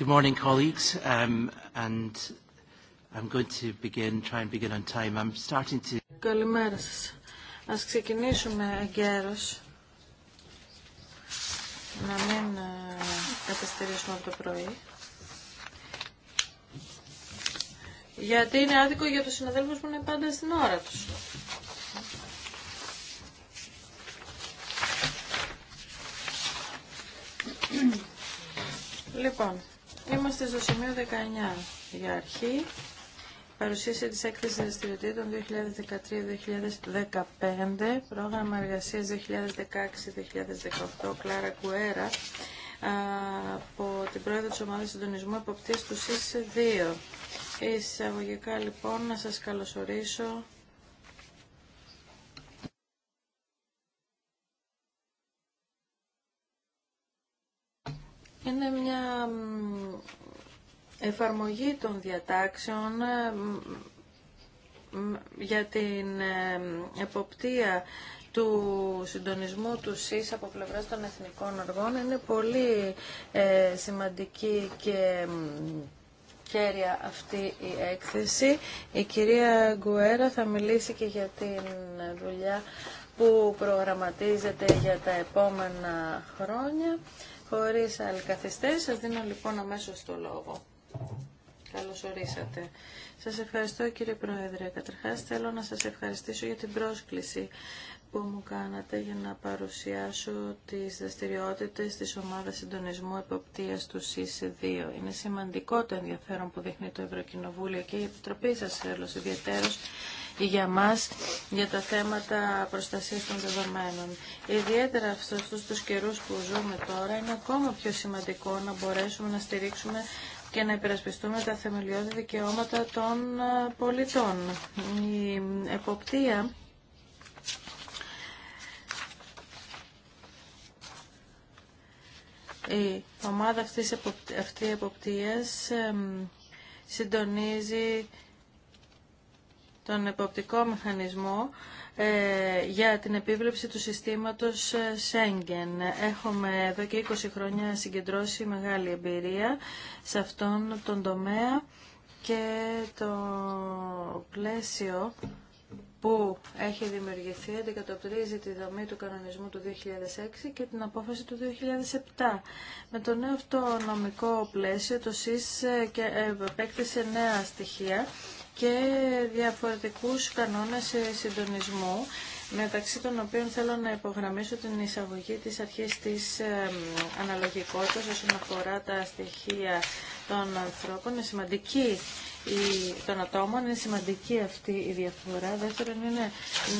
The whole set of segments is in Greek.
Good morning, colleagues, um, and I'm going to begin, try and begin on time. I'm starting to... Καλημέρα σας. Ας ξεκινήσουμε εγκαίρως. Να μην ε, καθυστερήσουμε από το πρωί. Γιατί είναι άδικο για τους συναδέλφους που είναι πάντα στην ώρα τους. Λοιπόν, Είμαστε στο σημείο 19 για αρχή. Παρουσίαση της έκθεσης δραστηριοτήτων 2013-2015, πρόγραμμα εργασίας 2016-2018, Κλάρα Κουέρα, από την πρόεδρο της ομάδας συντονισμού εποπτής του ΣΥΣ2. Εισαγωγικά λοιπόν να σας καλωσορίσω εφαρμογή των διατάξεων ε, για την ε, εποπτεία του συντονισμού του ΣΥΣ από πλευράς των εθνικών οργών είναι πολύ ε, σημαντική και κέρια αυτή η έκθεση. Η κυρία Γκουέρα θα μιλήσει και για την δουλειά που προγραμματίζεται για τα επόμενα χρόνια. Χωρίς άλλοι σα σας δίνω λοιπόν αμέσως το λόγο. Καλώς ορίσατε. Σας ευχαριστώ κύριε Πρόεδρε. Καταρχάς θέλω να σας ευχαριστήσω για την πρόσκληση που μου κάνατε για να παρουσιάσω τις δραστηριότητε της Ομάδας Συντονισμού Εποπτείας του ΣΥΣ2. Είναι σημαντικό το ενδιαφέρον που δείχνει το Ευρωκοινοβούλιο και η Επιτροπή σας θέλω ιδιαίτερος για μας για τα θέματα προστασίας των δεδομένων. Ιδιαίτερα αυτούς τους καιρούς που ζούμε τώρα είναι ακόμα πιο σημαντικό να μπορέσουμε να στηρίξουμε και να υπερασπιστούμε τα θεμελιώδη δικαιώματα των ε, πολιτών. Η εποπτεία η ομάδα αυτής, αυτή εποπτείας συντονίζει τον εποπτικό μηχανισμό ε, για την επίβλεψη του συστήματος ε, Σέγγεν. Έχουμε εδώ και 20 χρόνια συγκεντρώσει μεγάλη εμπειρία σε αυτόν τον τομέα και το πλαίσιο που έχει δημιουργηθεί αντικατοπτρίζει τη δομή του κανονισμού του 2006 και την απόφαση του 2007. Με το νέο αυτό νομικό πλαίσιο το ΣΥΣ ε, επέκτησε νέα στοιχεία και διαφορετικούς κανόνες συντονισμού μεταξύ των οποίων θέλω να υπογραμμίσω την εισαγωγή της αρχής της αναλογικότητας όσον αφορά τα στοιχεία των ανθρώπων. Είναι σημαντική η, των ατόμων, είναι σημαντική αυτή η διαφορά. Δεύτερον είναι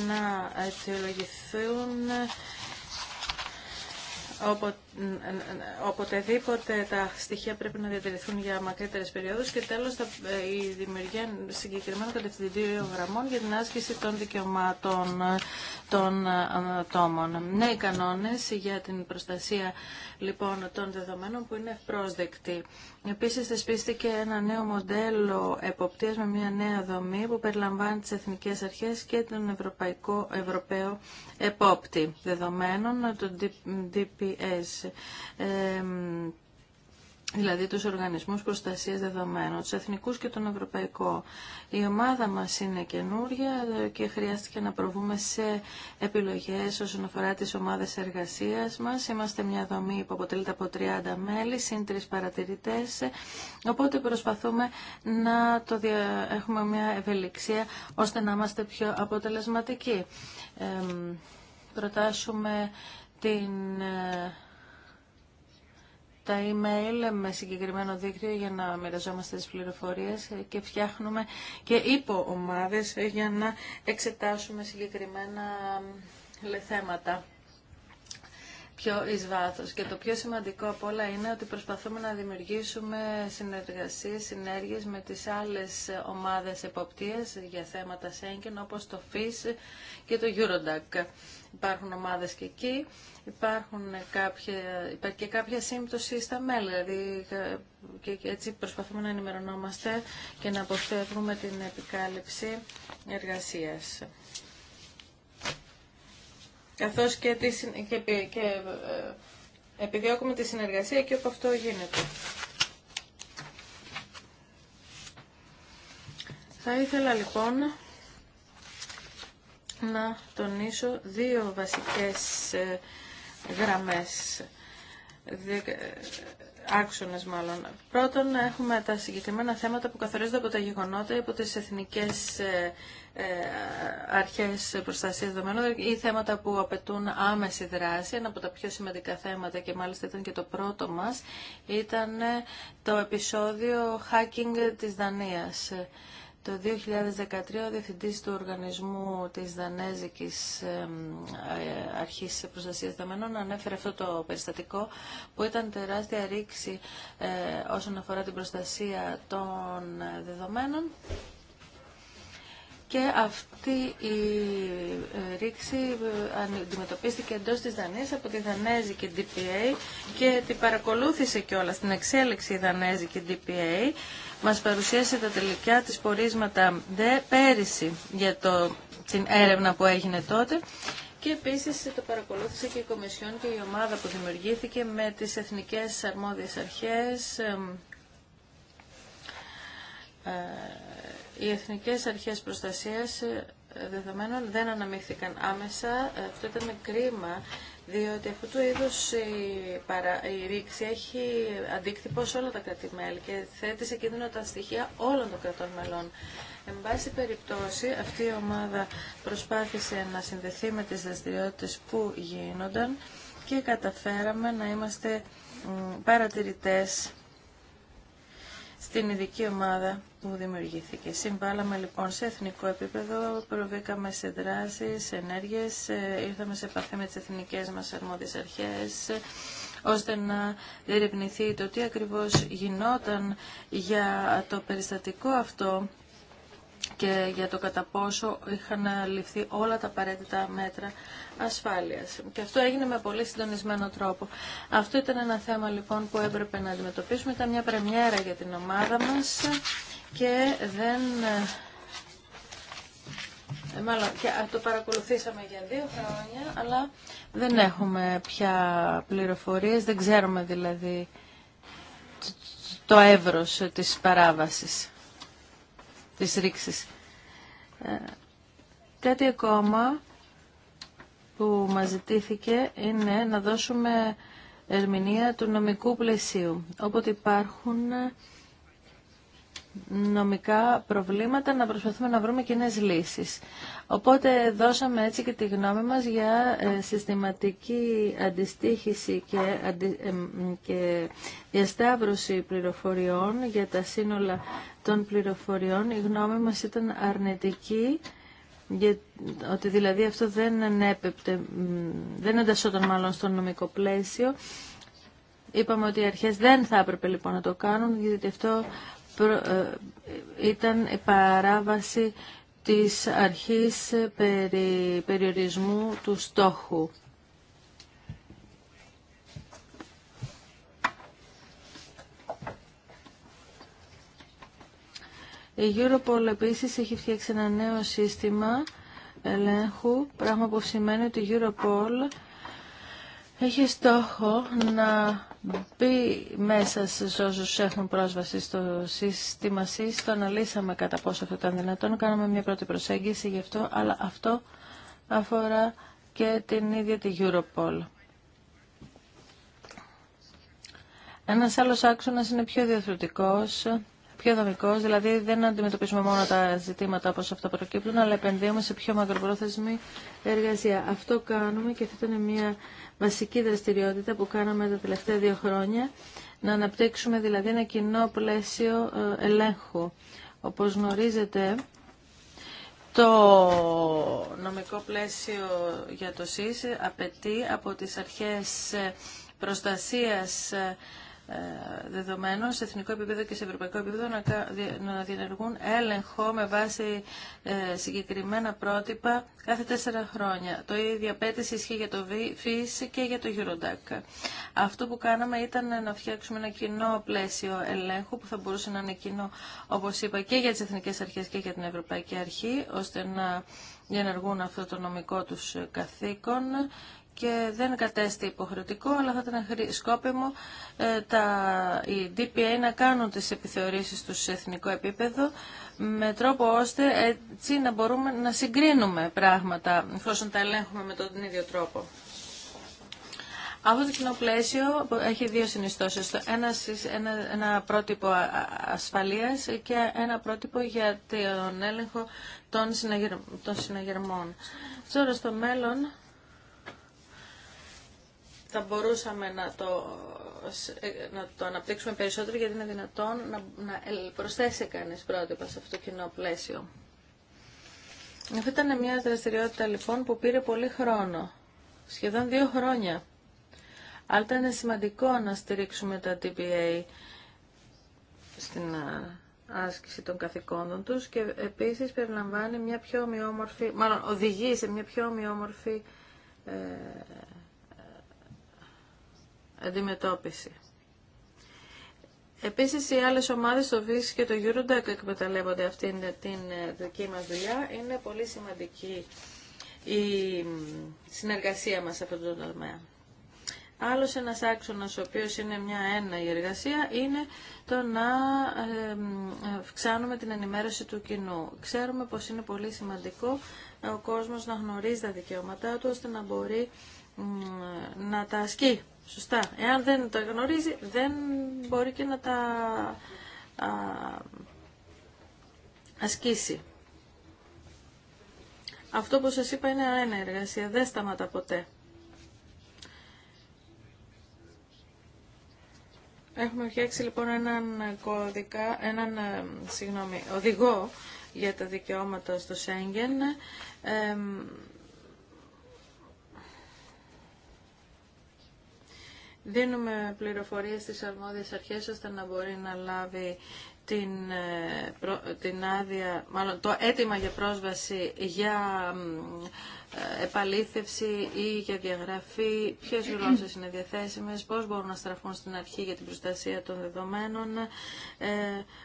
να αιτιολογηθούν Οποτεδήποτε τα στοιχεία πρέπει να διατηρηθούν για μακρύτερε περιόδου και τέλο ε, η δημιουργία συγκεκριμένων κατευθυντήριων γραμμών για την άσκηση των δικαιωμάτων των ε, ατόμων. Νέοι κανόνε για την προστασία λοιπόν των δεδομένων που είναι ευπρόσδεκτοι. Επίσης θεσπίστηκε ένα νέο μοντέλο εποπτείας με μια νέα δομή που περιλαμβάνει τις εθνικές αρχές και τον Ευρωπαϊκό, Ευρωπαίο επόπτη δεδομένων, το DPS. Ε, δηλαδή τους οργανισμούς προστασίας δεδομένων, τους εθνικούς και τον ευρωπαϊκό. Η ομάδα μας είναι καινούρια και χρειάστηκε να προβούμε σε επιλογές όσον αφορά τις ομάδες εργασίας μας. Είμαστε μια δομή που αποτελείται από 30 μέλη, συν τρεις παρατηρητές, οπότε προσπαθούμε να το έχουμε μια ευελιξία ώστε να είμαστε πιο αποτελεσματικοί. προτάσουμε την ε, τα email με συγκεκριμένο δίκτυο για να μοιραζόμαστε τις πληροφορίες και φτιάχνουμε και ομάδες για να εξετάσουμε συγκεκριμένα θέματα πιο εις βάθος. Και το πιο σημαντικό από όλα είναι ότι προσπαθούμε να δημιουργήσουμε συνεργασίες, συνέργειες με τις άλλες ομάδες εποπτείας για θέματα Σέγγεν όπως το FIS και το Eurodac. Υπάρχουν ομάδες και εκεί, υπάρχουν κάποια, υπάρχει και κάποια σύμπτωση στα μέλη, δηλαδή και έτσι προσπαθούμε να ενημερωνόμαστε και να αποφεύγουμε την επικάλυψη εργασίας καθώς και, τη, και, ε, επιδιώκουμε τη συνεργασία και όπου αυτό γίνεται. Θα ήθελα λοιπόν να τονίσω δύο βασικές ε, γραμμές Άξονε μάλλον. Πρώτον, έχουμε τα συγκεκριμένα θέματα που καθορίζονται από τα γεγονότα, από τις εθνικές ε, ε, αρχές προστασία δεδομένων ή θέματα που απαιτούν άμεση δράση. Ένα από τα πιο σημαντικά θέματα και μάλιστα ήταν και το πρώτο μας, ήταν το επεισόδιο hacking της Δανία. Το 2013 ο Διευθυντής του Οργανισμού της Δανέζικης ε, Αρχής Προστασίας Δεδομένων ανέφερε αυτό το περιστατικό που ήταν τεράστια ρήξη ε, όσον αφορά την προστασία των δεδομένων και αυτή η ε, ρήξη αντιμετωπίστηκε εντό της Δανίας από τη Δανέζικη DPA και την παρακολούθησε και όλα στην εξέλιξη η Δανέζικη DPA μας παρουσίασε τα τελικά της πορίσματα δε πέρυσι για το, την έρευνα που έγινε τότε και επίσης το παρακολούθησε και η Κομισιόν και η ομάδα που δημιουργήθηκε με τις εθνικές αρμόδιες αρχές, ε, οι εθνικές αρχές προστασίας ε, δεδομένων δεν αναμίχθηκαν άμεσα. Αυτό ήταν κρίμα διότι αυτού του είδου η, παρα... ρήξη έχει αντίκτυπο σε όλα τα κρατημέλη και θέτει σε κίνδυνο τα στοιχεία όλων των κρατών μελών. Εν πάση περιπτώσει, αυτή η ομάδα προσπάθησε να συνδεθεί με τις δραστηριότητε που γίνονταν και καταφέραμε να είμαστε παρατηρητές στην ειδική ομάδα που δημιουργήθηκε. Συμβάλαμε λοιπόν σε εθνικό επίπεδο, προβήκαμε σε δράσεις, ενέργειες, ήρθαμε σε επαφή με τις εθνικές μας αρμόδιες αρχές, ώστε να διερευνηθεί το τι ακριβώς γινόταν για το περιστατικό αυτό και για το κατά πόσο είχαν ληφθεί όλα τα απαραίτητα μέτρα ασφάλειας. Και αυτό έγινε με πολύ συντονισμένο τρόπο. Αυτό ήταν ένα θέμα λοιπόν που έπρεπε να αντιμετωπίσουμε. Ήταν μια πρεμιέρα για την ομάδα μας και δεν... Ε, ε και το παρακολουθήσαμε για δύο χρόνια, αλλά δεν έχουμε πια πληροφορίες, δεν ξέρουμε δηλαδή το εύρος της παράβασης, της ρήξης. Κάτι ε, ακόμα που μας ζητήθηκε είναι να δώσουμε ερμηνεία του νομικού πλαισίου, όποτε υπάρχουν νομικά προβλήματα να προσπαθούμε να βρούμε κοινέ λύσεις. Οπότε δώσαμε έτσι και τη γνώμη μας για ε, συστηματική αντιστήχηση και, και διασταύρωση πληροφοριών για τα σύνολα των πληροφοριών. Η γνώμη μας ήταν αρνητική για, ότι δηλαδή αυτό δεν ανέπεπτε, δεν εντασσόταν μάλλον στο νομικό πλαίσιο. Είπαμε ότι οι αρχές δεν θα έπρεπε λοιπόν να το κάνουν, γιατί αυτό ε, ήταν η παράβαση της αρχής περι, περιορισμού του στόχου. Η Europol επίσης έχει φτιάξει ένα νέο σύστημα ελέγχου, πράγμα που σημαίνει ότι η Europol έχει στόχο να μπει μέσα σε όσου έχουν πρόσβαση στο σύστημα ΣΥΣ. Το αναλύσαμε κατά πόσο αυτό ήταν δυνατόν. Κάναμε μια πρώτη προσέγγιση γι' αυτό, αλλά αυτό αφορά και την ίδια τη Europol. Ένας άλλος άξονας είναι πιο διαθροτικός πιο δομικό, δηλαδή δεν αντιμετωπίζουμε μόνο τα ζητήματα όπως αυτά προκύπτουν, αλλά επενδύουμε σε πιο μακροπρόθεσμη εργασία. Αυτό κάνουμε και αυτή ήταν μια βασική δραστηριότητα που κάναμε τα τελευταία δύο χρόνια, να αναπτύξουμε δηλαδή ένα κοινό πλαίσιο ε, ελέγχου. Όπως γνωρίζετε, το νομικό πλαίσιο για το ΣΥΣ απαιτεί από τις αρχές ε, προστασίας ε, δεδομένων σε εθνικό επίπεδο και σε ευρωπαϊκό επίπεδο να διενεργούν έλεγχο με βάση ε, συγκεκριμένα πρότυπα κάθε τέσσερα χρόνια. Το ίδιο απέτηση ισχύει για το ΦΥΣ και για το Eurodac. Αυτό που κάναμε ήταν να φτιάξουμε ένα κοινό πλαίσιο ελέγχου που θα μπορούσε να είναι κοινό, όπως είπα, και για τις εθνικές αρχές και για την Ευρωπαϊκή Αρχή, ώστε να διενεργούν αυτό το νομικό τους καθήκον και δεν κατέστη υποχρεωτικό, αλλά θα ήταν σκόπιμο ε, τα, οι DPA να κάνουν τις επιθεωρήσεις τους σε εθνικό επίπεδο με τρόπο ώστε έτσι να μπορούμε να συγκρίνουμε πράγματα εφόσον τα ελέγχουμε με τον ίδιο τρόπο. Αυτό το κοινό πλαίσιο έχει δύο συνιστώσεις. Ένα, ένα, ένα πρότυπο ασφαλείας και ένα πρότυπο για τον έλεγχο των, συναγερ, των συναγερμών. Τώρα στο μέλλον θα μπορούσαμε να το, να το αναπτύξουμε περισσότερο γιατί είναι δυνατόν να, να προσθέσει κανείς πρότυπα σε αυτό το κοινό πλαίσιο. Αυτή ήταν μια δραστηριότητα λοιπόν που πήρε πολύ χρόνο, σχεδόν δύο χρόνια. Αλλά ήταν σημαντικό να στηρίξουμε τα TPA στην άσκηση των καθηκόντων τους και επίσης περιλαμβάνει μια πιο ομοιόμορφη, μάλλον οδηγεί σε μια πιο ομοιόμορφη ε, αντιμετώπιση. Επίσης οι άλλες ομάδες, το ΒΙΣ και το Eurodac εκμεταλλεύονται αυτήν την ε, δική μας δουλειά. Είναι πολύ σημαντική η συνεργασία μας σε αυτόν τον τομέα. Άλλος ένας άξονας ο οποίος είναι μια ένα η εργασία είναι το να αυξάνουμε την ενημέρωση του κοινού. Ξέρουμε πως είναι πολύ σημαντικό ο κόσμος να γνωρίζει τα δικαιώματά του ώστε να μπορεί να τα ασκεί σωστά. Εάν δεν τα γνωρίζει, δεν μπορεί και να τα ασκήσει. Αυτό που σας είπα είναι ένα εργασία, δεν σταματά ποτέ. Έχουμε φτιάξει λοιπόν έναν κώδικα, έναν ε, συγγνώμη, οδηγό για τα δικαιώματα στο Σέγγεν. δίνουμε πληροφορίες στις αρμόδιες αρχές ώστε να μπορεί να λάβει την, ε, την άδεια, μάλλον το αίτημα για πρόσβαση για ε, επαλήθευση ή για διαγραφή, ποιες γλώσσες είναι διαθέσιμες, πώς μπορούν να στραφούν στην αρχή για την προστασία των δεδομένων. Ε,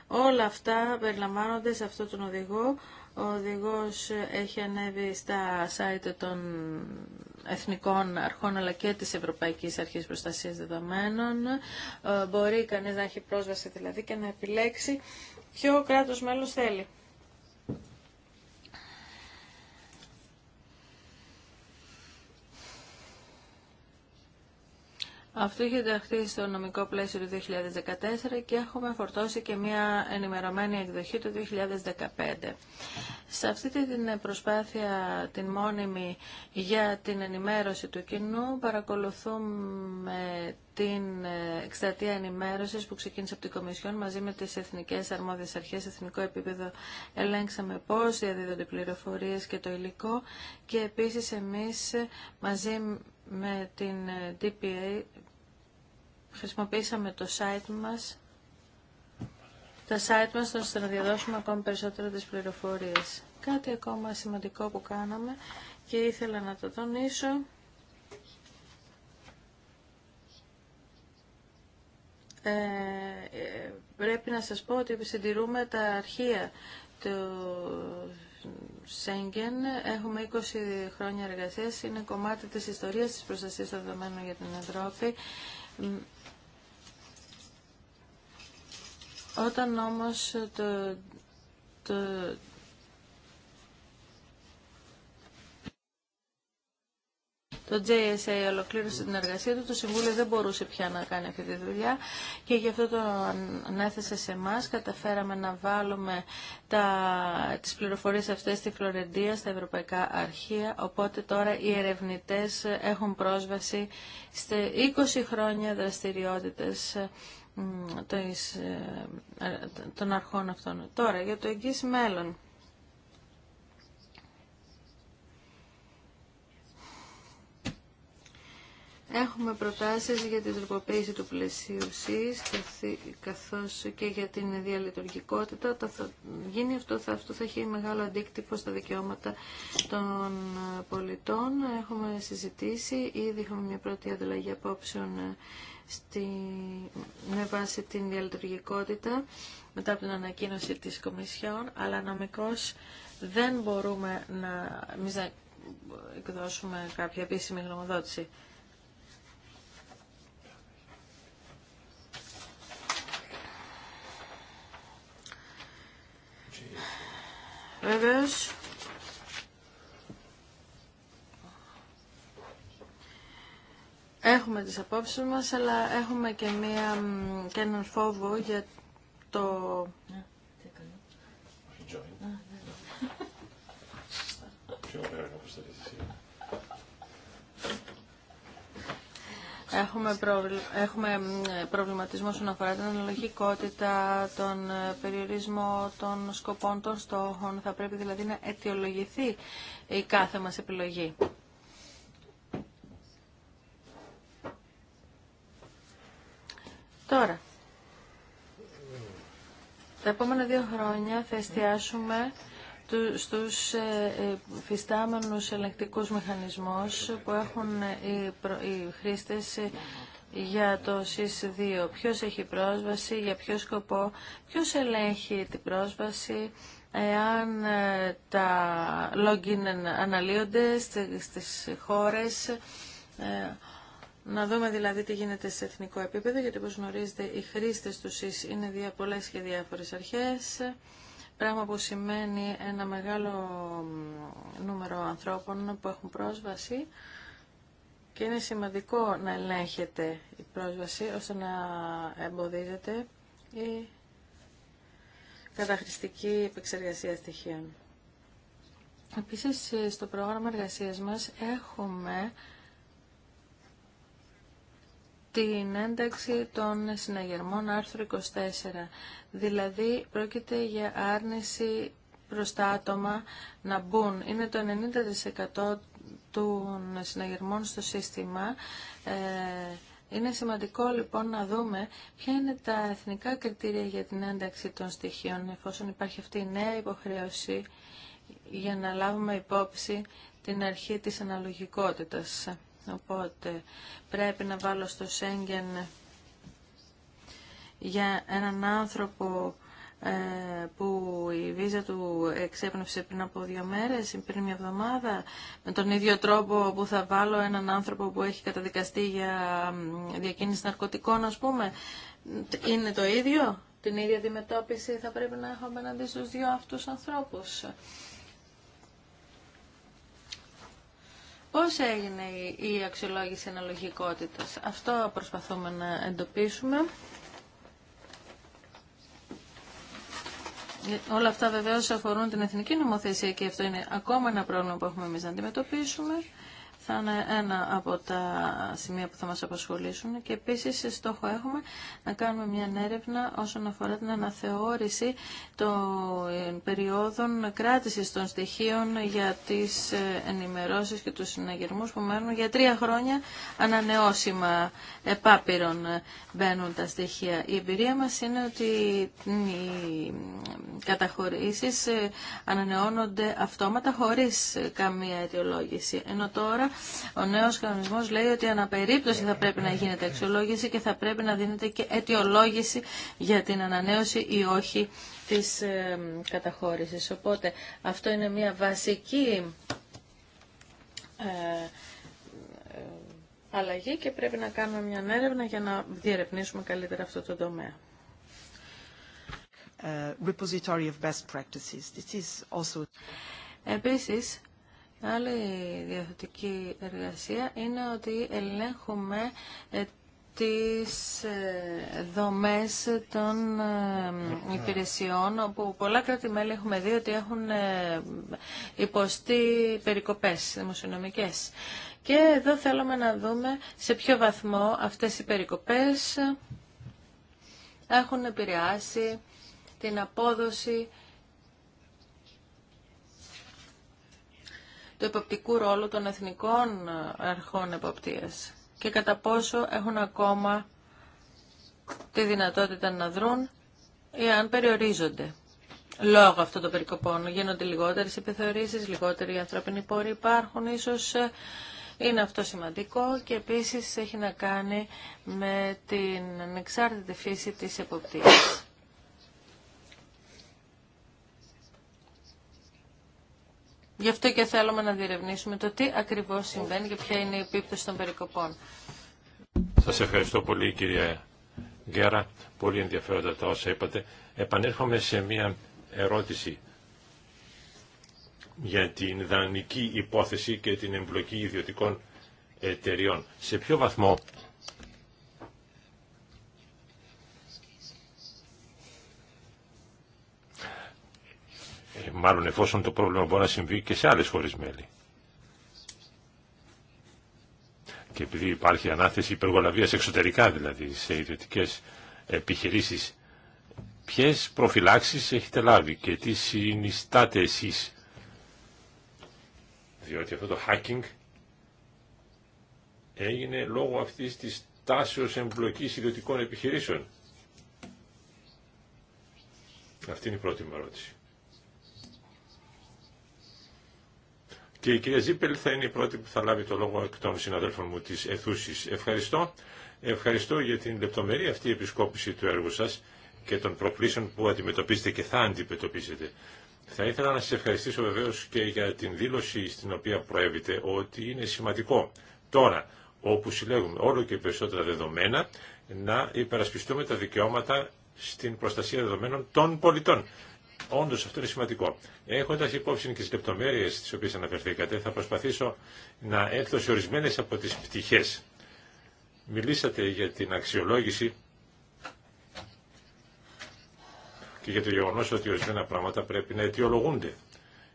όλα αυτά περιλαμβάνονται σε αυτόν τον οδηγό. Ο οδηγός έχει ανέβει στα site των εθνικών αρχών αλλά και της Ευρωπαϊκής Αρχής Προστασίας Δεδομένων. Ε, μπορεί κανείς να έχει πρόσβαση δηλαδή και να επιλέξει ποιο κράτος μέλος θέλει. Αυτό είχε ενταχθεί στο νομικό πλαίσιο του 2014 και έχουμε φορτώσει και μια ενημερωμένη εκδοχή του 2015. Σε αυτή την προσπάθεια την μόνιμη για την ενημέρωση του κοινού παρακολουθούμε την εκστρατεία ενημέρωση που ξεκίνησε από την Κομισιόν μαζί με τι εθνικέ αρμόδιε αρχέ σε εθνικό επίπεδο. Ελέγξαμε πώ διαδίδονται πληροφορίε και το υλικό και επίση εμεί μαζί με την DPA χρησιμοποίησαμε το site μας, τα site μας ώστε να διαδώσουμε ακόμη περισσότερο τις πληροφορίες. Κάτι ακόμα σημαντικό που κάναμε και ήθελα να το τονίσω. Ε, ε πρέπει να σας πω ότι συντηρούμε τα αρχεία του Σέγγεν. Έχουμε 20 χρόνια εργασίας. Είναι κομμάτι της ιστορίας της προστασίας των δεδομένων για την Ευρώπη. Όταν όμως το, το, Το JSA ολοκλήρωσε την εργασία του, το Συμβούλιο δεν μπορούσε πια να κάνει αυτή τη δουλειά και γι' αυτό το ανέθεσε σε εμά. Καταφέραμε να βάλουμε τα, τις πληροφορίες αυτές στη Φλωρεντία, στα Ευρωπαϊκά Αρχεία, οπότε τώρα οι ερευνητές έχουν πρόσβαση σε 20 χρόνια δραστηριότητες ε, ε, των αρχών αυτών. Τώρα, για το εγγύς μέλλον. Έχουμε προτάσεις για την τροποποίηση του πλαισίου ΣΥΣ, καθώς και για την διαλειτουργικότητα. γίνει αυτό, θα, αυτό θα έχει μεγάλο αντίκτυπο στα δικαιώματα των πολιτών. Έχουμε συζητήσει, ήδη είχαμε μια πρώτη ανταλλαγή απόψεων ε, στη, με βάση την διαλειτουργικότητα μετά από την ανακοίνωση της Κομισιόν, αλλά νομικώς δεν μπορούμε να, εκδώσουμε κάποια επίσημη γνωμοδότηση. Βεβαίως, Έχουμε τις απόψεις μας, αλλά έχουμε και, μία, και έναν φόβο για το... Έχουμε, έχουμε προβληματισμό όσον αφορά την αναλογικότητα, τον ε, περιορισμό των σκοπών των στόχων. Θα πρέπει δηλαδή να αιτιολογηθεί η κάθε μας επιλογή. Τώρα, τα επόμενα δύο χρόνια θα εστιάσουμε στους ε, ε, φυστάμενους ελεγκτικούς μηχανισμούς που έχουν ε, οι χρήστες για το ΣΥΣ2. Ποιος έχει πρόσβαση, για ποιο σκοπό, ποιος ελέγχει την πρόσβαση, εάν τα login αναλύονται στις χώρες, να δούμε δηλαδή τι γίνεται σε εθνικό επίπεδο, γιατί όπως γνωρίζετε οι χρήστες του ΣΥΣ είναι δια και διάφορες αρχές, πράγμα που σημαίνει ένα μεγάλο νούμερο ανθρώπων που έχουν πρόσβαση και είναι σημαντικό να ελέγχεται η πρόσβαση ώστε να εμποδίζεται η καταχρηστική επεξεργασία στοιχείων. Επίσης, στο πρόγραμμα εργασίας μας έχουμε την ένταξη των συναγερμών άρθρο 24. Δηλαδή πρόκειται για άρνηση προς τα άτομα να μπουν. Είναι το 90% των συναγερμών στο σύστημα. Ε, είναι σημαντικό λοιπόν να δούμε ποια είναι τα εθνικά κριτήρια για την ένταξη των στοιχείων εφόσον υπάρχει αυτή η νέα υποχρέωση για να λάβουμε υπόψη την αρχή της αναλογικότητας. Οπότε πρέπει να βάλω στο Σέγγεν για έναν άνθρωπο ε, που η βίζα του εξέπνευσε πριν από δύο μέρες, πριν μια εβδομάδα, με τον ίδιο τρόπο που θα βάλω έναν άνθρωπο που έχει καταδικαστεί για διακίνηση ναρκωτικών, ας πούμε, είναι το ίδιο, την ίδια αντιμετώπιση θα πρέπει να έχω απέναντι στους δύο αυτούς ανθρώπους. Πώς έγινε η αξιολόγηση αναλογικότητας. Αυτό προσπαθούμε να εντοπίσουμε. Ε, όλα αυτά βεβαίως αφορούν την εθνική νομοθεσία και αυτό είναι ακόμα ένα πρόβλημα που έχουμε εμείς να αντιμετωπίσουμε θα είναι ένα από τα σημεία που θα μας απασχολήσουν και επίσης στόχο έχουμε να κάνουμε μια έρευνα όσον αφορά την αναθεώρηση των περιόδων κράτησης των στοιχείων για τις ενημερώσεις και τους συναγερμούς που μένουν για τρία χρόνια ανανεώσιμα επάπειρων μπαίνουν τα στοιχεία. Η εμπειρία μας είναι ότι οι καταχωρήσεις ανανεώνονται αυτόματα χωρίς καμία αιτιολόγηση. Ενώ τώρα ο νέο κανονισμός λέει ότι αναπερίπτωση θα πρέπει να γίνεται αξιολόγηση και θα πρέπει να δίνεται και αιτιολόγηση για την ανανέωση ή όχι της ε, καταχώρηση. Οπότε αυτό είναι μια βασική ε, ε, αλλαγή και πρέπει να κάνουμε μια έρευνα για να διερευνήσουμε καλύτερα αυτό το τομέα. Uh, repository of best practices. This is also... Επίσης, Άλλη διαθετική εργασία είναι ότι ελέγχουμε ε, τις ε, δομές των ε, υπηρεσιών όπου πολλά κράτη-μέλη έχουμε δει ότι έχουν υποστεί περικοπές δημοσιονομικές. Και εδώ θέλουμε να δούμε σε ποιο βαθμό αυτές οι περικοπές έχουν επηρεάσει την απόδοση του εποπτικού ρόλου των εθνικών ε, αρχών εποπτείας και κατά πόσο έχουν ακόμα τη δυνατότητα να δρουν ή αν περιορίζονται. Λόγω αυτού των περικοπών γίνονται λιγότερες επιθεωρήσεις, λιγότεροι ανθρώπινοι πόροι υπάρχουν Ίσως ε, Είναι αυτό σημαντικό και επίσης έχει να κάνει με την ανεξάρτητη φύση της εποπτείας. Γι' αυτό και θέλουμε να διερευνήσουμε το τι ακριβώς συμβαίνει και ποια είναι η επίπτωση των περικοπών. Σας ευχαριστώ πολύ κυρία Γκέρα. Πολύ ενδιαφέροντα τα όσα είπατε. Επανέρχομαι σε μια ερώτηση για την δανεική υπόθεση και την εμπλοκή ιδιωτικών εταιριών. Σε ποιο βαθμό μάλλον εφόσον το πρόβλημα μπορεί να συμβεί και σε άλλες χώρες μέλη. Και επειδή υπάρχει ανάθεση υπεργολαβίας εξωτερικά, δηλαδή σε ιδιωτικέ επιχειρήσεις, ποιες προφυλάξεις έχετε λάβει και τι συνιστάτε εσείς. Διότι αυτό το hacking έγινε λόγω αυτής της τάσεως εμπλοκής ιδιωτικών επιχειρήσεων. Αυτή είναι η πρώτη μου ερώτηση. και η κυρία Ζήπελ θα είναι η πρώτη που θα λάβει το λόγο εκ των συναδέλφων μου της Εθούσης. Ευχαριστώ. Ευχαριστώ για την λεπτομερή αυτή επισκόπηση του έργου σας και των προκλήσεων που αντιμετωπίζετε και θα αντιμετωπίσετε. Θα ήθελα να σας ευχαριστήσω βεβαίως και για την δήλωση στην οποία προέβητε ότι είναι σημαντικό τώρα όπου συλλέγουμε όλο και περισσότερα δεδομένα να υπερασπιστούμε τα δικαιώματα στην προστασία δεδομένων των πολιτών. Όντω αυτό είναι σημαντικό. Έχοντα υπόψη και τις λεπτομέρειε τις οποίες αναφερθήκατε, θα προσπαθήσω να έρθω σε ορισμένες από τι πτυχέ. Μιλήσατε για την αξιολόγηση και για το γεγονό ότι ορισμένα πράγματα πρέπει να αιτιολογούνται.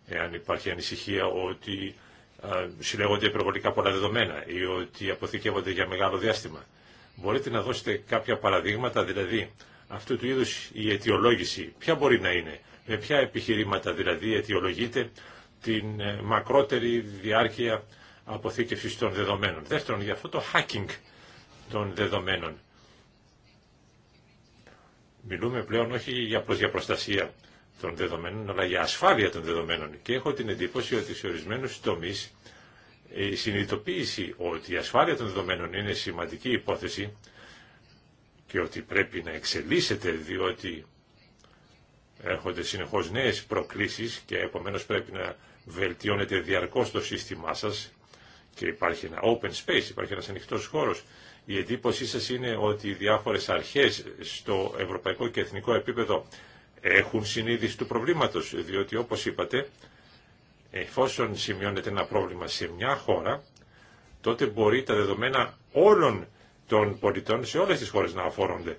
Εάν υπάρχει ανησυχία ότι συλλέγονται υπερβολικά πολλά δεδομένα ή ότι αποθηκεύονται για μεγάλο διάστημα. Μπορείτε να δώσετε κάποια παραδείγματα, δηλαδή αυτού του είδους η αιτιολόγηση, ποια μπορεί να είναι, με ποια επιχειρήματα δηλαδή αιτιολογείται την ε, μακρότερη διάρκεια αποθήκευσης των δεδομένων. Δεύτερον, για αυτό το hacking των δεδομένων. Μιλούμε πλέον όχι για προστασία των δεδομένων, αλλά για ασφάλεια των δεδομένων. Και έχω την εντύπωση ότι σε ορισμένους τομείς ε, η συνειδητοποίηση ότι η ασφάλεια των δεδομένων είναι σημαντική υπόθεση και ότι πρέπει να εξελίσσεται διότι Έρχονται συνεχώς νέες προκλήσεις και επομένως πρέπει να βελτιώνετε διαρκώς το σύστημά σας και υπάρχει ένα open space, υπάρχει ένας ανοιχτός χώρος. Η εντύπωσή σας είναι ότι οι διάφορες αρχές στο ευρωπαϊκό και εθνικό επίπεδο έχουν συνείδηση του προβλήματος, διότι όπως είπατε, εφόσον σημειώνεται ένα πρόβλημα σε μια χώρα, τότε μπορεί τα δεδομένα όλων των πολιτών σε όλες τις χώρες να αφορούνται.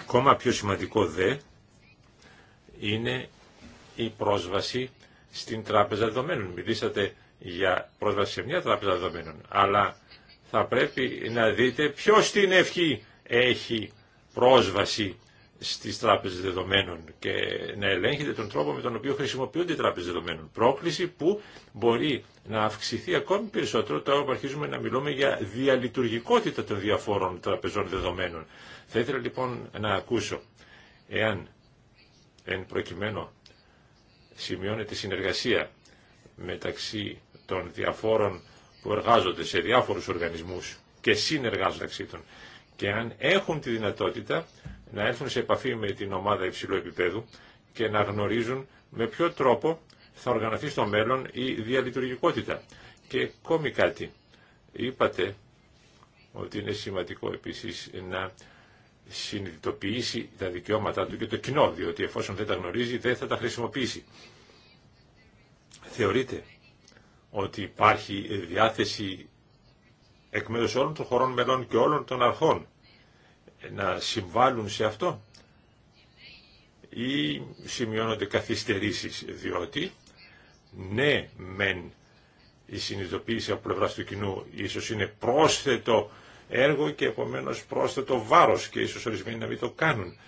Ακόμα πιο σημαντικό δε είναι η πρόσβαση στην τράπεζα δεδομένων. Μιλήσατε για πρόσβαση σε μια τράπεζα δεδομένων, αλλά θα πρέπει να δείτε ποιος στην ευχή έχει πρόσβαση στις τράπεζες δεδομένων και να ελέγχετε τον τρόπο με τον οποίο χρησιμοποιούνται οι τράπεζες δεδομένων. Πρόκληση που μπορεί να αυξηθεί ακόμη περισσότερο τώρα που αρχίζουμε να μιλούμε για διαλειτουργικότητα των διαφόρων τραπεζών δεδομένων. Θα ήθελα λοιπόν να ακούσω εάν Εν προκειμένου σημειώνεται συνεργασία μεταξύ των διαφόρων που εργάζονται σε διάφορους οργανισμούς και συνεργάζονται μεταξύ των και αν έχουν τη δυνατότητα να έρθουν σε επαφή με την ομάδα υψηλού επίπεδου και να γνωρίζουν με ποιο τρόπο θα οργανωθεί στο μέλλον η διαλειτουργικότητα. Και ακόμη κάτι. Είπατε ότι είναι σημαντικό επίσης να συνειδητοποιήσει τα δικαιώματά του και το κοινό, διότι εφόσον δεν τα γνωρίζει δεν θα τα χρησιμοποιήσει. Θεωρείτε ότι υπάρχει διάθεση εκ μέρους όλων των χωρών μελών και όλων των αρχών να συμβάλλουν σε αυτό ή σημειώνονται καθυστερήσεις διότι ναι μεν η συνειδητοποίηση από πλευράς του κοινού ίσως είναι πρόσθετο έργο και επομένως πρόσθετο βάρος και ίσως ορισμένοι να μην το κάνουν.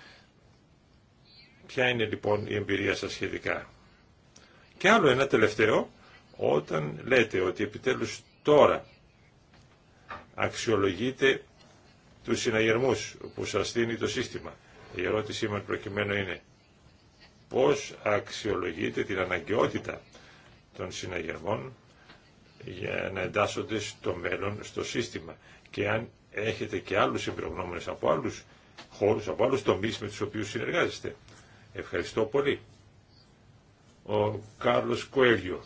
Ποια είναι λοιπόν η εμπειρία σας σχετικά. Και άλλο ένα τελευταίο, όταν λέτε ότι επιτέλους τώρα αξιολογείτε τους συναγερμούς που σας δίνει το σύστημα. Η ερώτησή μου προκειμένου είναι πώς αξιολογείτε την αναγκαιότητα των συναγερμών για να εντάσσονται στο μέλλον, στο σύστημα και αν έχετε και άλλους εμπειρογνώμονες από άλλους χώρους, από άλλους τομείς με τους οποίους συνεργάζεστε. Ευχαριστώ πολύ. Ο Κάρλος Κοέλιο.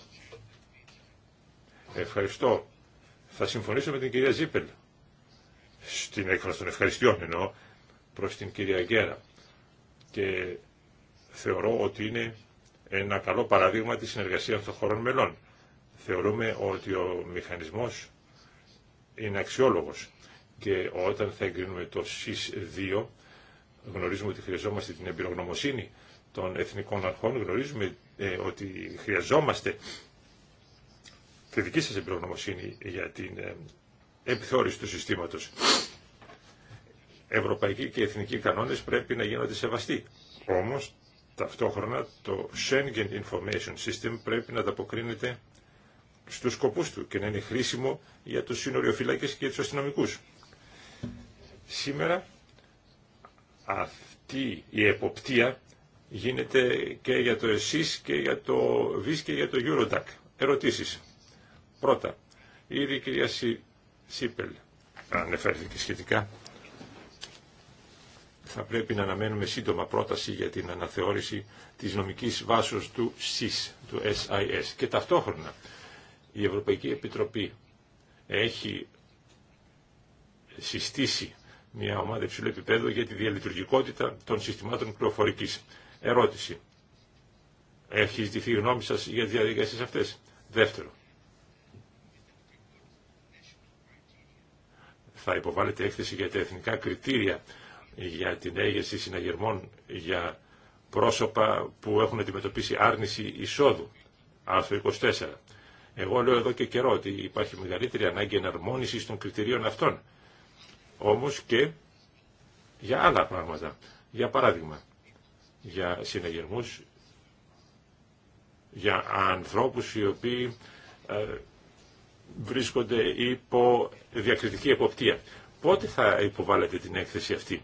Ευχαριστώ. Θα συμφωνήσω με την κυρία Ζίπελ στην έκφραση των ευχαριστειών εννοώ προς την κυρία Γκέρα και θεωρώ ότι είναι ένα καλό παράδειγμα της συνεργασίας των χωρών μελών. Θεωρούμε ότι ο μηχανισμός είναι αξιόλογος και όταν θα εγκρίνουμε το ΣΥΣ 2 γνωρίζουμε ότι χρειαζόμαστε την εμπειρογνωμοσύνη των εθνικών αρχών, γνωρίζουμε ε, ότι χρειαζόμαστε τη δική σας εμπειρογνωμοσύνη για την ε, επιθεώρηση του συστήματος. Ευρωπαϊκοί και εθνικοί κανόνες πρέπει να γίνονται σεβαστοί. Όμως, ταυτόχρονα, το Schengen Information System πρέπει να ανταποκρίνεται στους σκοπούς του και να είναι χρήσιμο για τους σύνοριοφυλάκες και τους αστυνομικούς. Σήμερα αυτή η εποπτεία γίνεται και για το ΕΣΥΣ και για το ΒΙΣ και για το Eurodac. Ερωτήσεις. Πρώτα, ήδη η κυρία Σίπελ ανεφέρθηκε σχετικά. Θα πρέπει να αναμένουμε σύντομα πρόταση για την αναθεώρηση της νομικής βάσης του ΣΥΣ, του SIS. Και ταυτόχρονα η Ευρωπαϊκή Επιτροπή έχει συστήσει μια ομάδα υψηλού επίπεδου για τη διαλειτουργικότητα των συστημάτων πληροφορική. Ερώτηση. Έχει ζητηθεί η γνώμη σα για τι διαδικασίε αυτέ. Δεύτερο. Θα υποβάλλετε έκθεση για τα εθνικά κριτήρια για την έγερση συναγερμών για πρόσωπα που έχουν αντιμετωπίσει άρνηση εισόδου. Άρθρο 24. Εγώ λέω εδώ και καιρό ότι υπάρχει μεγαλύτερη ανάγκη εναρμόνιση των κριτηρίων αυτών. Όμω και για άλλα πράγματα. Για παράδειγμα, για συναγερμούς, για ανθρώπους οι οποίοι ε, βρίσκονται υπό διακριτική εποπτεία. Πότε θα υποβάλλετε την έκθεση αυτή,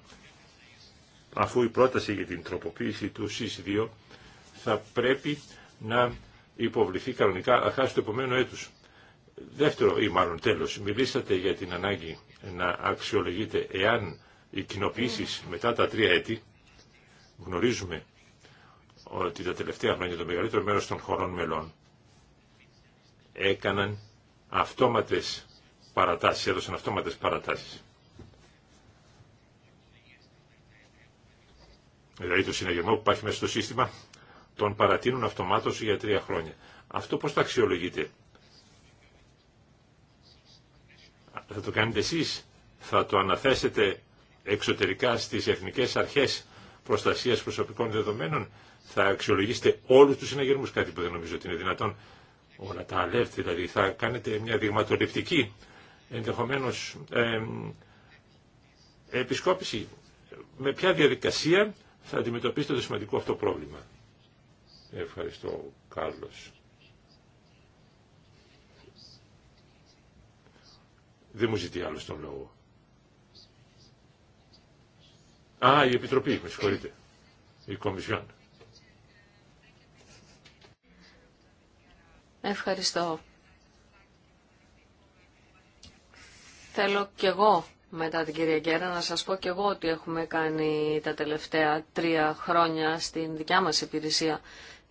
αφού η πρόταση για την τροποποίηση του ΣΥΣ2 θα πρέπει να υποβληθεί κανονικά αρχάς του επόμενου έτους. Δεύτερο ή μάλλον τέλος, μιλήσατε για την ανάγκη να αξιολογείτε εάν οι κοινοποιήσει μετά τα τρία έτη γνωρίζουμε ότι τα τελευταία χρόνια το μεγαλύτερο μέρος των χωρών μελών έκαναν αυτόματες παρατάσεις, έδωσαν αυτόματες παρατάσεις. Δηλαδή το συναγερμό που υπάρχει μέσα στο σύστημα τον παρατείνουν αυτομάτως για τρία χρόνια. Αυτό πώς θα αξιολογείτε. Θα το κάνετε εσείς, θα το αναθέσετε εξωτερικά στις εθνικές αρχές προστασίας προσωπικών δεδομένων, θα αξιολογήσετε όλους τους συναγερμούς, κάτι που δεν νομίζω ότι είναι δυνατόν. Όλα τα αλεύτη, δηλαδή θα κάνετε μια δειγματοληπτική, ενδεχομένως επισκόπηση. Με ποια διαδικασία θα αντιμετωπίσετε το σημαντικό αυτό πρόβλημα. Ευχαριστώ, Κάρλος. Δεν μου ζητεί άλλο τον λόγο. Α, η Επιτροπή, με συγχωρείτε. Η Κομισιόν. Ευχαριστώ. Θέλω κι εγώ μετά την κυρία Γκέρα, να σας πω κι εγώ ότι έχουμε κάνει τα τελευταία τρία χρόνια στην δικιά μας υπηρεσία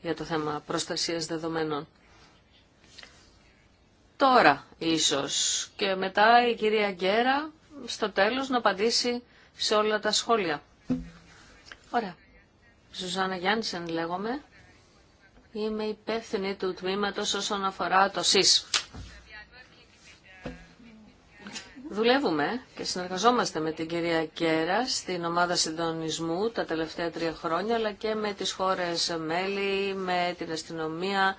για το θέμα προστασίας δεδομένων. Τώρα ίσως και μετά η κυρία Γκέρα στο τέλος να απαντήσει σε όλα τα σχόλια. Ωραία. Ζουζάνα Γιάννησεν λέγομαι. Είμαι υπεύθυνη του τμήματος όσον αφορά το ΣΥΣ. Δουλεύουμε και συνεργαζόμαστε με την κυρία Κέρα στην ομάδα συντονισμού τα τελευταία τρία χρόνια, αλλά και με τις χώρες μέλη, με την αστυνομία,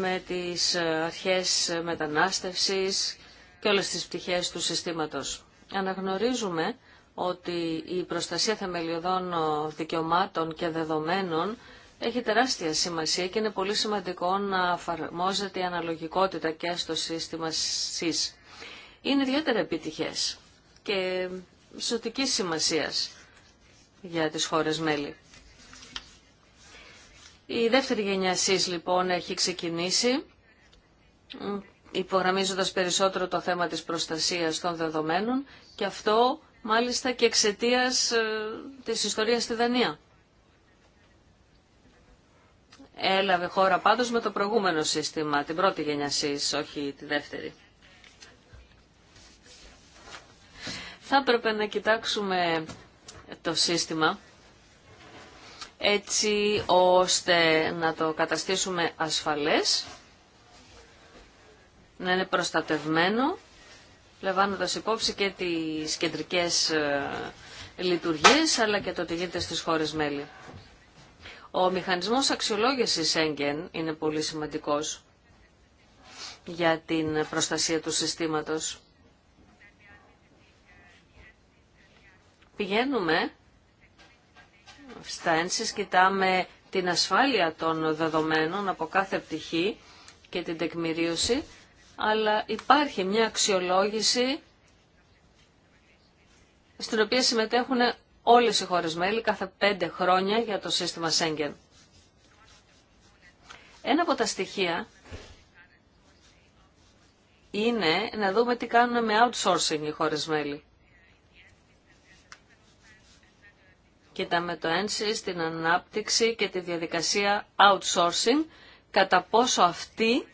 με τις αρχές μετανάστευσης και όλες τις πτυχές του συστήματος. Αναγνωρίζουμε ότι η προστασία θεμελιωδών δικαιωμάτων και δεδομένων έχει τεράστια σημασία και είναι πολύ σημαντικό να εφαρμόζεται η αναλογικότητα και στο σύστημα ΣΥΣ είναι ιδιαίτερα επιτυχές και ζωτική σημασίας για τις χώρες μέλη. Η δεύτερη γενιά ΣΥΣ λοιπόν έχει ξεκινήσει υπογραμμίζοντας περισσότερο το θέμα της προστασίας των δεδομένων και αυτό μάλιστα και εξαιτία ε, της ιστορίας στη Δανία. Έλαβε χώρα πάντως με το προηγούμενο σύστημα, την πρώτη γενιά ΣΥΣ, όχι τη δεύτερη. Θα έπρεπε να κοιτάξουμε το σύστημα έτσι ώστε να το καταστήσουμε ασφαλές, να είναι προστατευμένο, λαμβάνοντα υπόψη και τις κεντρικές ε, λειτουργίες, αλλά και το τι γίνεται στις χώρες μέλη. Ο μηχανισμός αξιολόγησης έγκεν είναι πολύ σημαντικός για την προστασία του συστήματος. πηγαίνουμε στα ένσης, κοιτάμε την ασφάλεια των δεδομένων από κάθε πτυχή και την τεκμηρίωση, αλλά υπάρχει μια αξιολόγηση στην οποία συμμετέχουν όλες οι χώρες μέλη κάθε πέντε χρόνια για το σύστημα Σέγγεν. Ένα από τα στοιχεία είναι να δούμε τι κάνουν με outsourcing οι χώρες μέλη. Κοιτάμε το ένσης, στην ανάπτυξη και τη διαδικασία outsourcing, κατά πόσο αυτή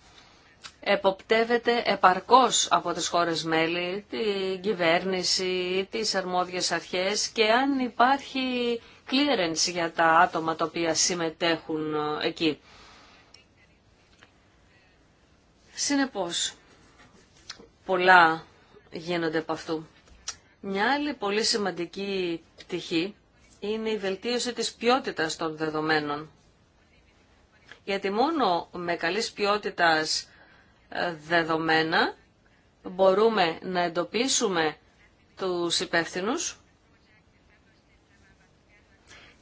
εποπτεύεται επαρκώς από τις χώρες μέλη, την κυβέρνηση, τις αρμόδιες αρχές και αν υπάρχει clearance για τα άτομα τα οποία συμμετέχουν εκεί. Συνεπώς, πολλά γίνονται από αυτού. Μια άλλη πολύ σημαντική πτυχή είναι η βελτίωση της ποιότητας των δεδομένων. Γιατί μόνο με καλής ποιότητας ε, δεδομένα μπορούμε να εντοπίσουμε τους υπεύθυνους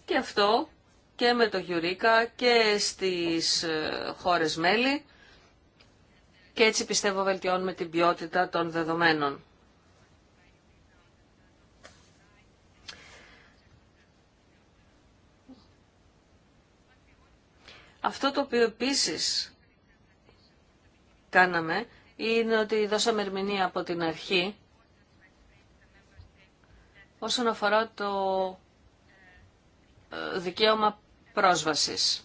και αυτό και με το Γιουρίκα και στις ε, χώρες μέλη και έτσι πιστεύω βελτιώνουμε την ποιότητα των δεδομένων. Αυτό το οποίο επίση κάναμε είναι ότι δώσαμε ερμηνεία από την αρχή όσον αφορά το ε, δικαίωμα πρόσβασης.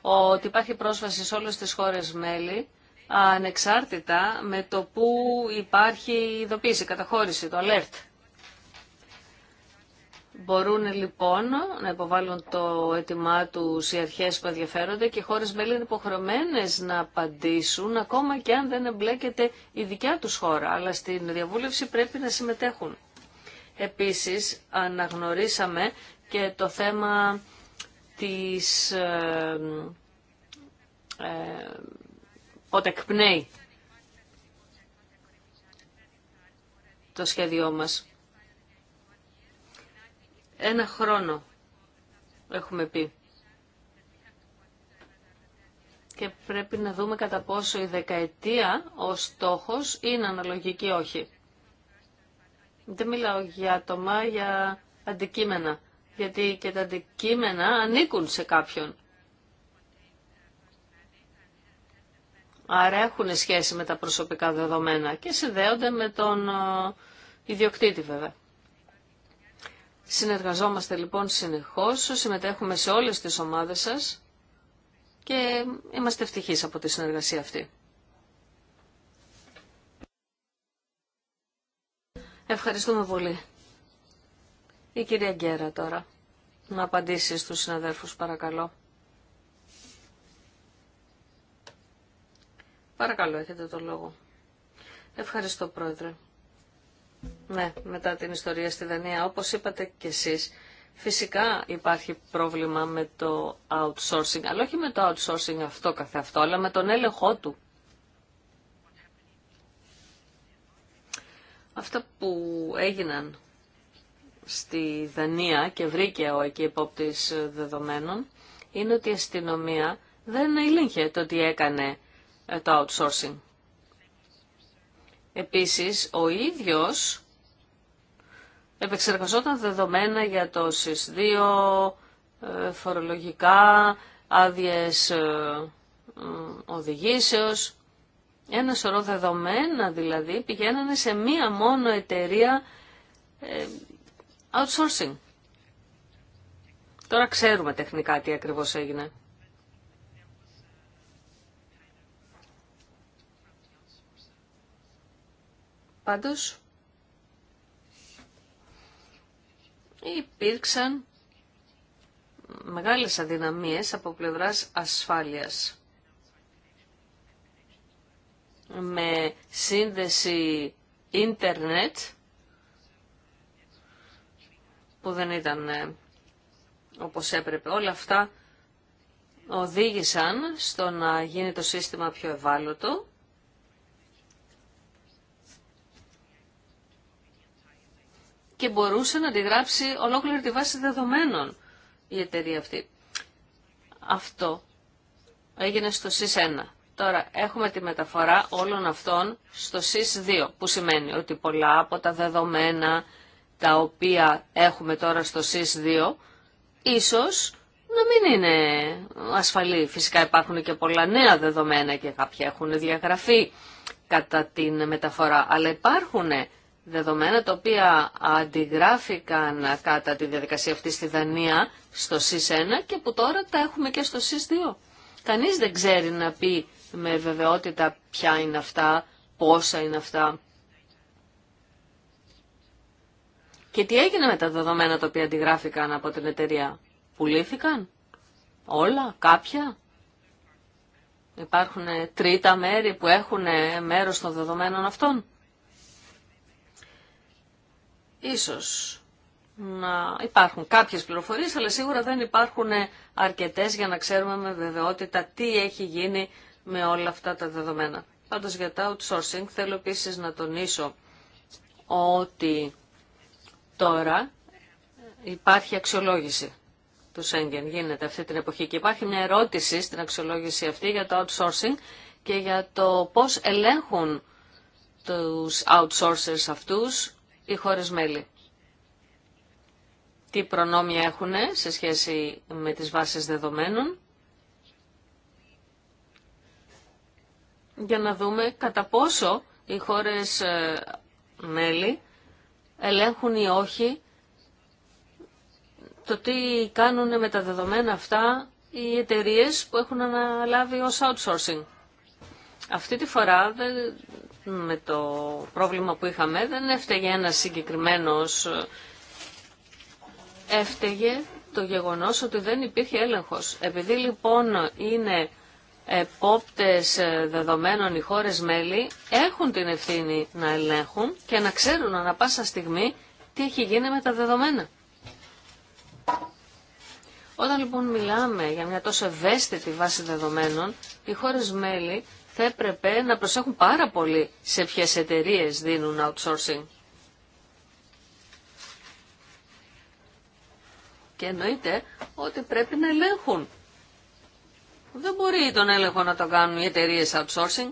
Ότι υπάρχει πρόσβαση σε όλες τις χώρες μέλη, ανεξάρτητα με το που υπάρχει ειδοποίηση, καταχώρηση, το alert. Μπορούν λοιπόν να υποβάλουν το αίτημά του οι αρχέ που ενδιαφέρονται και οι χώρε μέλη είναι υποχρεωμένε να απαντήσουν ακόμα και αν δεν εμπλέκεται η δικιά του χώρα. Αλλά στην διαβούλευση πρέπει να συμμετέχουν. Επίση, αναγνωρίσαμε και το θέμα της ε, ε πότε εκπνέει το σχέδιό μας. Ένα χρόνο έχουμε πει. Και πρέπει να δούμε κατά πόσο η δεκαετία ο στόχος είναι αναλογική όχι. Δεν μιλάω για άτομα, για αντικείμενα. Γιατί και τα αντικείμενα ανήκουν σε κάποιον. Άρα έχουν σχέση με τα προσωπικά δεδομένα και συνδέονται με τον ε, ιδιοκτήτη βέβαια. Συνεργαζόμαστε λοιπόν συνεχώς, συμμετέχουμε σε όλες τις ομάδες σας και είμαστε ευτυχείς από τη συνεργασία αυτή. Ευχαριστούμε πολύ. Η κυρία Γκέρα τώρα. Να απαντήσει στους συναδέρφους παρακαλώ. Παρακαλώ, έχετε το λόγο. Ευχαριστώ, Πρόεδρε. Ναι, μετά την ιστορία στη Δανία, όπως είπατε κι εσείς, φυσικά υπάρχει πρόβλημα με το outsourcing, αλλά όχι με το outsourcing αυτό καθεαυτό, αυτό, αλλά με τον έλεγχό του. Αυτά που έγιναν στη Δανία και βρήκε ο εκεί υπόπτης δεδομένων, είναι ότι η αστυνομία δεν έλεγχε το τι έκανε ε, το outsourcing. Επίσης, ο ίδιος επεξεργαζόταν δεδομένα για το συς ε, φορολογικά, άδειες ε, ε, οδηγήσεως. Ένα σωρό δεδομένα δηλαδή πηγαίνανε σε μία μόνο εταιρεία outsourcing. Τώρα ξέρουμε τεχνικά τι ακριβώς έγινε. Πάντως, υπήρξαν μεγάλες αδυναμίες από πλευράς ασφάλειας. Με σύνδεση ίντερνετ που δεν ήταν ε, όπως έπρεπε. Όλα αυτά οδήγησαν στο να γίνει το σύστημα πιο ευάλωτο και μπορούσε να αντιγράψει ολόκληρη τη βάση δεδομένων η εταιρεία αυτή. Αυτό έγινε στο ΣΥΣ1. Τώρα έχουμε τη μεταφορά όλων αυτών στο ΣΥΣ2, που σημαίνει ότι πολλά από τα δεδομένα τα οποία έχουμε τώρα στο ΣΥΣ2, ίσως να μην είναι ασφαλή. Φυσικά υπάρχουν και πολλά νέα δεδομένα και κάποια έχουν διαγραφεί κατά την μεταφορά, αλλά υπάρχουν δεδομένα τα οποία αντιγράφηκαν κατά τη διαδικασία αυτή στη Δανία στο ΣΥΣ 1 και που τώρα τα έχουμε και στο ΣΥΣ 2. Κανείς δεν ξέρει να πει με βεβαιότητα ποια είναι αυτά, πόσα είναι αυτά. Και τι έγινε με τα δεδομένα τα οποία αντιγράφηκαν από την εταιρεία. Πουλήθηκαν όλα, κάποια. Υπάρχουν τρίτα μέρη που έχουν μέρος των δεδομένων αυτών. Ίσως να υπάρχουν κάποιες πληροφορίες, αλλά σίγουρα δεν υπάρχουν αρκετές για να ξέρουμε με βεβαιότητα τι έχει γίνει με όλα αυτά τα δεδομένα. Πάντως για τα outsourcing θέλω επίσης να τονίσω ότι τώρα υπάρχει αξιολόγηση του Σέγγεν, γίνεται αυτή την εποχή και υπάρχει μια ερώτηση στην αξιολόγηση αυτή για το outsourcing και για το πώς ελέγχουν τους outsourcers αυτούς οι χώρες μέλη. Τι προνόμια έχουν σε σχέση με τις βάσεις δεδομένων. Για να δούμε κατά πόσο οι χώρες ε, μέλη ελέγχουν ή όχι το τι κάνουν με τα δεδομένα αυτά οι εταιρείε που έχουν αναλάβει ως outsourcing. Αυτή τη φορά με το πρόβλημα που είχαμε δεν έφταιγε ένα συγκεκριμένο έφταιγε το γεγονός ότι δεν υπήρχε έλεγχος. Επειδή λοιπόν είναι επόπτες δεδομένων οι χώρες μέλη, έχουν την ευθύνη να ελέγχουν και να ξέρουν ανα πάσα στιγμή τι έχει γίνει με τα δεδομένα. Όταν λοιπόν μιλάμε για μια τόσο ευαίσθητη βάση δεδομένων, οι χώρες μέλη θα έπρεπε να προσέχουν πάρα πολύ σε ποιες εταιρείε δίνουν outsourcing. Και εννοείται ότι πρέπει να ελέγχουν. Δεν μπορεί τον έλεγχο να το κάνουν οι εταιρείε outsourcing.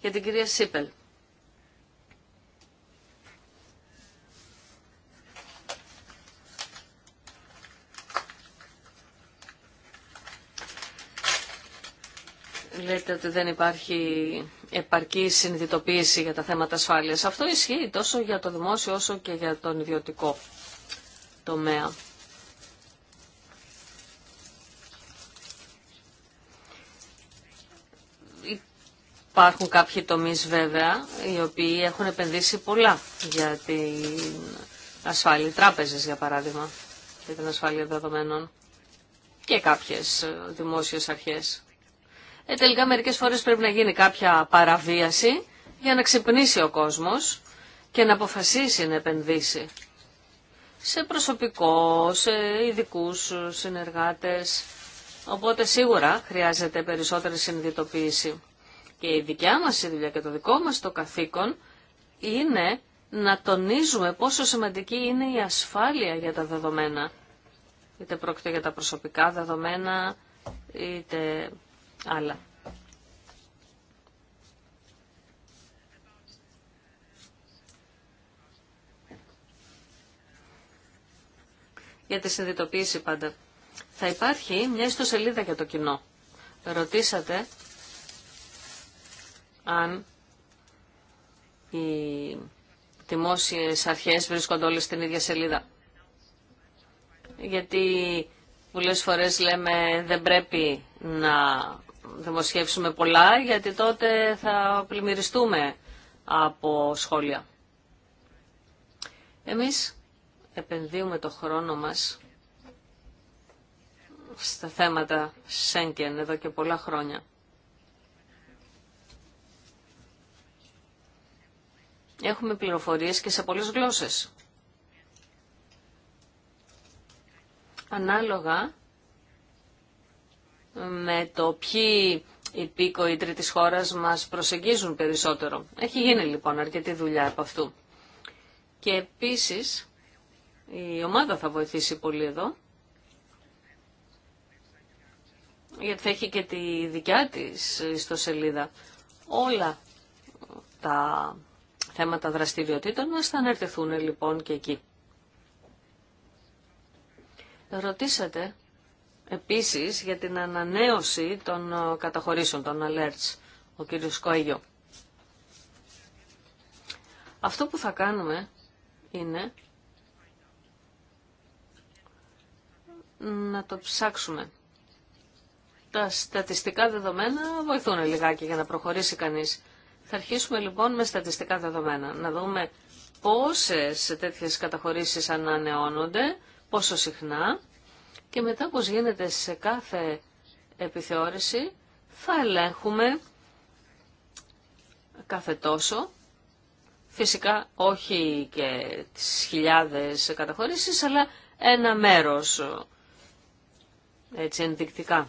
Για την κυρία Σίπελ. λέτε ότι δεν υπάρχει επαρκή συνειδητοποίηση για τα θέματα ασφάλειας. Αυτό ισχύει τόσο για το δημόσιο όσο και για τον ιδιωτικό τομέα. Υπάρχουν κάποιοι τομείς βέβαια οι οποίοι έχουν επενδύσει πολλά για την ασφάλεια τράπεζες για παράδειγμα για την ασφάλεια δεδομένων και κάποιες δημόσιες αρχές ε, τελικά μερικές φορές πρέπει να γίνει κάποια παραβίαση για να ξυπνήσει ο κόσμος και να αποφασίσει να επενδύσει σε προσωπικό, σε ειδικού συνεργάτες. Οπότε σίγουρα χρειάζεται περισσότερη συνειδητοποίηση. Και η δικιά μας η δουλειά και το δικό μας το καθήκον είναι να τονίζουμε πόσο σημαντική είναι η ασφάλεια για τα δεδομένα. Είτε πρόκειται για τα προσωπικά δεδομένα, είτε για τη συνειδητοποίηση πάντα. Θα υπάρχει μια ιστοσελίδα για το κοινό. Ρωτήσατε αν οι δημόσιες αρχές βρίσκονται όλε στην ίδια σελίδα. Γιατί πολλές φορές λέμε δεν πρέπει να δημοσιεύσουμε πολλά, γιατί τότε θα πλημμυριστούμε από σχόλια. Εμείς επενδύουμε το χρόνο μας στα θέματα Σέγγεν εδώ και πολλά χρόνια. Έχουμε πληροφορίες και σε πολλές γλώσσες. Ανάλογα με το ποιοι υπήκοοι τρίτη χώρας μας προσεγγίζουν περισσότερο. Έχει γίνει λοιπόν αρκετή δουλειά από αυτού. Και επίσης η ομάδα θα βοηθήσει πολύ εδώ, γιατί θα έχει και τη δικιά της ιστοσελίδα. Όλα τα θέματα δραστηριοτήτων μας θα αναρτηθούν λοιπόν και εκεί. Ρωτήσατε επίσης για την ανανέωση των ε, καταχωρήσεων, των alerts, ο κύριος Σκόγιο. Αυτό που θα κάνουμε είναι να το ψάξουμε. Τα στατιστικά δεδομένα βοηθούν λιγάκι για να προχωρήσει κανείς. Θα αρχίσουμε λοιπόν με στατιστικά δεδομένα, να δούμε πόσες τέτοιες καταχωρήσεις ανανεώνονται, πόσο συχνά και μετά όπως γίνεται σε κάθε επιθεώρηση θα ελέγχουμε κάθε τόσο Φυσικά όχι και τις χιλιάδες καταχωρήσεις, αλλά ένα μέρος έτσι ενδεικτικά.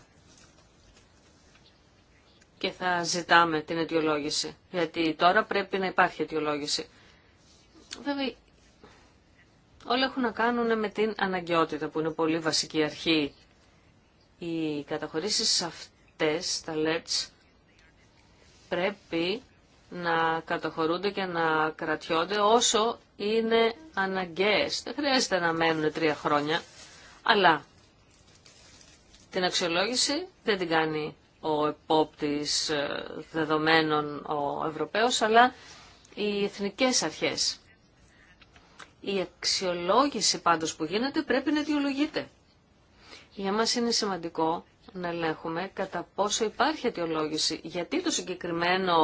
Και θα ζητάμε την αιτιολόγηση, γιατί τώρα πρέπει να υπάρχει αιτιολόγηση. Βέβαια Όλα έχουν να κάνουν με την αναγκαιότητα που είναι πολύ βασική αρχή. Οι καταχωρήσεις αυτές, τα LEDS, πρέπει να καταχωρούνται και να κρατιόνται όσο είναι αναγκαίες. Δεν χρειάζεται να μένουν τρία χρόνια, αλλά την αξιολόγηση δεν την κάνει ο επόπτης ε, δεδομένων ο Ευρωπαίος, αλλά οι εθνικές αρχές. Η αξιολόγηση πάντως που γίνεται πρέπει να αιτιολογείται. Για μας είναι σημαντικό να ελέγχουμε κατά πόσο υπάρχει αιτιολόγηση. Γιατί το συγκεκριμένο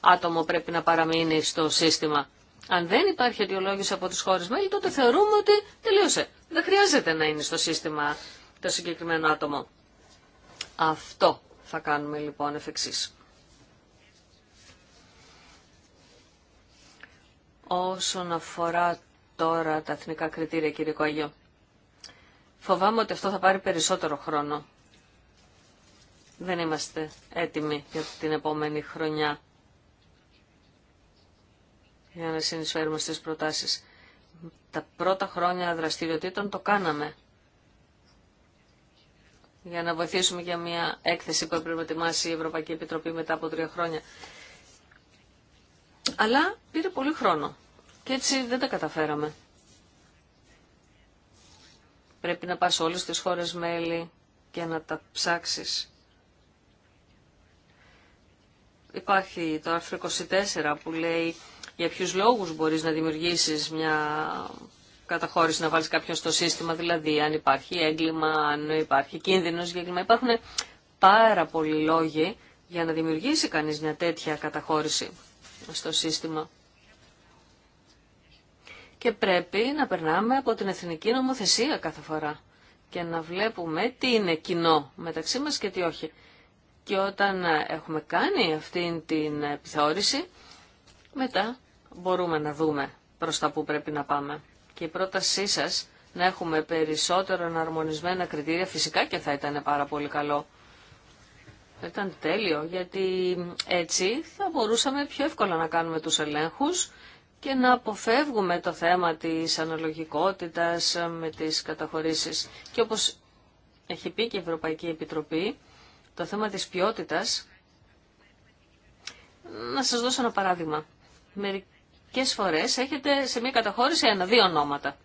άτομο πρέπει να παραμείνει στο σύστημα. Αν δεν υπάρχει αιτιολόγηση από τις χώρες μέλη, τότε θεωρούμε ότι τελείωσε. Δεν χρειάζεται να είναι στο σύστημα το συγκεκριμένο άτομο. Αυτό θα κάνουμε λοιπόν εφ' εξής. Όσον αφορά τώρα τα εθνικά κριτήρια, κύριε Κόγιο Φοβάμαι ότι αυτό θα πάρει περισσότερο χρόνο. Δεν είμαστε έτοιμοι για την επόμενη χρονιά για να συνεισφέρουμε στις προτάσεις. Τα πρώτα χρόνια δραστηριοτήτων το κάναμε για να βοηθήσουμε για μια έκθεση που έπρεπε να ετοιμάσει η Ευρωπαϊκή Επιτροπή μετά από τρία χρόνια. Αλλά πήρε πολύ χρόνο. Και έτσι δεν τα καταφέραμε. Πρέπει να πας όλες τις χώρες μέλη και να τα ψάξεις. Υπάρχει το άρθρο 24 που λέει για ποιους λόγους μπορείς να δημιουργήσεις μια καταχώρηση, να βάλεις κάποιον στο σύστημα, δηλαδή αν υπάρχει έγκλημα, αν υπάρχει κίνδυνος για έγκλημα. Υπάρχουν πάρα πολλοί λόγοι για να δημιουργήσει κανείς μια τέτοια καταχώρηση στο σύστημα και πρέπει να περνάμε από την εθνική νομοθεσία κάθε φορά και να βλέπουμε τι είναι κοινό μεταξύ μας και τι όχι. Και όταν έχουμε κάνει αυτή την επιθεώρηση, μετά μπορούμε να δούμε προς τα που πρέπει να πάμε. Και η πρότασή σας να έχουμε περισσότερο εναρμονισμένα κριτήρια φυσικά και θα ήταν πάρα πολύ καλό. Θα ήταν τέλειο, γιατί έτσι θα μπορούσαμε πιο εύκολα να κάνουμε τους ελέγχους και να αποφεύγουμε το θέμα της αναλογικότητας ε, με τις καταχωρήσεις. Και όπως έχει πει και η Ευρωπαϊκή Επιτροπή, το θέμα της ποιότητας, να σας δώσω ένα παράδειγμα. Μερικές φορές έχετε σε μία καταχώρηση ένα-δύο ονόματα.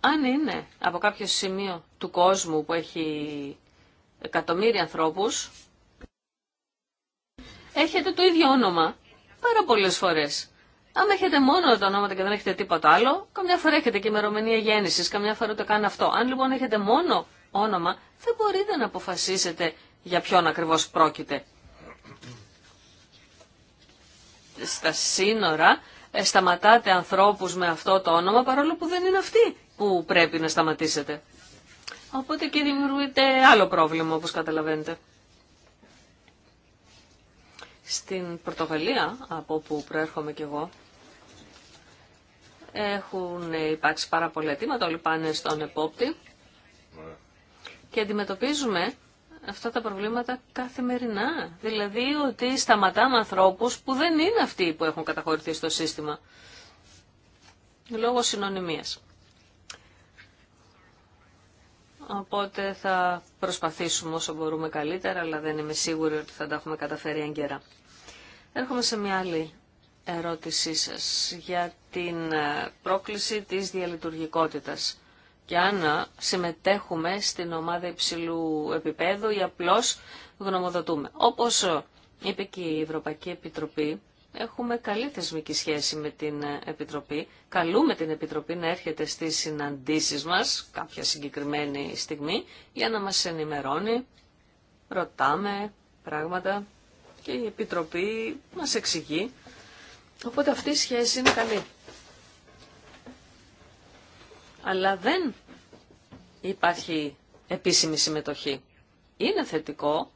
Αν είναι από κάποιο σημείο του κόσμου που έχει εκατομμύρια ανθρώπους, έχετε το ίδιο όνομα πάρα πολλέ φορές. Αν έχετε μόνο τα ονόματα και δεν έχετε τίποτα άλλο, καμιά φορά έχετε και ημερομηνία γέννηση καμιά φορά το κάνει αυτό. Αν λοιπόν έχετε μόνο όνομα, δεν μπορείτε να αποφασίσετε για ποιον ακριβώ πρόκειται. Στα σύνορα ε, σταματάτε ανθρώπους με αυτό το όνομα, παρόλο που δεν είναι αυτοί που πρέπει να σταματήσετε. Οπότε και δημιουργείται άλλο πρόβλημα, όπως καταλαβαίνετε. Στην Πορτογαλία, από όπου προέρχομαι κι εγώ, έχουν υπάρξει πάρα πολλά αιτήματα, όλοι πάνε στον επόπτη και αντιμετωπίζουμε αυτά τα προβλήματα καθημερινά. Δηλαδή ότι σταματάμε ανθρώπους που δεν είναι αυτοί που έχουν καταχωρηθεί στο σύστημα λόγω συνωνυμίας. Οπότε θα προσπαθήσουμε όσο μπορούμε καλύτερα, αλλά δεν είμαι σίγουρη ότι θα τα έχουμε καταφέρει έγκαιρα. Έρχομαι σε μια άλλη ερώτησή σας για την ε, πρόκληση της διαλειτουργικότητας και αν ε, συμμετέχουμε στην ομάδα υψηλού επίπεδου ή απλώς γνωμοδοτούμε. Όπως ε, είπε και η Ευρωπαϊκή Επιτροπή, έχουμε καλή θεσμική σχέση με την Επιτροπή. Καλούμε την Επιτροπή να έρχεται στις συναντήσεις μας κάποια συγκεκριμένη στιγμή για να μας ενημερώνει. Ρωτάμε πράγματα και η Επιτροπή μας εξηγεί. Οπότε αυτή η σχέση είναι καλή. Αλλά δεν υπάρχει επίσημη συμμετοχή. Είναι θετικό,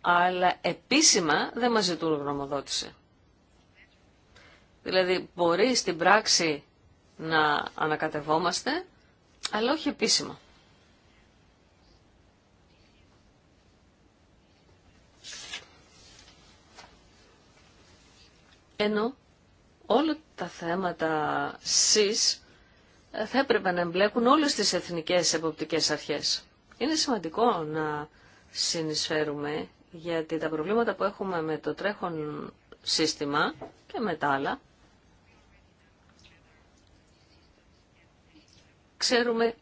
αλλά επίσημα δεν μας ζητούν γνωμοδότηση. Δηλαδή μπορεί στην πράξη να ανακατευόμαστε, αλλά όχι επίσημα. Ενώ όλα τα θέματα ΣΥΣ ε, θα έπρεπε να εμπλέκουν όλες τις εθνικές εποπτικές αρχές. Είναι σημαντικό να συνεισφέρουμε γιατί τα προβλήματα που έχουμε με το τρέχον σύστημα και με τα άλλα ξέρουμε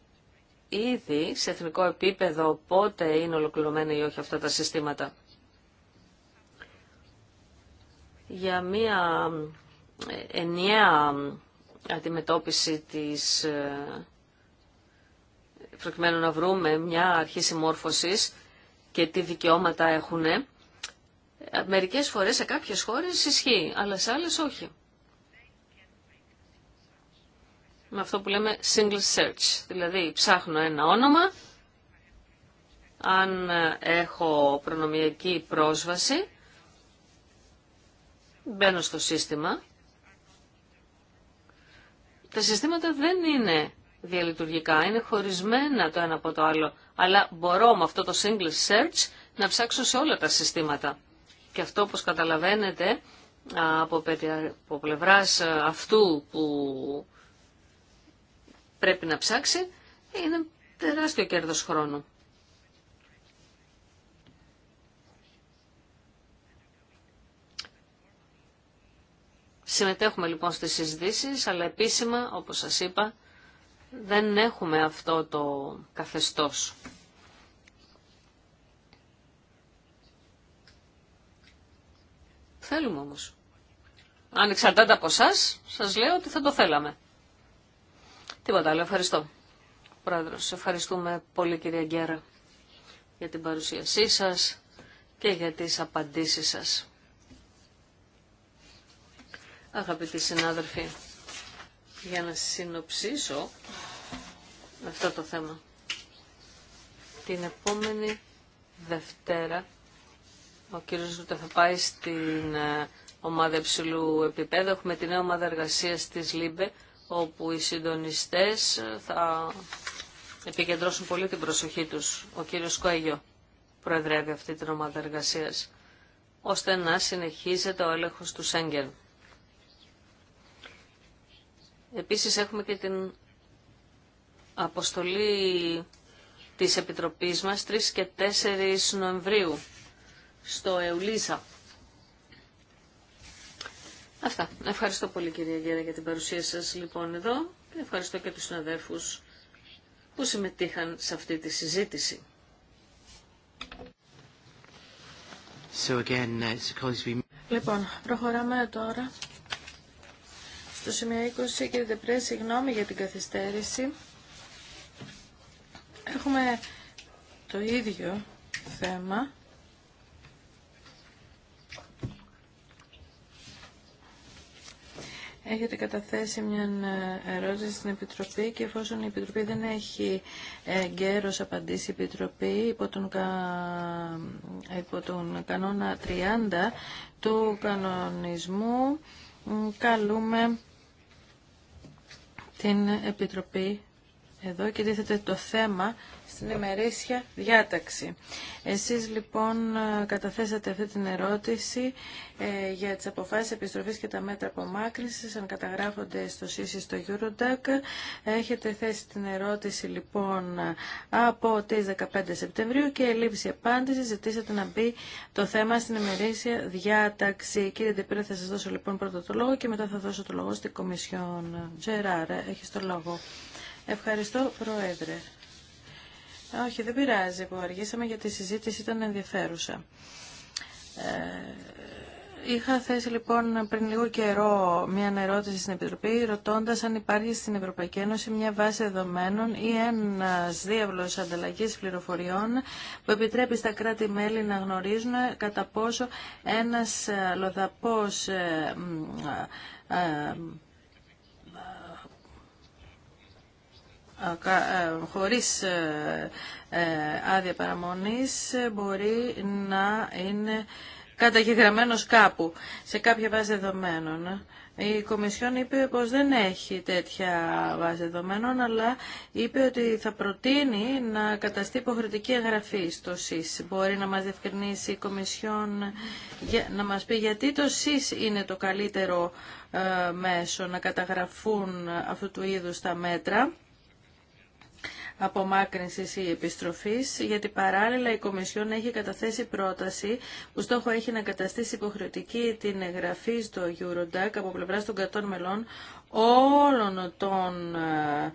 ήδη σε εθνικό επίπεδο πότε είναι ολοκληρωμένα ή όχι αυτά τα συστήματα για μία ε, ενιαία αντιμετώπιση της ε, προκειμένου να βρούμε μια αρχή συμμόρφωσης και τι δικαιώματα έχουν. Μερικές φορές σε κάποιες χώρες ισχύει, αλλά σε άλλες όχι. Με αυτό που λέμε single search, δηλαδή ψάχνω ένα όνομα, αν ε, έχω προνομιακή πρόσβαση, μπαίνω στο σύστημα. Τα συστήματα δεν είναι διαλειτουργικά, είναι χωρισμένα το ένα από το άλλο, αλλά μπορώ με αυτό το single search να ψάξω σε όλα τα συστήματα. Και αυτό, όπως καταλαβαίνετε, από πλευράς ε, αυτού που πρέπει να ψάξει, είναι τεράστιο κέρδος χρόνου. Συμμετέχουμε λοιπόν στις συζητήσεις, αλλά επίσημα, όπως σας είπα, δεν έχουμε αυτό το καθεστώς. Θέλουμε όμως. Αν εξαρτάται από εσά, σας λέω ότι θα το θέλαμε. Τίποτα άλλο. Ευχαριστώ. Πρόεδρος, ευχαριστούμε πολύ κυρία Γκέρα για την παρουσίασή σας και για τις απαντήσεις σας. Αγαπητοί συνάδελφοι, για να συνοψίσω αυτό το θέμα. Την επόμενη Δευτέρα ο κύριος Ζούτα θα πάει στην ε, ομάδα υψηλού επίπεδου. Έχουμε την νέα ομάδα εργασίας της ΛΥΜΠΕ όπου οι συντονιστές ε, θα επικεντρώσουν πολύ την προσοχή τους. Ο κύριος Κοέγιο προεδρεύει αυτή την ομάδα εργασίας ώστε να συνεχίζεται ο έλεγχος του Σέγγεν. Επίσης έχουμε και την αποστολή της Επιτροπής μας 3 και 4 Νοεμβρίου στο Εουλίσα. Αυτά. Ευχαριστώ πολύ κυρία Γέρα για την παρουσία σας λοιπόν εδώ και ευχαριστώ και τους συναδέλφους που συμμετείχαν σε αυτή τη συζήτηση. Uh, λοιπόν, προχωράμε τώρα στο σημείο 20, κύριε Δεπρέ, συγγνώμη για την καθυστέρηση. Έχουμε το ίδιο θέμα. Έχετε καταθέσει μια ε, ερώτηση στην Επιτροπή και εφόσον η Επιτροπή δεν έχει γέρος απαντήσει η Επιτροπή υπό τον, υπό τον κανόνα 30 του κανονισμού καλούμε την Επιτροπή εδώ και τίθεται το θέμα στην ημερήσια διάταξη. Εσείς λοιπόν καταθέσατε αυτή την ερώτηση ε, για τις αποφάσεις επιστροφής και τα μέτρα απομάκρυνσης, αν καταγράφονται στο ΣΥΣΙ στο Eurodac. Έχετε θέσει την ερώτηση λοιπόν από τις 15 Σεπτεμβρίου και λήψη απάντηση ζητήσατε να μπει το θέμα στην ημερήσια διάταξη. Κύριε Ντεπίρα θα σας δώσω λοιπόν πρώτα το λόγο και μετά θα δώσω το λόγο στην Κομισιόν. Τζεράρα, έχεις το λόγο. Ευχαριστώ, Πρόεδρε. Όχι, δεν πειράζει που αργήσαμε γιατί η συζήτηση ήταν ενδιαφέρουσα. Ε, είχα θέσει λοιπόν πριν λίγο καιρό μια ερώτηση στην Επιτροπή ρωτώντα αν υπάρχει στην Ευρωπαϊκή Ένωση μια βάση δεδομένων ή ένα διάβλο ανταλλαγή πληροφοριών που επιτρέπει στα κράτη-μέλη να γνωρίζουν κατά πόσο ένα λοδαπό ε, Ε, χωρίς ε, ε, άδεια παραμονής μπορεί να είναι καταγεγραμμένος κάπου, σε κάποια βάση δεδομένων. Η Κομισιόν είπε πως δεν έχει τέτοια βάση δεδομένων, αλλά είπε ότι θα προτείνει να καταστεί υποχρεωτική εγγραφή στο ΣΥΣ. Μπορεί να μας διευκρινίσει η Κομισιόν, να μας πει γιατί το ΣΥΣ είναι το καλύτερο μέσο να καταγραφούν αυτού του είδους τα μέτρα Απομάκρυνση ή επιστροφή, γιατί παράλληλα η Κομισιόν έχει καταθέσει πρόταση που στόχο έχει να καταστήσει υποχρεωτική την εγγραφή στο Eurodac από πλευρά των 100 μελών όλων των ε,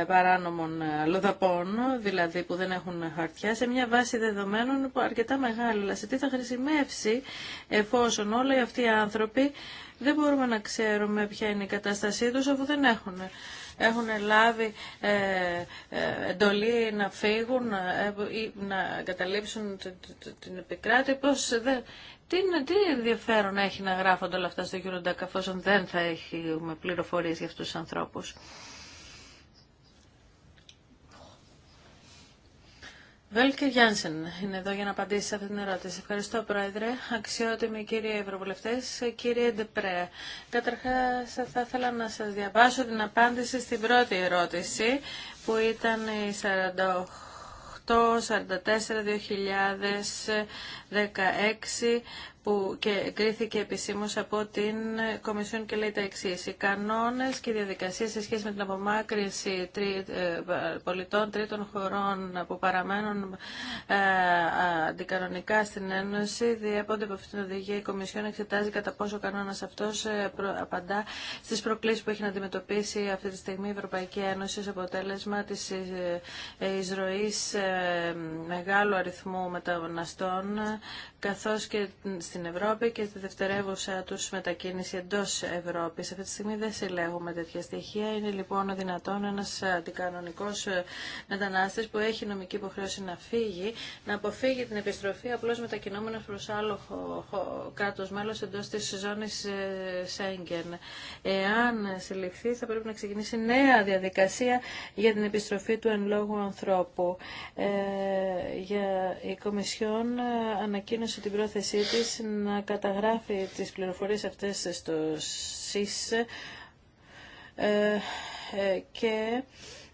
ε, παράνομων ε, λοδαπών, δηλαδή που δεν έχουν χαρτιά, σε μια βάση δεδομένων που αρκετά μεγάλη. Αλλά σε τι θα χρησιμεύσει εφόσον όλοι αυτοί οι άνθρωποι δεν μπορούμε να ξέρουμε ποια είναι η κατάστασή τους αφού δεν έχουν έχουν λάβει ε, ε, εντολή να φύγουν ε, ή να καταλήψουν την επικράτη, πώς Τι, τι ενδιαφέρον έχει να γράφονται όλα αυτά στο Γιουροντακ, αφού δεν θα έχουμε πληροφορίες για αυτούς τους ανθρώπους. Βέλκερ Γιάνσεν είναι εδώ για να απαντήσει σε αυτή την ερώτηση. Ευχαριστώ, Πρόεδρε. Αξιότιμοι κύριοι Ευρωβουλευτέ, κύριε Ντεπρέ. Καταρχά, θα ήθελα να σα διαβάσω την απάντηση στην πρώτη ερώτηση, που ήταν η 48. 44-2016 που και κρίθηκε επισήμω από την Κομισιόν και λέει τα εξή. Οι κανόνε και οι διαδικασίε σε σχέση με την απομάκρυνση τρι, ε, πολιτών τρίτων χωρών που παραμένουν ε, αντικανονικά στην Ένωση διέπονται από αυτήν την οδηγία. Η Κομισιόν εξετάζει κατά πόσο ο κανόνα αυτό ε, απαντά στι προκλήσει που έχει να αντιμετωπίσει αυτή τη στιγμή η Ευρωπαϊκή Ένωση ω αποτέλεσμα τη ε, εισρωή μεγάλου αριθμού μεταναστών καθώς και στην Ευρώπη και τη δευτερεύουσα του μετακίνηση εντός Ευρώπης. Αυτή τη στιγμή δεν συλλέγουμε τέτοια στοιχεία. Είναι λοιπόν δυνατόν ένα αντικανονικό ε, μετανάστη που έχει νομική υποχρέωση να φύγει, να αποφύγει την επιστροφή απλώ μετακινούμενο προς άλλο κράτο μέλος εντός της ζώνης ε, Σέγγεν. Εάν συλληφθεί θα πρέπει να ξεκινήσει νέα διαδικασία για την επιστροφή του εν λόγω ανθρώπου. Ε, για η Κομισιόν ε, ανακοίνωσε την πρόθεσή της να καταγράφει τις πληροφορίες αυτές στο ΣΥΣ ε, ε, και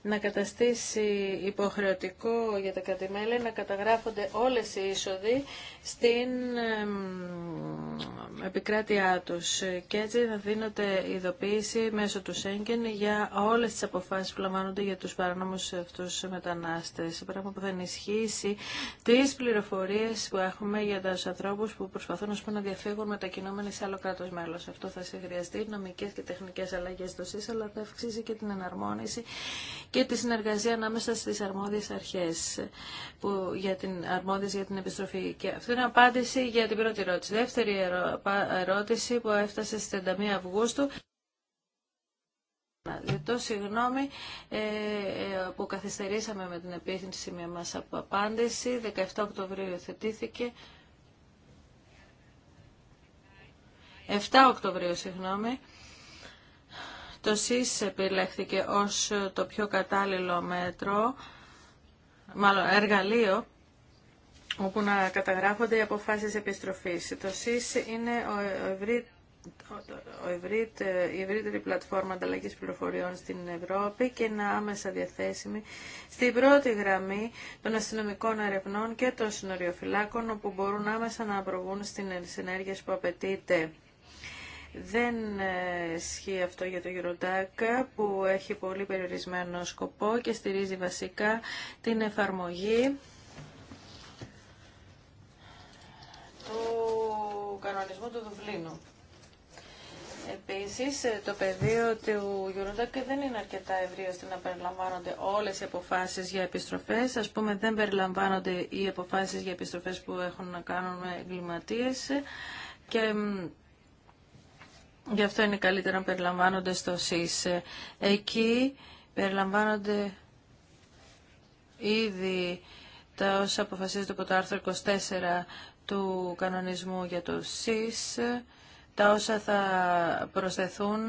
να καταστήσει υποχρεωτικό για τα κρατημέλη να καταγράφονται όλες οι είσοδοι στην επικράτειά τους και έτσι θα δίνονται ειδοποίηση μέσω του Σέγγεν για όλες τις αποφάσεις που λαμβάνονται για τους παρανόμους αυτούς μετανάστες. Πράγμα που θα ενισχύσει τις πληροφορίες που έχουμε για τους ανθρώπους που προσπαθούν να διαφύγουν μετακινούμενοι σε άλλο κράτος μέλος. Αυτό θα χρειαστεί νομικές και τεχνικές αλλαγές στο ΣΥΣ, αλλά θα αυξήσει και την εναρμόνιση και τη συνεργασία ανάμεσα στις αρμόδιες αρχές που, για την, αρμόδιες για την επιστροφή. Και αυτό είναι απάντηση για την πρώτη ερώτηση. Δεύτερη ερώτηση που έφτασε στις 31 Αυγούστου. Ζητώ συγγνώμη ε, ε, που καθυστερήσαμε με την επίθυνση μια μας από απάντηση. 17 Οκτωβρίου υιοθετήθηκε. 7 Οκτωβρίου, συγγνώμη. Το ΣΥΣ επιλέχθηκε ως το πιο κατάλληλο μέτρο, μάλλον εργαλείο, όπου να καταγράφονται οι αποφάσεις επιστροφής. Το ΣΥΣ είναι ο ο η ευρύτερη πλατφόρμα ανταλλαγής πληροφοριών στην Ευρώπη και είναι άμεσα διαθέσιμη στην πρώτη γραμμή των αστυνομικών ερευνών και των συνοριοφυλάκων όπου μπορούν άμεσα να προβούν στις ενέργεια που απαιτείται. Δεν ε, ισχύει αυτό για το Eurodac που έχει πολύ περιορισμένο σκοπό και στηρίζει βασικά την εφαρμογή κανονισμού του Δουβλίνου. Επίσης, ε, το πεδίο του Eurodac δεν είναι αρκετά ευρύ ώστε να περιλαμβάνονται όλες οι αποφάσεις για επιστροφές. Ας πούμε, δεν περιλαμβάνονται οι αποφάσεις για επιστροφές που έχουν να κάνουν με εγκληματίες και γι' αυτό είναι καλύτερα να περιλαμβάνονται στο ΣΥΣ. Εκεί περιλαμβάνονται ήδη τα όσα αποφασίζονται από το άρθρο 24 του κανονισμού για το ΣΥΣ. Τα όσα θα προσθεθούν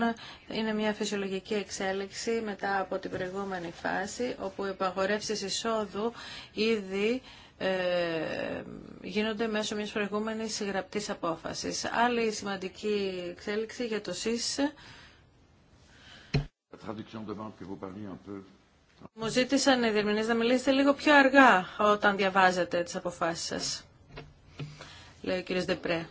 είναι μια φυσιολογική εξέλιξη μετά από την προηγούμενη φάση, όπου οι επαγορεύσεις εισόδου ήδη ε, γίνονται μέσω μιας προηγούμενης γραπτής απόφασης. Άλλη σημαντική εξέλιξη για το ΣΥΣ. Μου ζήτησαν οι διερμηνείς να μιλήσετε λίγο πιο αργά όταν διαβάζετε τις αποφάσεις σας λέει ο Δεπρέ.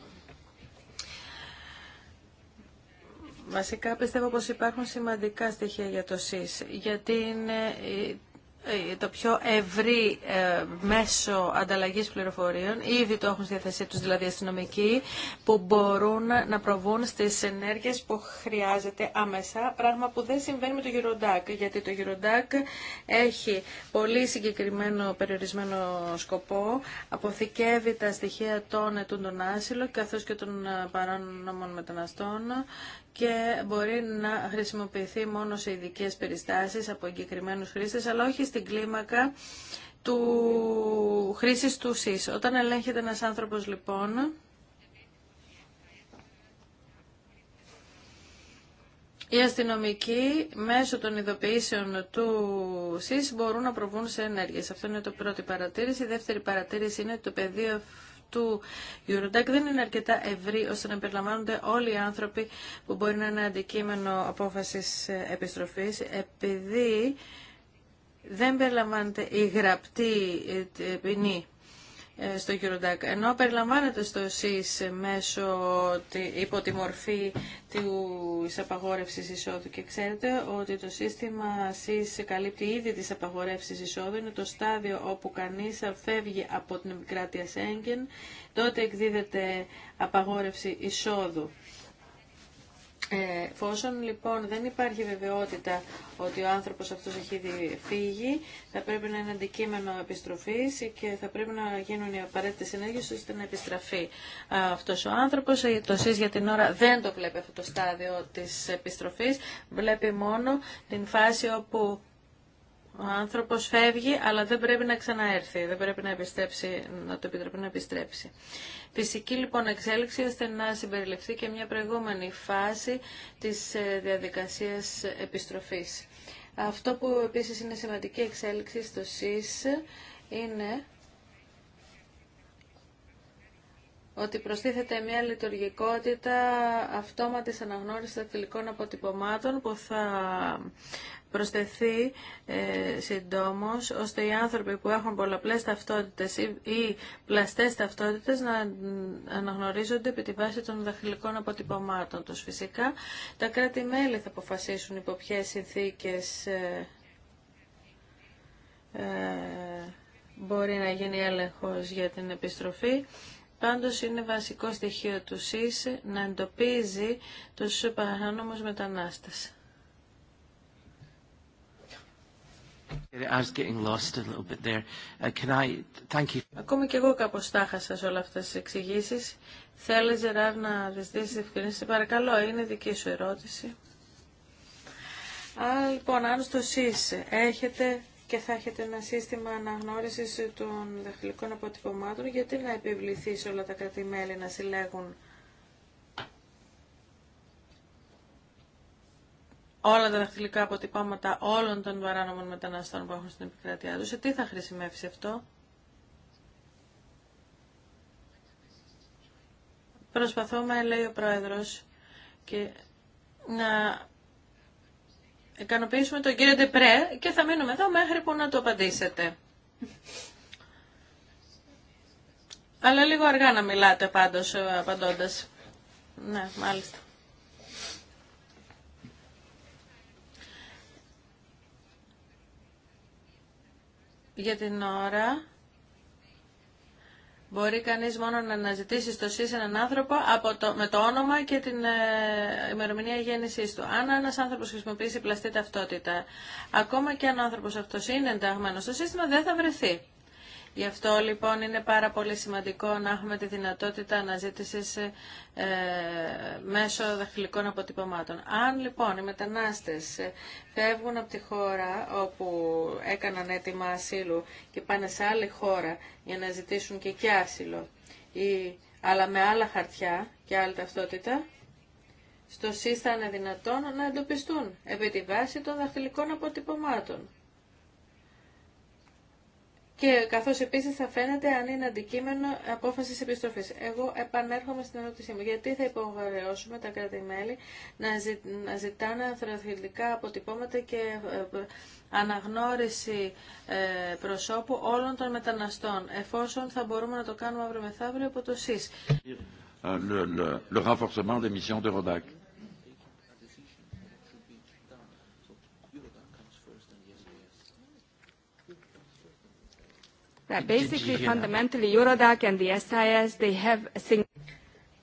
Βασικά πιστεύω πως υπάρχουν σημαντικά στοιχεία για το ΣΥΣ, γιατί είναι ε, το πιο ευρύ ε, μέσο ανταλλαγής πληροφορίων, ήδη το έχουν στη διαθεσή τους δηλαδή αστυνομικοί, που μπορούν να προβούν στις ενέργειες που χρειάζεται άμεσα, πράγμα που δεν συμβαίνει με το Eurodac, γιατί το Eurodac έχει πολύ συγκεκριμένο περιορισμένο σκοπό, αποθηκεύει τα στοιχεία των ετούντων άσυλων καθώς και των ε, παράνομων μεταναστών και μπορεί να χρησιμοποιηθεί μόνο σε ειδικές περιστάσεις από εγκεκριμένους χρήστες, αλλά όχι στην κλίμακα του χρήσης του ΣΥΣ. Όταν ελέγχεται ένας άνθρωπος λοιπόν, Οι αστυνομικοί μέσω των ειδοποιήσεων του ΣΥΣ μπορούν να προβούν σε ενέργειες. Αυτό είναι το πρώτη παρατήρηση. Η δεύτερη παρατήρηση είναι ότι το πεδίο του Eurodac δεν είναι αρκετά ευρύ ώστε να περιλαμβάνονται όλοι οι άνθρωποι που μπορεί να είναι αντικείμενο απόφασης επιστροφής επειδή δεν περιλαμβάνεται η γραπτή ε, ποινή ε, στο Eurodac. Ενώ περιλαμβάνεται στο ΣΥΣ μέσω υπό τη μορφή τη απαγόρευση εισόδου και ξέρετε ότι το σύστημα ΣΥΣ καλύπτει ήδη τι απαγορεύσει εισόδου. Είναι το στάδιο όπου κανείς φεύγει από την επικράτεια Σέγγεν, τότε εκδίδεται απαγόρευση εισόδου. Ε, Φόσον λοιπόν δεν υπάρχει βεβαιότητα ότι ο άνθρωπος αυτός έχει φύγει, θα πρέπει να είναι αντικείμενο επιστροφής και θα πρέπει να γίνουν οι απαραίτητες ενέργειες ώστε να επιστραφεί ε, αυτός ο άνθρωπος. Ε, το ΣΥΣ για την ώρα δεν το βλέπει αυτό το στάδιο της επιστροφής, βλέπει μόνο την φάση όπου ο άνθρωπος φεύγει αλλά δεν πρέπει να ξαναέρθει, δεν πρέπει να, να το επιτρέπει να επιστρέψει φυσική λοιπόν εξέλιξη ώστε να συμπεριληφθεί και μια προηγούμενη φάση της ε, διαδικασίας επιστροφής. Αυτό που επίσης είναι σημαντική εξέλιξη στο ΣΥΣ είναι ότι προστίθεται μια λειτουργικότητα αυτόματης αναγνώρισης τελικών αποτυπωμάτων που θα προσθεθεί ε, συντόμως, ώστε οι άνθρωποι που έχουν πολλαπλές ταυτότητες ή, ή πλαστές ταυτότητες να αναγνωρίζονται επί τη βάση των δαχτυλικών αποτυπωμάτων τους. Φυσικά, τα κράτη-μέλη θα αποφασίσουν υπό ποιες συνθήκες ε, ε, μπορεί να γίνει έλεγχος για την επιστροφή. Πάντως είναι βασικό στοιχείο του ΣΥΣ να εντοπίζει τους παράνομους μετανάστες. Ακόμη και εγώ κάπω τάχασα σε όλα αυτέ τι εξηγήσει. Θέλει, Ζεράρ, να ζητήσει ευκαιρία. Παρακαλώ, είναι δική σου ερώτηση. Α, λοιπόν, αν στο ΣΥΣ έχετε και θα έχετε ένα σύστημα αναγνωρίση των δαχτυλικών αποτυπωμάτων, γιατί να επιβληθεί σε όλα τα κρατημέλη να συλλέγουν όλα τα δαχτυλικά αποτυπώματα όλων των παράνομων μεταναστών που έχουν στην επικράτειά του. Σε τι θα χρησιμεύσει αυτό. Προσπαθούμε, λέει ο Πρόεδρος, και να ικανοποιήσουμε τον κύριο Ντεπρέ και θα μείνουμε εδώ μέχρι που να το απαντήσετε. Αλλά λίγο αργά να μιλάτε πάντως ε, απαντώντας. Ναι, μάλιστα. Για την ώρα μπορεί κανείς μόνο να αναζητήσει στο ΣΥΣ έναν άνθρωπο από το, με το όνομα και την ε, ημερομηνία γέννησής του. Αν ένας άνθρωπος χρησιμοποιήσει πλαστή ταυτότητα, ακόμα και αν ο άνθρωπος αυτός είναι ενταγμένος στο σύστημα, δεν θα βρεθεί. Γι' αυτό λοιπόν είναι πάρα πολύ σημαντικό να έχουμε τη δυνατότητα αναζήτησης ε, μέσω δαχτυλικών αποτυπωμάτων. Αν λοιπόν οι μετανάστες ε, φεύγουν από τη χώρα όπου έκαναν έτοιμα ασύλου και πάνε σε άλλη χώρα για να ζητήσουν και εκεί άσυλο, ή, αλλά με άλλα χαρτιά και άλλη ταυτότητα, στο ΣΥΣ είναι δυνατόν να εντοπιστούν επί τη βάση των δαχτυλικών αποτυπωμάτων και καθώ επίση θα φαίνεται αν είναι αντικείμενο απόφασης επιστροφή. Εγώ επανέρχομαι στην ερώτησή μου. Γιατί θα υποχρεώσουμε τα κράτη-μέλη να, ζητάνε ανθρωπιστικά αποτυπώματα και ε, αναγνώριση ε, προσώπου όλων των μεταναστών, εφόσον θα μπορούμε να το κάνουμε αύριο μεθαύριο από το ΣΥΣ. Ε, that basically fundamentally Eurodac and the SIS they have a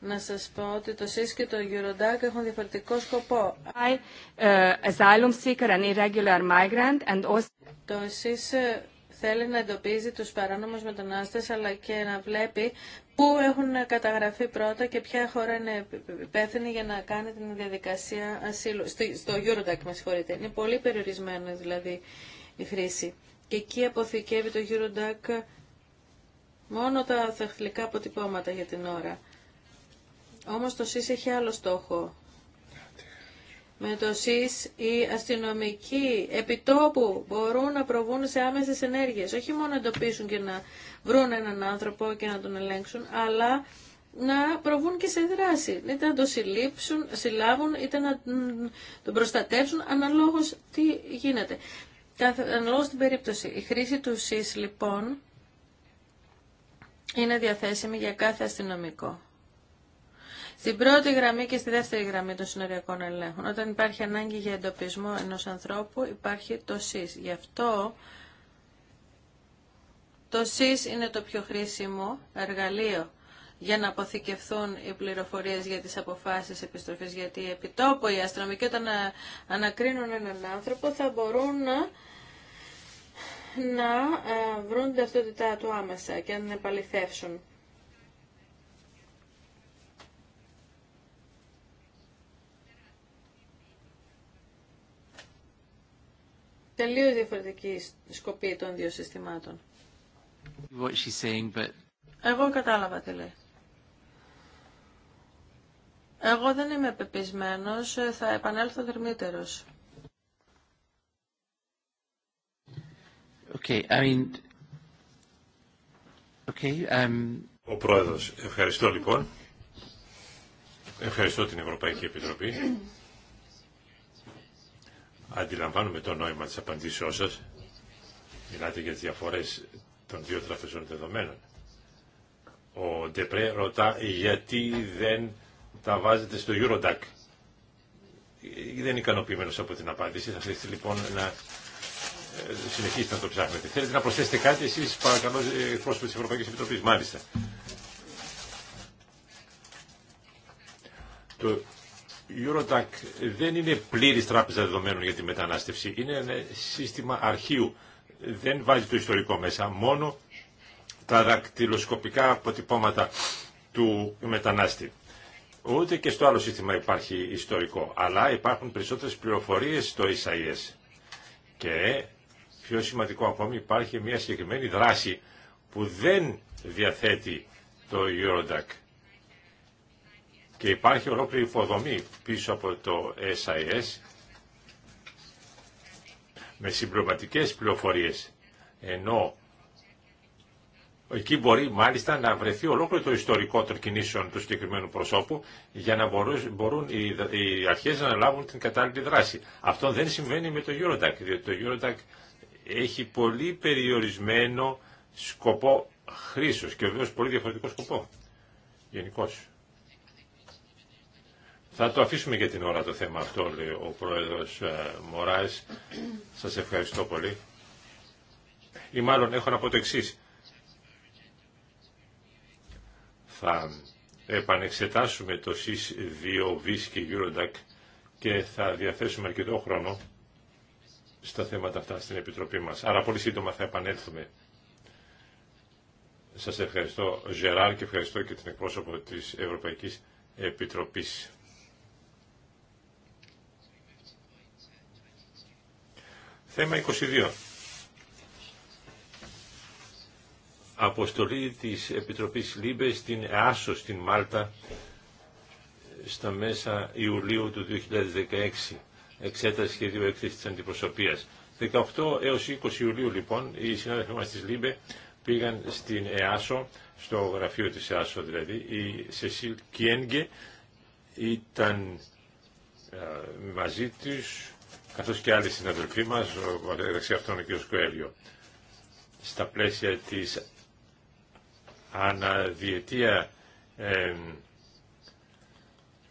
να σας πω ότι το ΣΥΣ και το Eurodac έχουν διαφορετικό σκοπό. I, uh, asylum seeker and irregular migrant and also... Το ΣΥΣ ε, θέλει να εντοπίζει τους παράνομους μετανάστες αλλά και να βλέπει πού έχουν καταγραφεί πρώτα και ποια χώρα είναι υπεύθυνη για να κάνει την διαδικασία ασύλου. Στο, στο Eurodac, με συγχωρείτε. Είναι πολύ περιορισμένο δηλαδή η χρήση και εκεί αποθηκεύει το Eurodac μόνο τα θεχθλικά αποτυπώματα για την ώρα. Όμως το ΣΥΣ έχει άλλο στόχο. Με το ΣΥΣ οι αστυνομικοί επιτόπου μπορούν να προβούν σε άμεσες ενέργειες. Όχι μόνο να εντοπίσουν και να βρουν έναν άνθρωπο και να τον ελέγξουν, αλλά να προβούν και σε δράση. Είτε να τον συλλήψουν, συλλάβουν, είτε να τον προστατεύσουν, αναλόγως τι γίνεται εν λόγω στην περίπτωση. Η χρήση του ΣΥΣ λοιπόν είναι διαθέσιμη για κάθε αστυνομικό. Στην πρώτη γραμμή και στη δεύτερη γραμμή των συνοριακών ελέγχων. Όταν υπάρχει ανάγκη για εντοπισμό ενός ανθρώπου υπάρχει το ΣΥΣ. Γι' αυτό το ΣΥΣ είναι το πιο χρήσιμο εργαλείο για να αποθηκευθούν οι πληροφορίε για τι αποφάσει επιστροφή. γιατί επί τόπου οι αστυνομικοί όταν ε, ανακρίνουν έναν άνθρωπο θα μπορούν να, να ε, βρουν την ταυτότητά του άμεσα και να την επαληθεύσουν. Τελείω διαφορετική σκοπή των δύο συστημάτων. Εγώ κατάλαβα τι λέει. Εγώ δεν είμαι πεπισμένο. θα επανέλθω δερμύτερος. Okay, um, Ο Πρόεδρος, ευχαριστώ λοιπόν. Ευχαριστώ την Ευρωπαϊκή Επιτροπή. Αντιλαμβάνουμε το νόημα της απαντήσεώς σας. Μιλάτε για τις διαφορές των δύο τραπεζών δεδομένων. Ο Ντεπρέ ρωτά γιατί δεν τα βάζετε στο Eurodac. Δεν είναι ικανοποιημένος από την απάντηση. Θα θέλετε λοιπόν να ε, συνεχίσετε να το ψάχνετε. Θέλετε να προσθέσετε κάτι εσείς παρακαλώ ε, πρόσωποι της Ευρωπαϊκής Επιτροπής. Μάλιστα. Το Eurodac δεν είναι πλήρης τράπεζα δεδομένων για τη μετανάστευση. Είναι ένα σύστημα αρχείου. Δεν βάζει το ιστορικό μέσα. Μόνο τα δακτυλοσκοπικά αποτυπώματα του μετανάστη. Ούτε και στο άλλο σύστημα υπάρχει ιστορικό, αλλά υπάρχουν περισσότερες πληροφορίες στο SIS. Και πιο σημαντικό ακόμη υπάρχει μια συγκεκριμένη δράση που δεν διαθέτει το Eurodac. Και υπάρχει ολόκληρη υποδομή πίσω από το SIS με συμπληρωματικές πληροφορίες. Ενώ Εκεί μπορεί μάλιστα να βρεθεί ολόκληρο το ιστορικό των κινήσεων του συγκεκριμένου προσώπου για να μπορούν οι αρχές να λάβουν την κατάλληλη δράση. Αυτό δεν συμβαίνει με το Eurodac, διότι το Eurodac έχει πολύ περιορισμένο σκοπό χρήσεως και βεβαίω πολύ διαφορετικό σκοπό γενικώ. Θα το αφήσουμε για την ώρα το θέμα αυτό, λέει ο πρόεδρος ε, Μωράς. Σας ευχαριστώ πολύ. Ή μάλλον έχω να πω το εξής. θα επανεξετάσουμε το ΣΥΣ 2, και Eurodac και θα διαθέσουμε αρκετό χρόνο στα θέματα αυτά στην Επιτροπή μας. Άρα πολύ σύντομα θα επανέλθουμε. Σας ευχαριστώ Γεράρ, και ευχαριστώ και την εκπρόσωπο της Ευρωπαϊκής Επιτροπής. Θέμα 22. αποστολή της Επιτροπής Λίμπε στην ΕΑΣΟ στην Μάλτα στα μέσα Ιουλίου του 2016 εξέταση σχεδίου έκθεση της αντιπροσωπείας. 18 έως 20 Ιουλίου λοιπόν οι συνάδελφοί μας της Λίμπε πήγαν στην ΕΑΣΟ, στο γραφείο της ΕΑΣΟ δηλαδή, η Σεσίλ Κιένγκε ήταν ε, μαζί τους, καθώς και άλλοι συναδελφοί μας, ο αυτόν ο κ. στα πλαίσια της αναδιετία ε,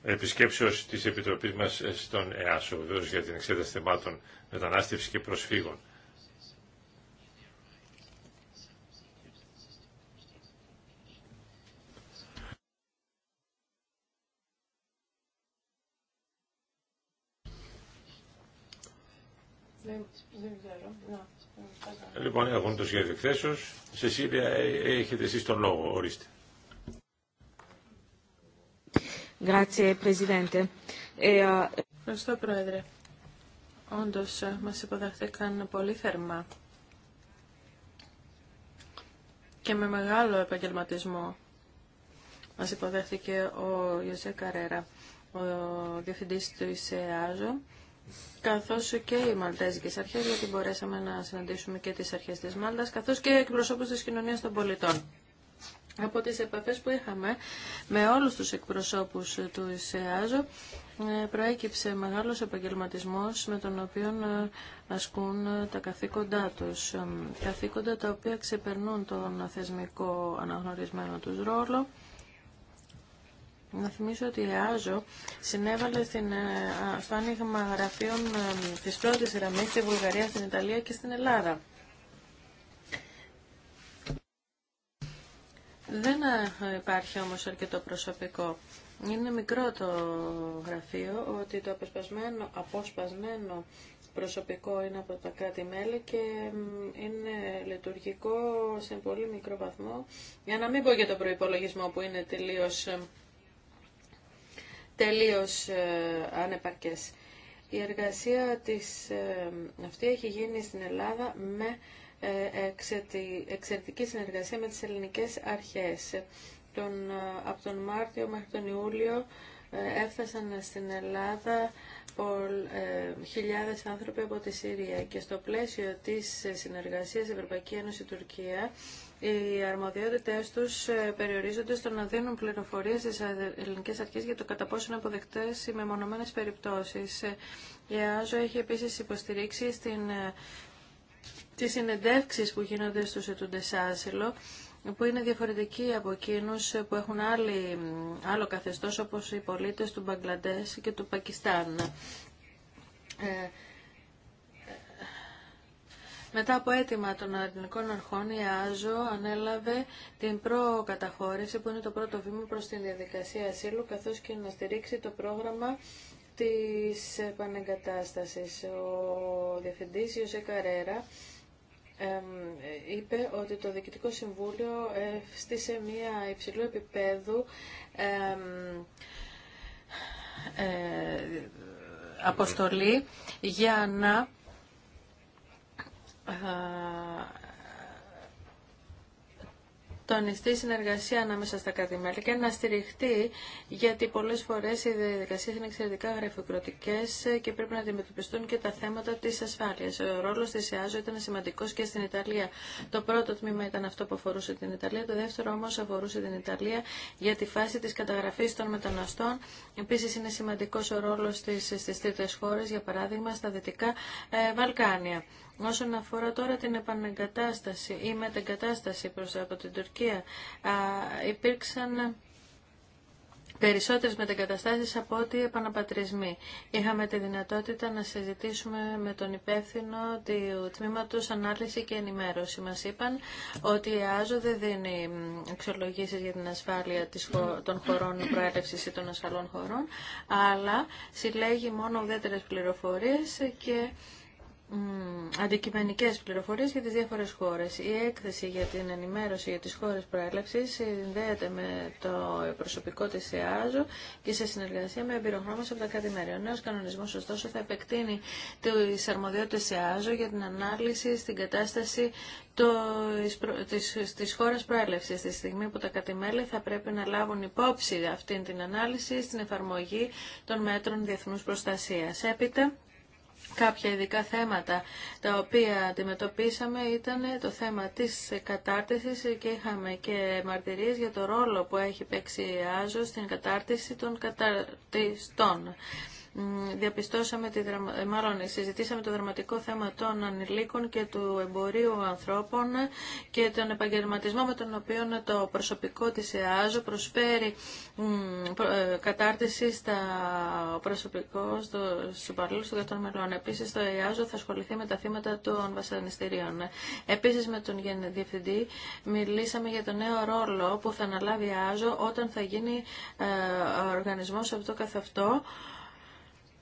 επισκέψεως της Επιτροπής μας στον ΕΑΣΟ, βεβαίως για την εξέταση θεμάτων μετανάστευση και προσφύγων. Λοιπόν, έχουν το σχέδιο εκθέσεως. Σεσίλια, ε, έχετε εσείς τον λόγο, ορίστε. Ε, Ευχαριστώ, Πρόεδρε. Όντως, ε, μας υποδέχθηκαν πολύ θερμά και με μεγάλο επαγγελματισμό. Μας υποδέχθηκε ο Ιωσέ Καρέρα, ο διευθυντής του ΙΣΕΑΖΟ καθώς και οι Μαλτέζικε Αρχές, γιατί μπορέσαμε να συναντήσουμε και τις αρχές της Μάλτας, καθώς και εκπροσώπους της Κοινωνία των πολιτών. Από τις επαφές που είχαμε με όλους τους εκπροσώπους του ΣΕΑΖΟ ε, προέκυψε μεγάλος επαγγελματισμός με τον οποίο ε, ασκούν τα καθήκοντά τους. Ε, καθήκοντα τα οποία ξεπερνούν τον θεσμικό αναγνωρισμένο τους ρόλο, να θυμίσω ότι η ΑΖΟ συνέβαλε στην, ε, στο άνοιγμα γραφείων ε, της πρώτης γραμμής στη Βουλγαρία, στην Ιταλία και στην Ελλάδα. Δεν ε, υπάρχει όμως αρκετό προσωπικό. Είναι μικρό το γραφείο, ότι το αποσπασμένο, αποσπασμένο προσωπικό είναι από τα κράτη-μέλη και είναι λειτουργικό σε πολύ μικρό βαθμό. Για να μην πω για το προϋπολογισμό που είναι τελείως τελείως ε, ανεπαρκές. Η εργασία της, ε, αυτή έχει γίνει στην Ελλάδα με ε, εξαιρετική συνεργασία με τις ελληνικές αρχές. Τον, από τον Μάρτιο μέχρι τον Ιούλιο έφτασαν στην Ελλάδα χιλιάδες άνθρωποι από τη Συρία και στο πλαίσιο της συνεργασίας Ευρωπαϊκή Ένωση-Τουρκία οι αρμοδιότητε του ε, περιορίζονται στο να δίνουν πληροφορίες στις ελληνικές αρχές για το κατά πόσο είναι αποδεκτέ οι μεμονωμένες περιπτώσεις. Ε, η ΑΖΟ έχει επίσης υποστηρίξει στην ε, τις συνεντεύξεις που γίνονται στους ετούντες άσυλο, που είναι διαφορετικοί από εκείνους που έχουν άλλο καθεστώς, όπως οι πολίτες του Μπαγκλαντές και του Πακιστάν. Μετά από αίτημα των αρνητικών αρχών, η ΑΖΟ ανέλαβε την προκαταχώρηση που είναι το πρώτο βήμα προς την διαδικασία ασύλου, καθώς και να στηρίξει το πρόγραμμα της επανεγκατάστασης. Ο Διευθυντής Ιωσέ Καρέρα είπε ότι το Διοικητικό Συμβούλιο στήσε μία υψηλού επίπεδου ε, αποστολή για να τονιστεί συνεργασία ανάμεσα στα κατημέρια και να στηριχτεί, γιατί πολλές φορές οι διαδικασίες είναι εξαιρετικά γραφειοκρατικές και πρέπει να αντιμετωπιστούν και τα θέματα της ασφάλειας. Ο ρόλος της ΕΑΖΟ ήταν σημαντικός και στην Ιταλία. Το πρώτο τμήμα ήταν αυτό που αφορούσε την Ιταλία, το δεύτερο όμως αφορούσε την Ιταλία για τη φάση της καταγραφής των μεταναστών. Επίσης είναι σημαντικός ο ρόλος της στις τρίτες χώρες, για παράδειγμα στα Δυτικά ε, Βαλκάνια. Όσον αφορά τώρα την επανεγκατάσταση ή μετεγκατάσταση προς από την Τουρκία, υπήρξαν περισσότερες μετεγκαταστάσεις από ό,τι επαναπατρισμοί. Είχαμε τη δυνατότητα να συζητήσουμε με τον υπεύθυνο του Τμήματος Ανάλυση και Ενημέρωση. Μας είπαν ότι η ΑΖΟ δεν δίνει εξολογήσεις για την ασφάλεια των χωρών προέλευσης ή των ασφαλών χωρών, αλλά συλλέγει μόνο ουδέτερες πληροφορίες και Αντικειμένικέ πληροφορίε για τι διάφορε χώρε. Η έκθεση για την ενημέρωση για τι χώρε προέλευση συνδέεται με το προσωπικό τη ΕΑΖΟ και σε συνεργασία με εμπειρογνώμες από τα κάτι Ο νέο κανονισμό, ωστόσο, θα επεκτείνει τις αρμοδιότητες ΕΑΖΟ για την ανάλυση στην κατάσταση τη χώρα προέλευση. στη στιγμή που τα κατημέλη θα πρέπει να λάβουν υπόψη αυτή την ανάλυση στην εφαρμογή των μέτρων διεθνού Προστασία. Έπειτα, κάποια ειδικά θέματα τα οποία αντιμετωπίσαμε ήταν το θέμα της κατάρτισης και είχαμε και μαρτυρίες για το ρόλο που έχει παίξει η ΆΖΟ στην κατάρτιση των καταρτιστών διαπιστώσαμε, τη ε, μάλλον συζητήσαμε το δραματικό θέμα των ανηλίκων και του εμπορίου ανθρώπων και τον επαγγελματισμό με τον οποίο το προσωπικό της ΕΑΖΟ προσφέρει ε, κατάρτιση στα προσωπικό στο, στο των μελών. Επίσης το ΕΑΖΟ θα ασχοληθεί με τα θύματα των βασανιστήριων. Επίσης με τον Διευθυντή μιλήσαμε για τον νέο ρόλο που θα αναλάβει η ΕΑΖΟ όταν θα γίνει ε, οργανισμός αυτό καθ' αυτό.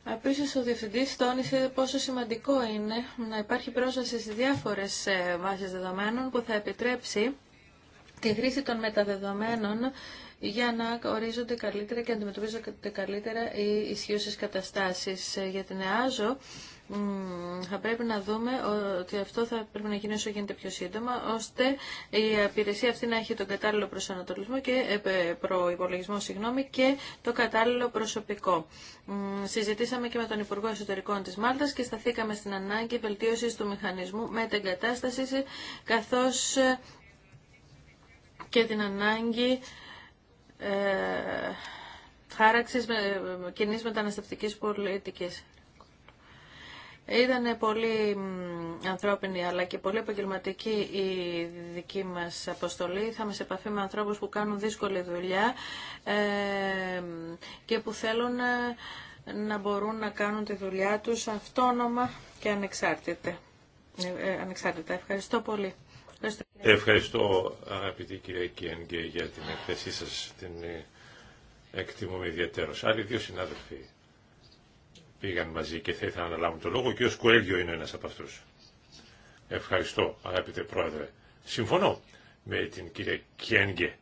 Επίση, ο Διευθυντή τόνισε πόσο σημαντικό είναι να υπάρχει πρόσβαση σε διάφορε ε, βάσει δεδομένων που θα επιτρέψει τη χρήση των μεταδεδομένων για να ορίζονται καλύτερα και αντιμετωπίζονται καλύτερα οι ισχύουσε καταστάσει. Ε, για την ΕΑΖΟ θα πρέπει να δούμε ότι αυτό θα πρέπει να γίνει όσο γίνεται πιο σύντομα, ώστε η υπηρεσία αυτή να έχει τον κατάλληλο προσανατολισμό και ε, προπολογισμό, συγγνώμη, και το κατάλληλο προσωπικό. Συζητήσαμε και με τον Υπουργό Εσωτερικών της Μάλτας και σταθήκαμε στην ανάγκη βελτίωσης του μηχανισμού μετεγκατάστασης, καθώς ε, και την ανάγκη ε, χάραξης με, ε, κοινής μεταναστευτικής πολιτικής. Ήταν πολύ ανθρώπινη αλλά και πολύ επαγγελματική η δική μας αποστολή. θα σε επαφή με ανθρώπους που κάνουν δύσκολη δουλειά ε, και που θέλουν ε, να μπορούν να κάνουν τη δουλειά τους αυτόνομα και ανεξάρτητα. Ε, ανεξάρτητα. Ευχαριστώ πολύ. Ευχαριστώ αγαπητή κυρία Κιένγκε για την εκθεσή σας. Την εκτιμούμε ιδιαίτερως. Άλλοι δύο συνάδελφοι πήγαν μαζί και θα ήθελα να λάβουν το λόγο. και Ο Σκουέλιο είναι ένας από αυτούς. Ευχαριστώ αγαπητέ Πρόεδρε. Συμφωνώ με την κυρία Κιένγκε.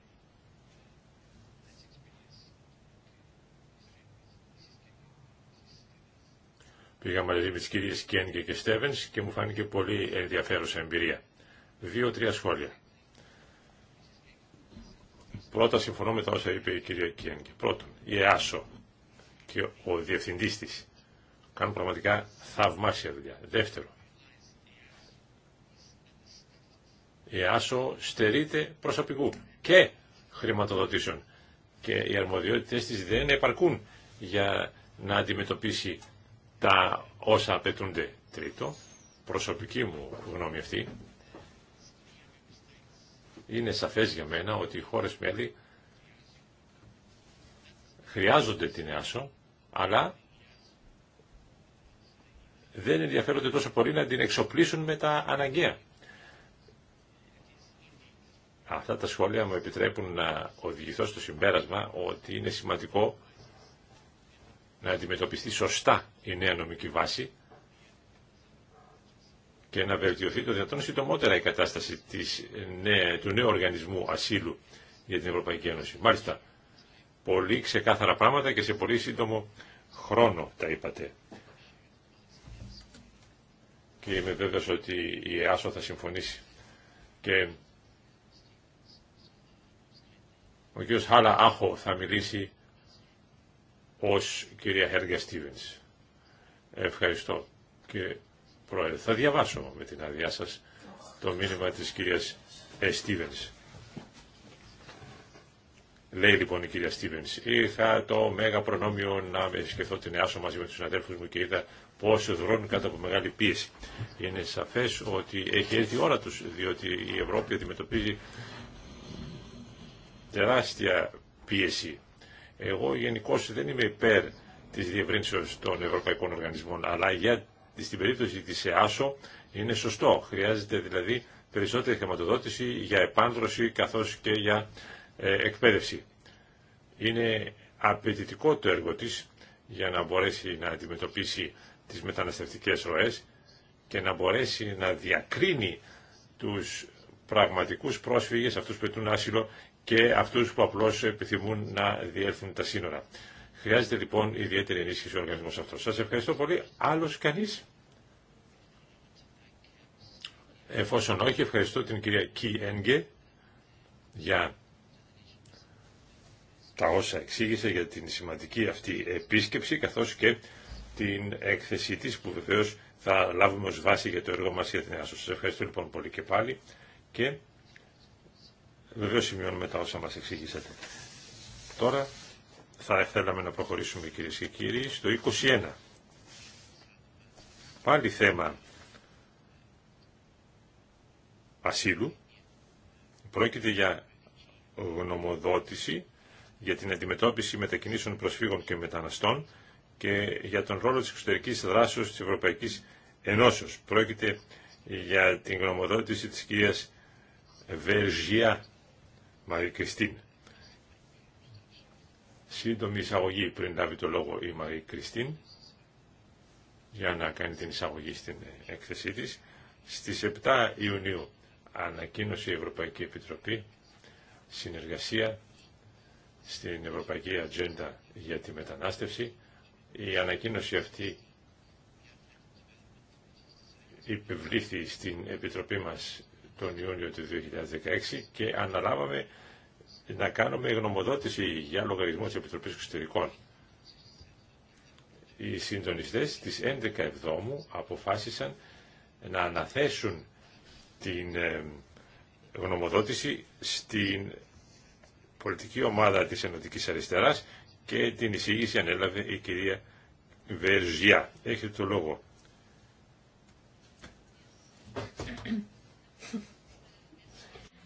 Πήγα μαζί με τις κυρίες Κιένγκε και Στέβενς και μου φάνηκε πολύ ενδιαφέρουσα εμπειρία. Δύο-τρία σχόλια. Πρώτα συμφωνώ με τα όσα είπε η κυρία Κιένγκε. Πρώτον, η ΕΑΣΟ και ο διευθυντής της Κάνουν πραγματικά θαυμάσια δουλειά. Δεύτερο, η ΆΣΟ στερείται προσωπικού και χρηματοδοτήσεων και οι αρμοδιότητες της δεν επαρκούν για να αντιμετωπίσει τα όσα απαιτούνται. Τρίτο, προσωπική μου γνώμη αυτή, είναι σαφές για μένα ότι οι χώρες μέλη χρειάζονται την ΕΑΣΟ, αλλά δεν ενδιαφέρονται τόσο πολύ να την εξοπλίσουν με τα αναγκαία. Αυτά τα σχόλια μου επιτρέπουν να οδηγηθώ στο συμπέρασμα ότι είναι σημαντικό να αντιμετωπιστεί σωστά η νέα νομική βάση και να βελτιωθεί το δυνατόν συντομότερα η κατάσταση της, του νέου οργανισμού ασύλου για την Ευρωπαϊκή Ένωση. Μάλιστα, πολύ ξεκάθαρα πράγματα και σε πολύ σύντομο χρόνο τα είπατε. Είμαι βέβαιος ότι η ΕΑΣΟ θα συμφωνήσει. Και ο κ. Χάλα Άχο θα μιλήσει ως κυρία Χέργια Στίβενς. Ευχαριστώ και Πρόεδρε. Θα διαβάσω με την άδειά σας το μήνυμα της κυρίας Στίβενς. Λέει λοιπόν η κυρία Στίβενς, είχα το μέγα προνόμιο να με σκεφτώ την ΕΑΣΟ μαζί με τους αδέρφους μου και είδα πόσο δρώνουν κάτω από μεγάλη πίεση. Είναι σαφές ότι έχει έρθει η ώρα τους, διότι η Ευρώπη αντιμετωπίζει τεράστια πίεση. Εγώ γενικώ δεν είμαι υπέρ της διευρύνσεως των ευρωπαϊκών οργανισμών, αλλά για, στην περίπτωση της ΕΑΣΟ είναι σωστό. Χρειάζεται δηλαδή περισσότερη χρηματοδότηση για επάνδρωση καθώς και για ε, εκπαίδευση. Είναι απαιτητικό το έργο της για να μπορέσει να αντιμετωπίσει τις μεταναστευτικές ροές και να μπορέσει να διακρίνει τους πραγματικούς πρόσφυγες, αυτούς που πετούν άσυλο και αυτούς που απλώς επιθυμούν να διέλθουν τα σύνορα. Χρειάζεται λοιπόν ιδιαίτερη ενίσχυση ο οργανισμός αυτός. Σας ευχαριστώ πολύ. Άλλος κανείς. Εφόσον όχι, ευχαριστώ την κυρία Κι Ένγκε για τα όσα εξήγησε για την σημαντική αυτή επίσκεψη καθώς και την έκθεσή της που βεβαίω θα λάβουμε ως βάση για το έργο μας για την ΕΑΣΟ. Σας ευχαριστώ λοιπόν πολύ και πάλι και βεβαίως σημειώνουμε τα όσα μας εξηγήσατε. Τώρα θα θέλαμε να προχωρήσουμε κυρίε και κύριοι στο 21. Πάλι θέμα ασύλου. Πρόκειται για γνωμοδότηση για την αντιμετώπιση μετακινήσεων προσφύγων και μεταναστών και για τον ρόλο της εξωτερικής δράσεως της Ευρωπαϊκής Ενώσεως. Πρόκειται για την γνωμοδότηση της κυρίας Βεργία Κριστίν. Σύντομη εισαγωγή πριν λάβει το λόγο η Μαρή Κριστίν για να κάνει την εισαγωγή στην έκθεσή της. Στις 7 Ιουνίου ανακοίνωσε η Ευρωπαϊκή Επιτροπή συνεργασία στην Ευρωπαϊκή Ατζέντα για τη Μετανάστευση η ανακοίνωση αυτή υπευλήθη στην Επιτροπή μας τον Ιούνιο του 2016 και αναλάβαμε να κάνουμε γνωμοδότηση για λογαριασμό της Επιτροπής Εξωτερικών. Οι συντονιστές της 11 Εβδόμου αποφάσισαν να αναθέσουν την ε, γνωμοδότηση στην πολιτική ομάδα της Ενωτικής Αριστεράς και την εισήγηση ανέλαβε η κυρία Βερζιά. Έχετε το λόγο.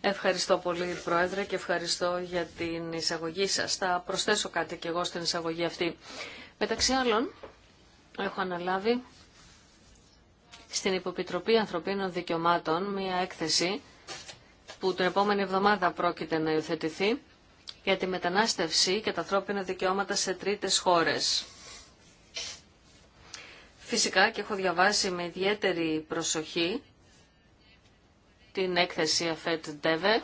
Ευχαριστώ πολύ Πρόεδρε και ευχαριστώ για την εισαγωγή σας. Θα προσθέσω κάτι και εγώ στην εισαγωγή αυτή. Μεταξύ άλλων, έχω αναλάβει στην Υποπιτροπή Ανθρωπίνων Δικαιωμάτων μια έκθεση που την επόμενη εβδομάδα πρόκειται να υιοθετηθεί για τη μετανάστευση και τα ανθρώπινα δικαιώματα σε τρίτες χώρες. Φυσικά και έχω διαβάσει με ιδιαίτερη προσοχή την έκθεση ΑΦΕΤ ΔΕΒΕ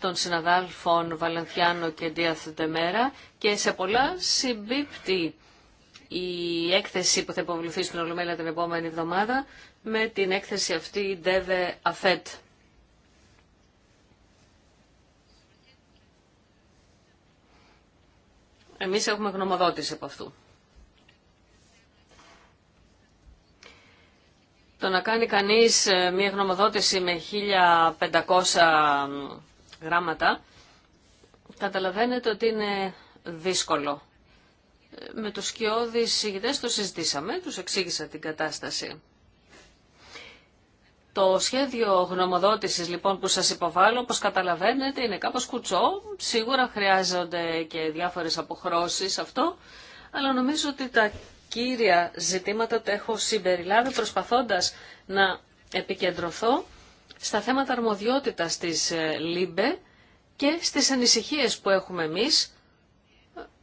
των συναδάλφων Βαλενθιάνο και Ντίαθ Ντεμέρα και σε πολλά συμπίπτει η έκθεση που θα υποβληθεί στην Ολομέλεια την επόμενη εβδομάδα με την έκθεση αυτή ΔΕΒΕ ΑΦΕΤ. Εμείς έχουμε γνωμοδότηση από αυτού. Το να κάνει κανείς ε, μια γνωμοδότηση με 1500 γράμματα, καταλαβαίνετε ότι είναι δύσκολο. Ε, με τους σκιώδεις ηγητές το συζητήσαμε, τους εξήγησα την κατάσταση. Το σχέδιο γνωμοδότησης λοιπόν που σας υποβάλλω, όπως καταλαβαίνετε, είναι κάπως κουτσό. Σίγουρα χρειάζονται και διάφορες αποχρώσεις αυτό, αλλά νομίζω ότι τα κύρια ζητήματα τα έχω συμπεριλάβει προσπαθώντας να επικεντρωθώ στα θέματα αρμοδιότητας της ε, ΛΥΜΠΕ και στις ανησυχίες που έχουμε εμείς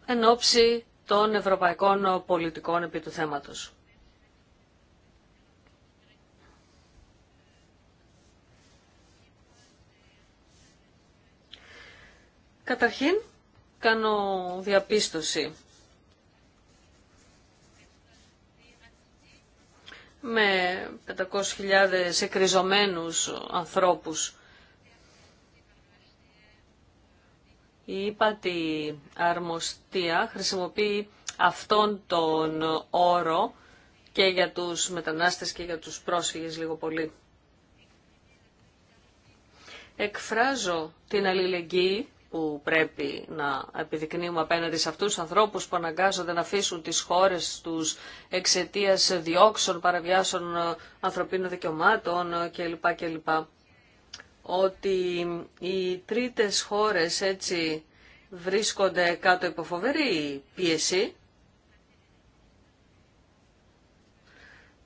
ε, εν ώψη των ευρωπαϊκών πολιτικών επί του θέματος. Καταρχήν, κάνω διαπίστωση. με 500.000 εκριζωμένους ανθρώπους. Η ύπατη αρμοστία χρησιμοποιεί αυτόν τον όρο και για τους μετανάστες και για τους πρόσφυγες λίγο πολύ. Εκφράζω την αλληλεγγύη που πρέπει να επιδεικνύουμε απέναντι σε αυτούς τους ανθρώπους που αναγκάζονται να αφήσουν τις χώρες τους εξαιτίας διώξεων, παραβιάσεων ε, ανθρωπίνων δικαιωμάτων ε, κλπ. κλπ. Ότι οι τρίτες χώρες έτσι βρίσκονται κάτω υπό φοβερή πίεση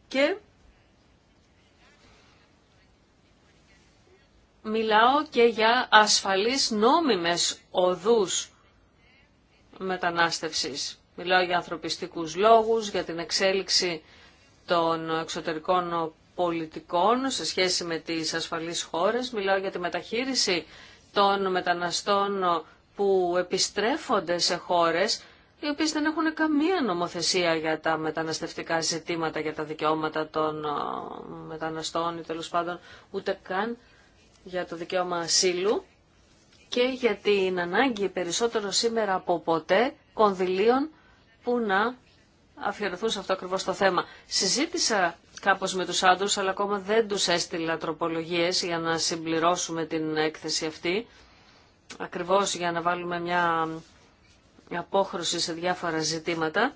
και μιλάω και για ασφαλείς νόμιμες οδούς μετανάστευσης. Μιλάω για ανθρωπιστικούς λόγους, για την εξέλιξη των εξωτερικών πολιτικών σε σχέση με τις ασφαλείς χώρες. Μιλάω για τη μεταχείριση των μεταναστών που επιστρέφονται σε χώρες οι οποίες δεν έχουν καμία νομοθεσία για τα μεταναστευτικά ζητήματα, για τα δικαιώματα των μεταναστών ή τέλος πάντων ούτε καν για το δικαίωμα ασύλου και για την ανάγκη περισσότερο σήμερα από ποτέ κονδυλίων που να αφιερωθούν σε αυτό ακριβώ το θέμα. Συζήτησα κάπως με τους άντρους, αλλά ακόμα δεν τους έστειλα τροπολογίες για να συμπληρώσουμε την έκθεση αυτή, ακριβώς για να βάλουμε μια απόχρωση σε διάφορα ζητήματα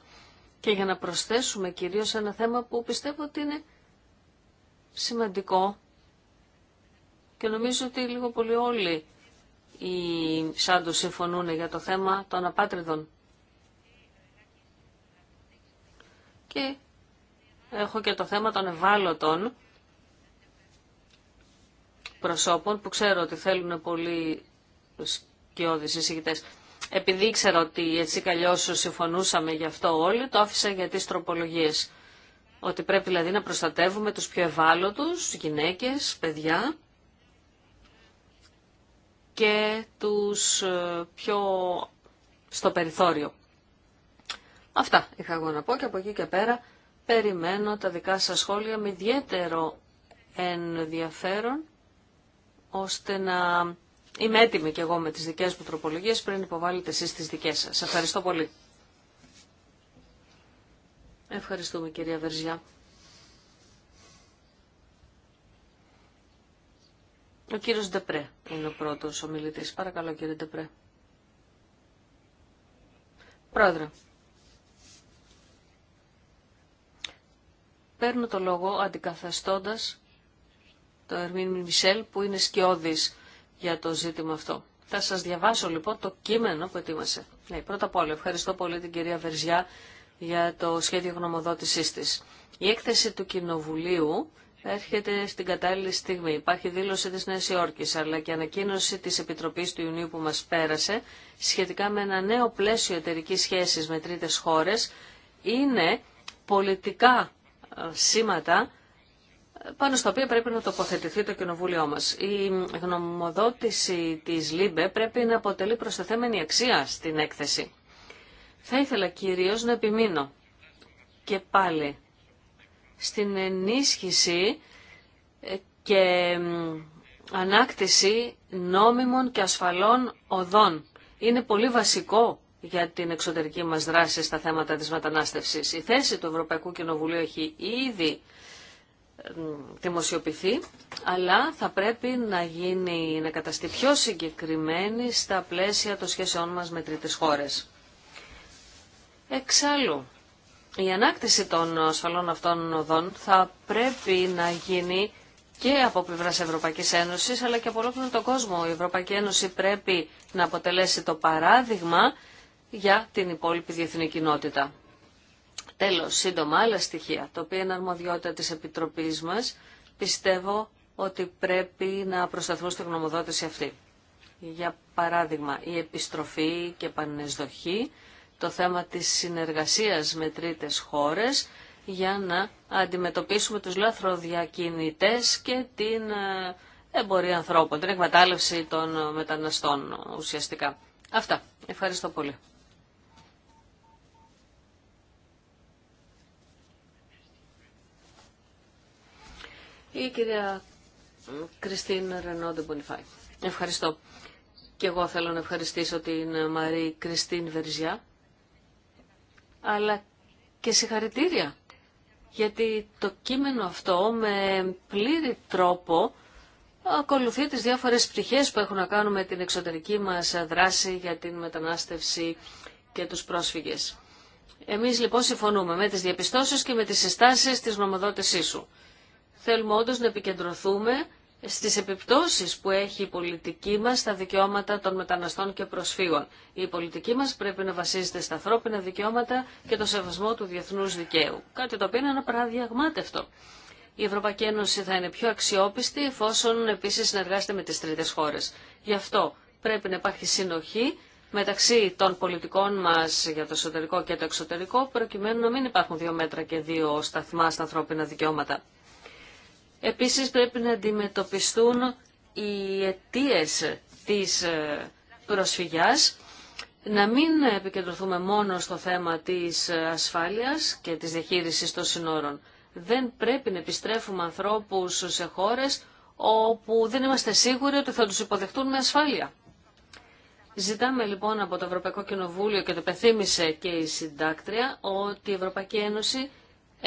και για να προσθέσουμε κυρίως ένα θέμα που πιστεύω ότι είναι σημαντικό και νομίζω ότι λίγο πολύ όλοι οι Σάντου συμφωνούν για το θέμα των απάτριδων. Και έχω και το θέμα των ευάλωτων προσώπων που ξέρω ότι θέλουν πολύ σκιώδεις εισηγητές. Επειδή ήξερα ότι έτσι καλλιώς συμφωνούσαμε γι' αυτό όλοι, το άφησα για τις τροπολογίες. Ότι πρέπει δηλαδή να προστατεύουμε τους πιο ευάλωτους, γυναίκες, παιδιά, και τους ε, πιο στο περιθώριο. Αυτά είχα εγώ να πω και από εκεί και πέρα περιμένω τα δικά σας σχόλια με ιδιαίτερο ενδιαφέρον ώστε να είμαι έτοιμη και εγώ με τις δικές μου τροπολογίες πριν υποβάλλετε εσείς τις δικές σας. Ευχαριστώ πολύ. Ευχαριστούμε κυρία Βερζιά. Ο κύριος Ντεπρέ είναι ο πρώτος ομιλητής. Παρακαλώ κύριε Ντεπρέ. Πρόεδρε. Παίρνω το λόγο αντικαθαστώντας το Ερμήν Μισελ που είναι σκιώδης για το ζήτημα αυτό. Θα σας διαβάσω λοιπόν το κείμενο που ετοίμασε. Ναι, πρώτα απ' όλα ευχαριστώ πολύ την κυρία Βερζιά για το σχέδιο γνωμοδότησής της. Η έκθεση του Κοινοβουλίου έρχεται στην κατάλληλη στιγμή. Υπάρχει δήλωση της Νέας Υόρκης, αλλά και ανακοίνωση της Επιτροπής του Ιουνίου που μας πέρασε, σχετικά με ένα νέο πλαίσιο εταιρικής σχέσης με τρίτες χώρες, είναι πολιτικά ε, σήματα ε, πάνω στα οποία πρέπει να τοποθετηθεί το κοινοβούλιο μας. Η γνωμοδότηση της ΛΥΜΠΕ πρέπει να αποτελεί προστεθέμενη αξία στην έκθεση. Θα ήθελα κυρίως να επιμείνω και πάλι στην ενίσχυση ε, και ανάκτηση νόμιμων και ασφαλών οδών. Είναι πολύ βασικό για την εξωτερική μας δράση στα θέματα της μετανάστευσης. Η θέση του Ευρωπαϊκού Κοινοβουλίου έχει ήδη δημοσιοποιηθεί, αλλά θα πρέπει να, γίνει, να καταστεί πιο συγκεκριμένη στα πλαίσια των σχέσεών μας με τρίτες χώρες. Εξάλλου, η ανάκτηση των ασφαλών αυτών οδών θα πρέπει να γίνει και από πλευρά Ευρωπαϊκή Ένωση αλλά και από ολόκληρο τον κόσμο. Η Ευρωπαϊκή Ένωση πρέπει να αποτελέσει το παράδειγμα για την υπόλοιπη διεθνή κοινότητα. Τέλος, σύντομα, άλλα στοιχεία, τα οποία είναι αρμοδιότητα της Επιτροπής μας, πιστεύω ότι πρέπει να προσταθούν στη γνωμοδότηση αυτή. Για παράδειγμα, η επιστροφή και πανεσδοχή το θέμα της συνεργασίας με τρίτες χώρες για να αντιμετωπίσουμε τους λαθροδιακινητές και την ε, εμπορία ανθρώπων, την εκμετάλλευση των ε, μεταναστών ουσιαστικά. Αυτά. Ευχαριστώ πολύ. Η κυρία Κριστίν Ρενόντε Μπονιφάη. Ευχαριστώ. Και εγώ θέλω να ευχαριστήσω την ε, Μαρή Κριστίν Βερζιά αλλά και συγχαρητήρια. Γιατί το κείμενο αυτό με πλήρη τρόπο ακολουθεί τις διάφορες πτυχές που έχουν να κάνουν με την εξωτερική μας δράση για την μετανάστευση και τους πρόσφυγες. Εμείς λοιπόν συμφωνούμε με τις διαπιστώσεις και με τις συστάσεις της νομοδότησής σου. Θέλουμε όντως να επικεντρωθούμε στις επιπτώσεις που έχει η πολιτική μας στα δικαιώματα των μεταναστών και προσφύγων. Η πολιτική μας πρέπει να βασίζεται στα ανθρώπινα δικαιώματα και το σεβασμό του διεθνούς δικαίου, κάτι το οποίο είναι ένα παραδιαγμάτευτο. Η Ευρωπαϊκή Ένωση θα είναι πιο αξιόπιστη εφόσον επίσης συνεργάζεται με τις τρίτες χώρες. Γι' αυτό πρέπει να υπάρχει συνοχή μεταξύ των πολιτικών μας για το εσωτερικό και το εξωτερικό, προκειμένου να μην υπάρχουν δύο μέτρα και δύο σταθμά στα ανθρώπινα δικαιώματα. Επίσης πρέπει να αντιμετωπιστούν οι αιτίες της ε, προσφυγιάς, να μην επικεντρωθούμε μόνο στο θέμα της ε, ασφάλειας και της διαχείρισης των συνόρων. Δεν πρέπει να επιστρέφουμε ανθρώπους σε χώρες όπου δεν είμαστε σίγουροι ότι θα τους υποδεχτούν με ασφάλεια. Ζητάμε λοιπόν από το Ευρωπαϊκό Κοινοβούλιο και το πεθύμησε και η συντάκτρια ότι η Ευρωπαϊκή Ένωση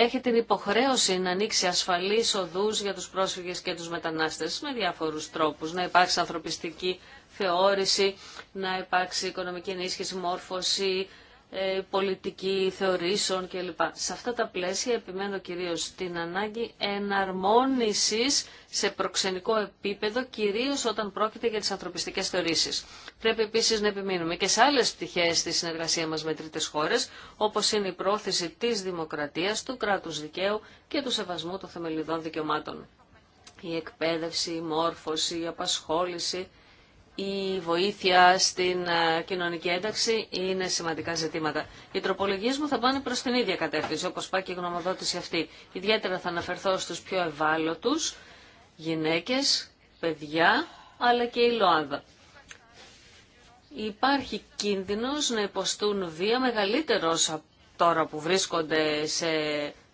έχει την υποχρέωση να ανοίξει ασφαλείς οδούς για τους πρόσφυγες και τους μετανάστες με διάφορους τρόπους, να υπάρξει ανθρωπιστική θεώρηση, να υπάρξει οικονομική ενίσχυση, μόρφωση, ε, πολιτική θεωρήσεων κλπ. Σε αυτά τα πλαίσια επιμένω κυρίως την ανάγκη εναρμόνισης σε προξενικό επίπεδο, κυρίως όταν πρόκειται για τις ανθρωπιστικές θεωρήσεις. Πρέπει επίσης να επιμείνουμε και σε άλλες πτυχές στη συνεργασία μας με τρίτες χώρες, όπως είναι η πρόθεση της δημοκρατίας, του κράτους δικαίου και του σεβασμού των θεμελιδών δικαιωμάτων. Η εκπαίδευση, η μόρφωση, η απασχόληση, η βοήθεια στην ε, κοινωνική ένταξη είναι σημαντικά ζητήματα. Οι τροπολογίε μου θα πάνε προ την ίδια κατεύθυνση, όπω πάει και η γνωμοδότηση αυτή. Ιδιαίτερα θα αναφερθώ στου πιο ευάλωτου, γυναίκε, παιδιά, αλλά και η ΛΟΑΔΑ. Υπάρχει κίνδυνος να υποστούν βία μεγαλύτερος από τώρα που βρίσκονται σε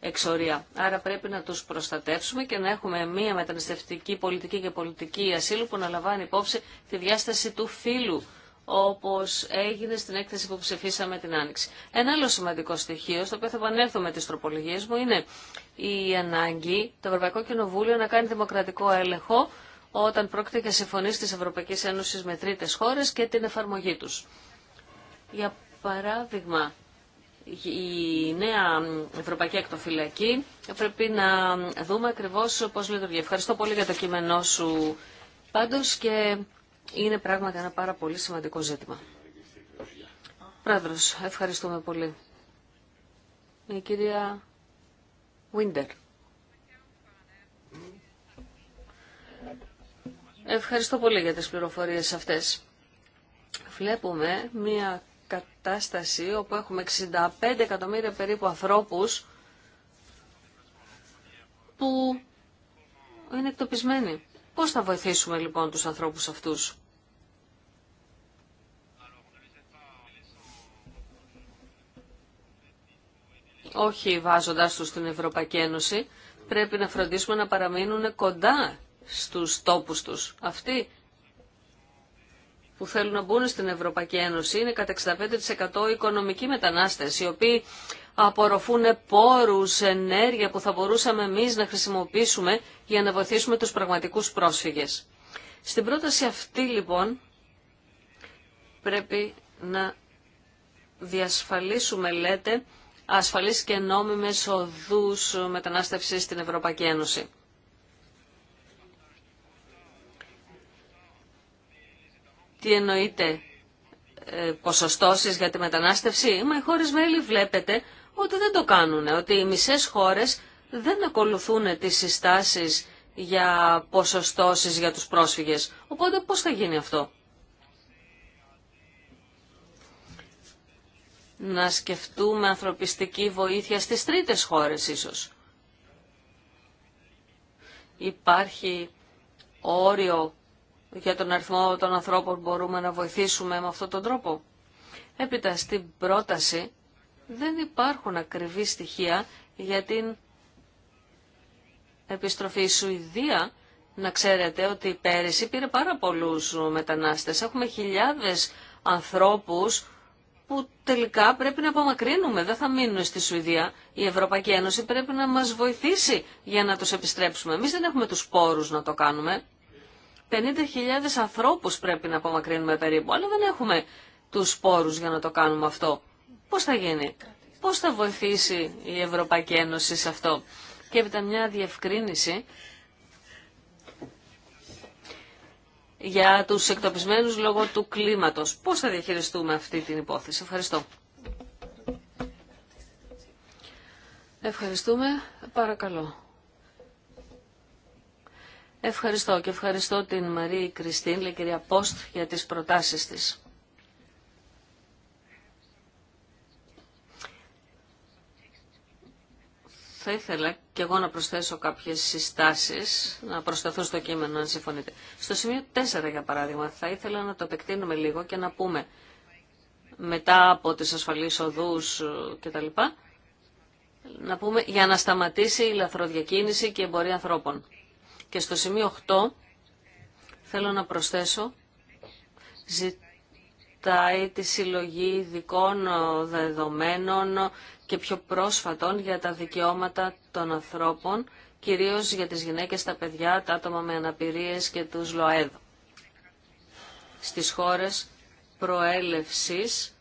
εξορία. Άρα πρέπει να τους προστατεύσουμε και να έχουμε μία μεταναστευτική πολιτική και πολιτική ασύλου που να λαμβάνει υπόψη τη διάσταση του φύλου όπως έγινε στην έκθεση που ψηφίσαμε την Άνοιξη. Ένα άλλο σημαντικό στοιχείο, στο οποίο θα επανέλθω με τις τροπολογίες μου, είναι η ανάγκη το Ευρωπαϊκό Κοινοβούλιο να κάνει δημοκρατικό έλεγχο όταν πρόκειται για συμφωνίες της Ευρωπαϊκής Ένωσης με τρίτες χώρες και την εφαρμογή τους. Για παράδειγμα, η νέα Ευρωπαϊκή Ακτοφυλακή πρέπει να δούμε ακριβώς πώς λειτουργεί. Ευχαριστώ πολύ για το κείμενό σου πάντως και είναι πράγματι ένα πάρα πολύ σημαντικό ζήτημα. Πρόεδρος, ευχαριστούμε πολύ. Η κυρία Βίντερ. Ευχαριστώ πολύ για τις πληροφορίες αυτές. Βλέπουμε μία κατάσταση όπου έχουμε 65 εκατομμύρια περίπου ανθρώπους που είναι εκτοπισμένοι. Πώς θα βοηθήσουμε λοιπόν τους ανθρώπους αυτούς. Όχι βάζοντας τους στην Ευρωπαϊκή Ένωση, πρέπει να φροντίσουμε να παραμείνουν κοντά στους τόπους τους. Αυτή που θέλουν να μπουν στην Ευρωπαϊκή Ένωση είναι κατά 65% οικονομικοί μετανάστες, οι οποίοι απορροφούν πόρους, ενέργεια που θα μπορούσαμε εμείς να χρησιμοποιήσουμε για να βοηθήσουμε τους πραγματικούς πρόσφυγες. Στην πρόταση αυτή λοιπόν πρέπει να διασφαλίσουμε, λέτε, ασφαλείς και νόμιμες οδούς μετανάστευσης στην Ευρωπαϊκή Ένωση. Τι εννοείται ε, ποσοστώσεις για τη μετανάστευση. Μα οι χώρες μέλη βλέπετε ότι δεν το κάνουν, ότι οι μισές χώρες δεν ακολουθούν τις συστάσεις για ποσοστώσεις για τους πρόσφυγες. Οπότε πώς θα γίνει αυτό. Να σκεφτούμε ανθρωπιστική βοήθεια στις τρίτες χώρες ίσως. Υπάρχει όριο για τον αριθμό των ανθρώπων μπορούμε να βοηθήσουμε με αυτόν τον τρόπο. Έπειτα στην πρόταση δεν υπάρχουν ακριβή στοιχεία για την επιστροφή η Σουηδία. Να ξέρετε ότι πέρυσι πήρε πάρα πολλούς μετανάστες. Έχουμε χιλιάδες ανθρώπους που τελικά πρέπει να απομακρύνουμε, δεν θα μείνουν στη Σουηδία. Η Ευρωπαϊκή Ένωση πρέπει να μας βοηθήσει για να τους επιστρέψουμε. Εμείς δεν έχουμε τους πόρους να το κάνουμε. 50.000 ανθρώπους πρέπει να απομακρύνουμε περίπου, αλλά δεν έχουμε τους σπόρους για να το κάνουμε αυτό. Πώς θα γίνει, πώς θα βοηθήσει η Ευρωπαϊκή Ένωση σε αυτό. Και έπειτα μια διευκρίνηση για τους εκτοπισμένους λόγω του κλίματος. Πώς θα διαχειριστούμε αυτή την υπόθεση. Ευχαριστώ. Ευχαριστούμε. Παρακαλώ. Ευχαριστώ και ευχαριστώ την Μαρή Κριστίν, λέει κυρία Πόστ, για τις προτάσεις της. Θα ήθελα και εγώ να προσθέσω κάποιες συστάσεις, να προσταθούν στο κείμενο, αν συμφωνείτε. Στο σημείο 4, για παράδειγμα, θα ήθελα να το επεκτείνουμε λίγο και να πούμε μετά από τις ασφαλείς οδούς ε, κτλ. Να πούμε για να σταματήσει η λαθροδιακίνηση και η εμπορία ανθρώπων. Και στο σημείο 8 θέλω να προσθέσω ζητάει τη συλλογή ειδικών ε, δεδομένων και πιο πρόσφατων για τα δικαιώματα των ανθρώπων, κυρίως για τις γυναίκες, τα παιδιά, τα άτομα με αναπηρίες και τους ΛΟΕΔ. στις χώρες προέλευσης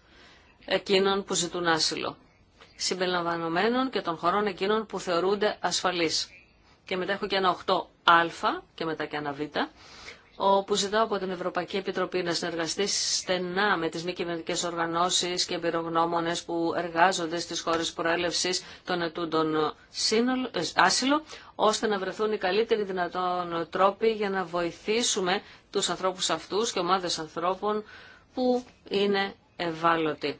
εκείνων που ζητούν άσυλο, συμπεριλαμβανομένων και των χωρών εκείνων που θεωρούνται ασφαλείς και μετά έχω και ένα 8α και μετά και ένα β όπου ζητάω από την Ευρωπαϊκή Επιτροπή να συνεργαστεί στενά με τις μη κυβερνητικές οργανώσεις και εμπειρογνώμονες που εργάζονται στις χώρες προέλευσης των ετούντων ε, άσυλο, ώστε να βρεθούν οι καλύτεροι δυνατόν τρόποι για να βοηθήσουμε τους ανθρώπους αυτούς και ομάδες ανθρώπων που είναι ευάλωτοι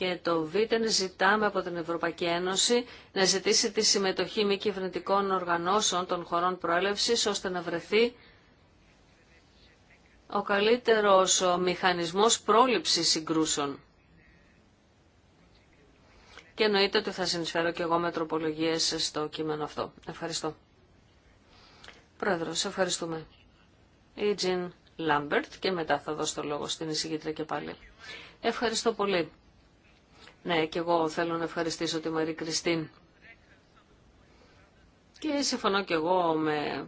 και το ΒΙΤΕΝ ζητάμε από την Ευρωπαϊκή Ένωση να ζητήσει τη συμμετοχή μη κυβερνητικών οργανώσεων των χωρών προέλευσης ώστε να βρεθεί ο καλύτερος μηχανισμός πρόληψης συγκρούσεων. Και εννοείται ότι θα συνεισφέρω και εγώ με τροπολογίες στο κείμενο αυτό. Ευχαριστώ. Πρόεδρο, ευχαριστούμε. Ιτζιν Λάμπερτ και μετά θα δώσω το λόγο στην εισηγήτρια και πάλι. Ευχαριστώ πολύ. Ναι, και εγώ θέλω να ευχαριστήσω τη Μαρή Κριστίν. Και συμφωνώ και εγώ με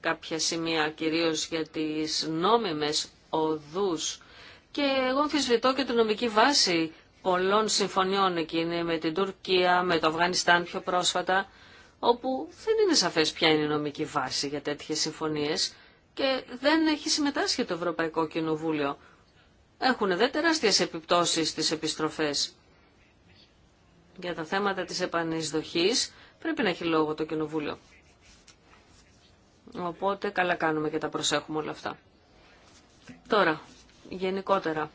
κάποια σημεία, κυρίως για τις νόμιμες οδούς. Και εγώ αμφισβητώ και την νομική βάση πολλών συμφωνιών εκείνη με την Τουρκία, με το Αφγανιστάν πιο πρόσφατα, όπου δεν είναι σαφές ποια είναι η νομική βάση για τέτοιες συμφωνίες και δεν έχει συμμετάσχει το Ευρωπαϊκό Κοινοβούλιο έχουν δε τεράστιες επιπτώσεις στις επιστροφές. Για τα θέματα της επανεισδοχής πρέπει να έχει λόγο το Κοινοβούλιο. Οπότε καλά κάνουμε και τα προσέχουμε όλα αυτά. Τώρα, γενικότερα,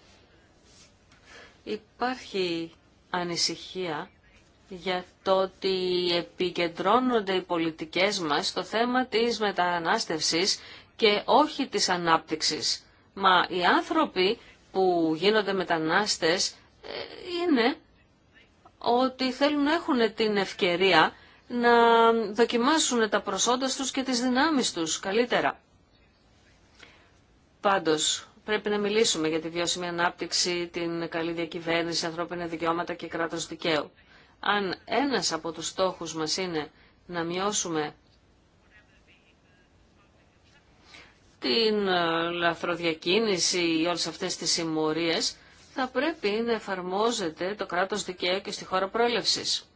υπάρχει ανησυχία για το ότι επικεντρώνονται οι πολιτικές μας στο θέμα της μετανάστευσης και όχι της ανάπτυξης. Μα οι άνθρωποι που γίνονται μετανάστες ε, είναι ότι θέλουν να έχουν την ευκαιρία να δοκιμάσουν τα προσόντα τους και τις δυνάμεις τους καλύτερα. Πάντως, πρέπει να μιλήσουμε για τη βιώσιμη ανάπτυξη, την καλή διακυβέρνηση, ανθρώπινα δικαιώματα και κράτος δικαίου. Αν ένας από τους στόχους μας είναι να μειώσουμε την ε, λαθροδιακίνηση ή όλες αυτές τις συμμορίες, θα πρέπει να εφαρμόζεται το κράτος δικαίου και στη χώρα προέλευσης.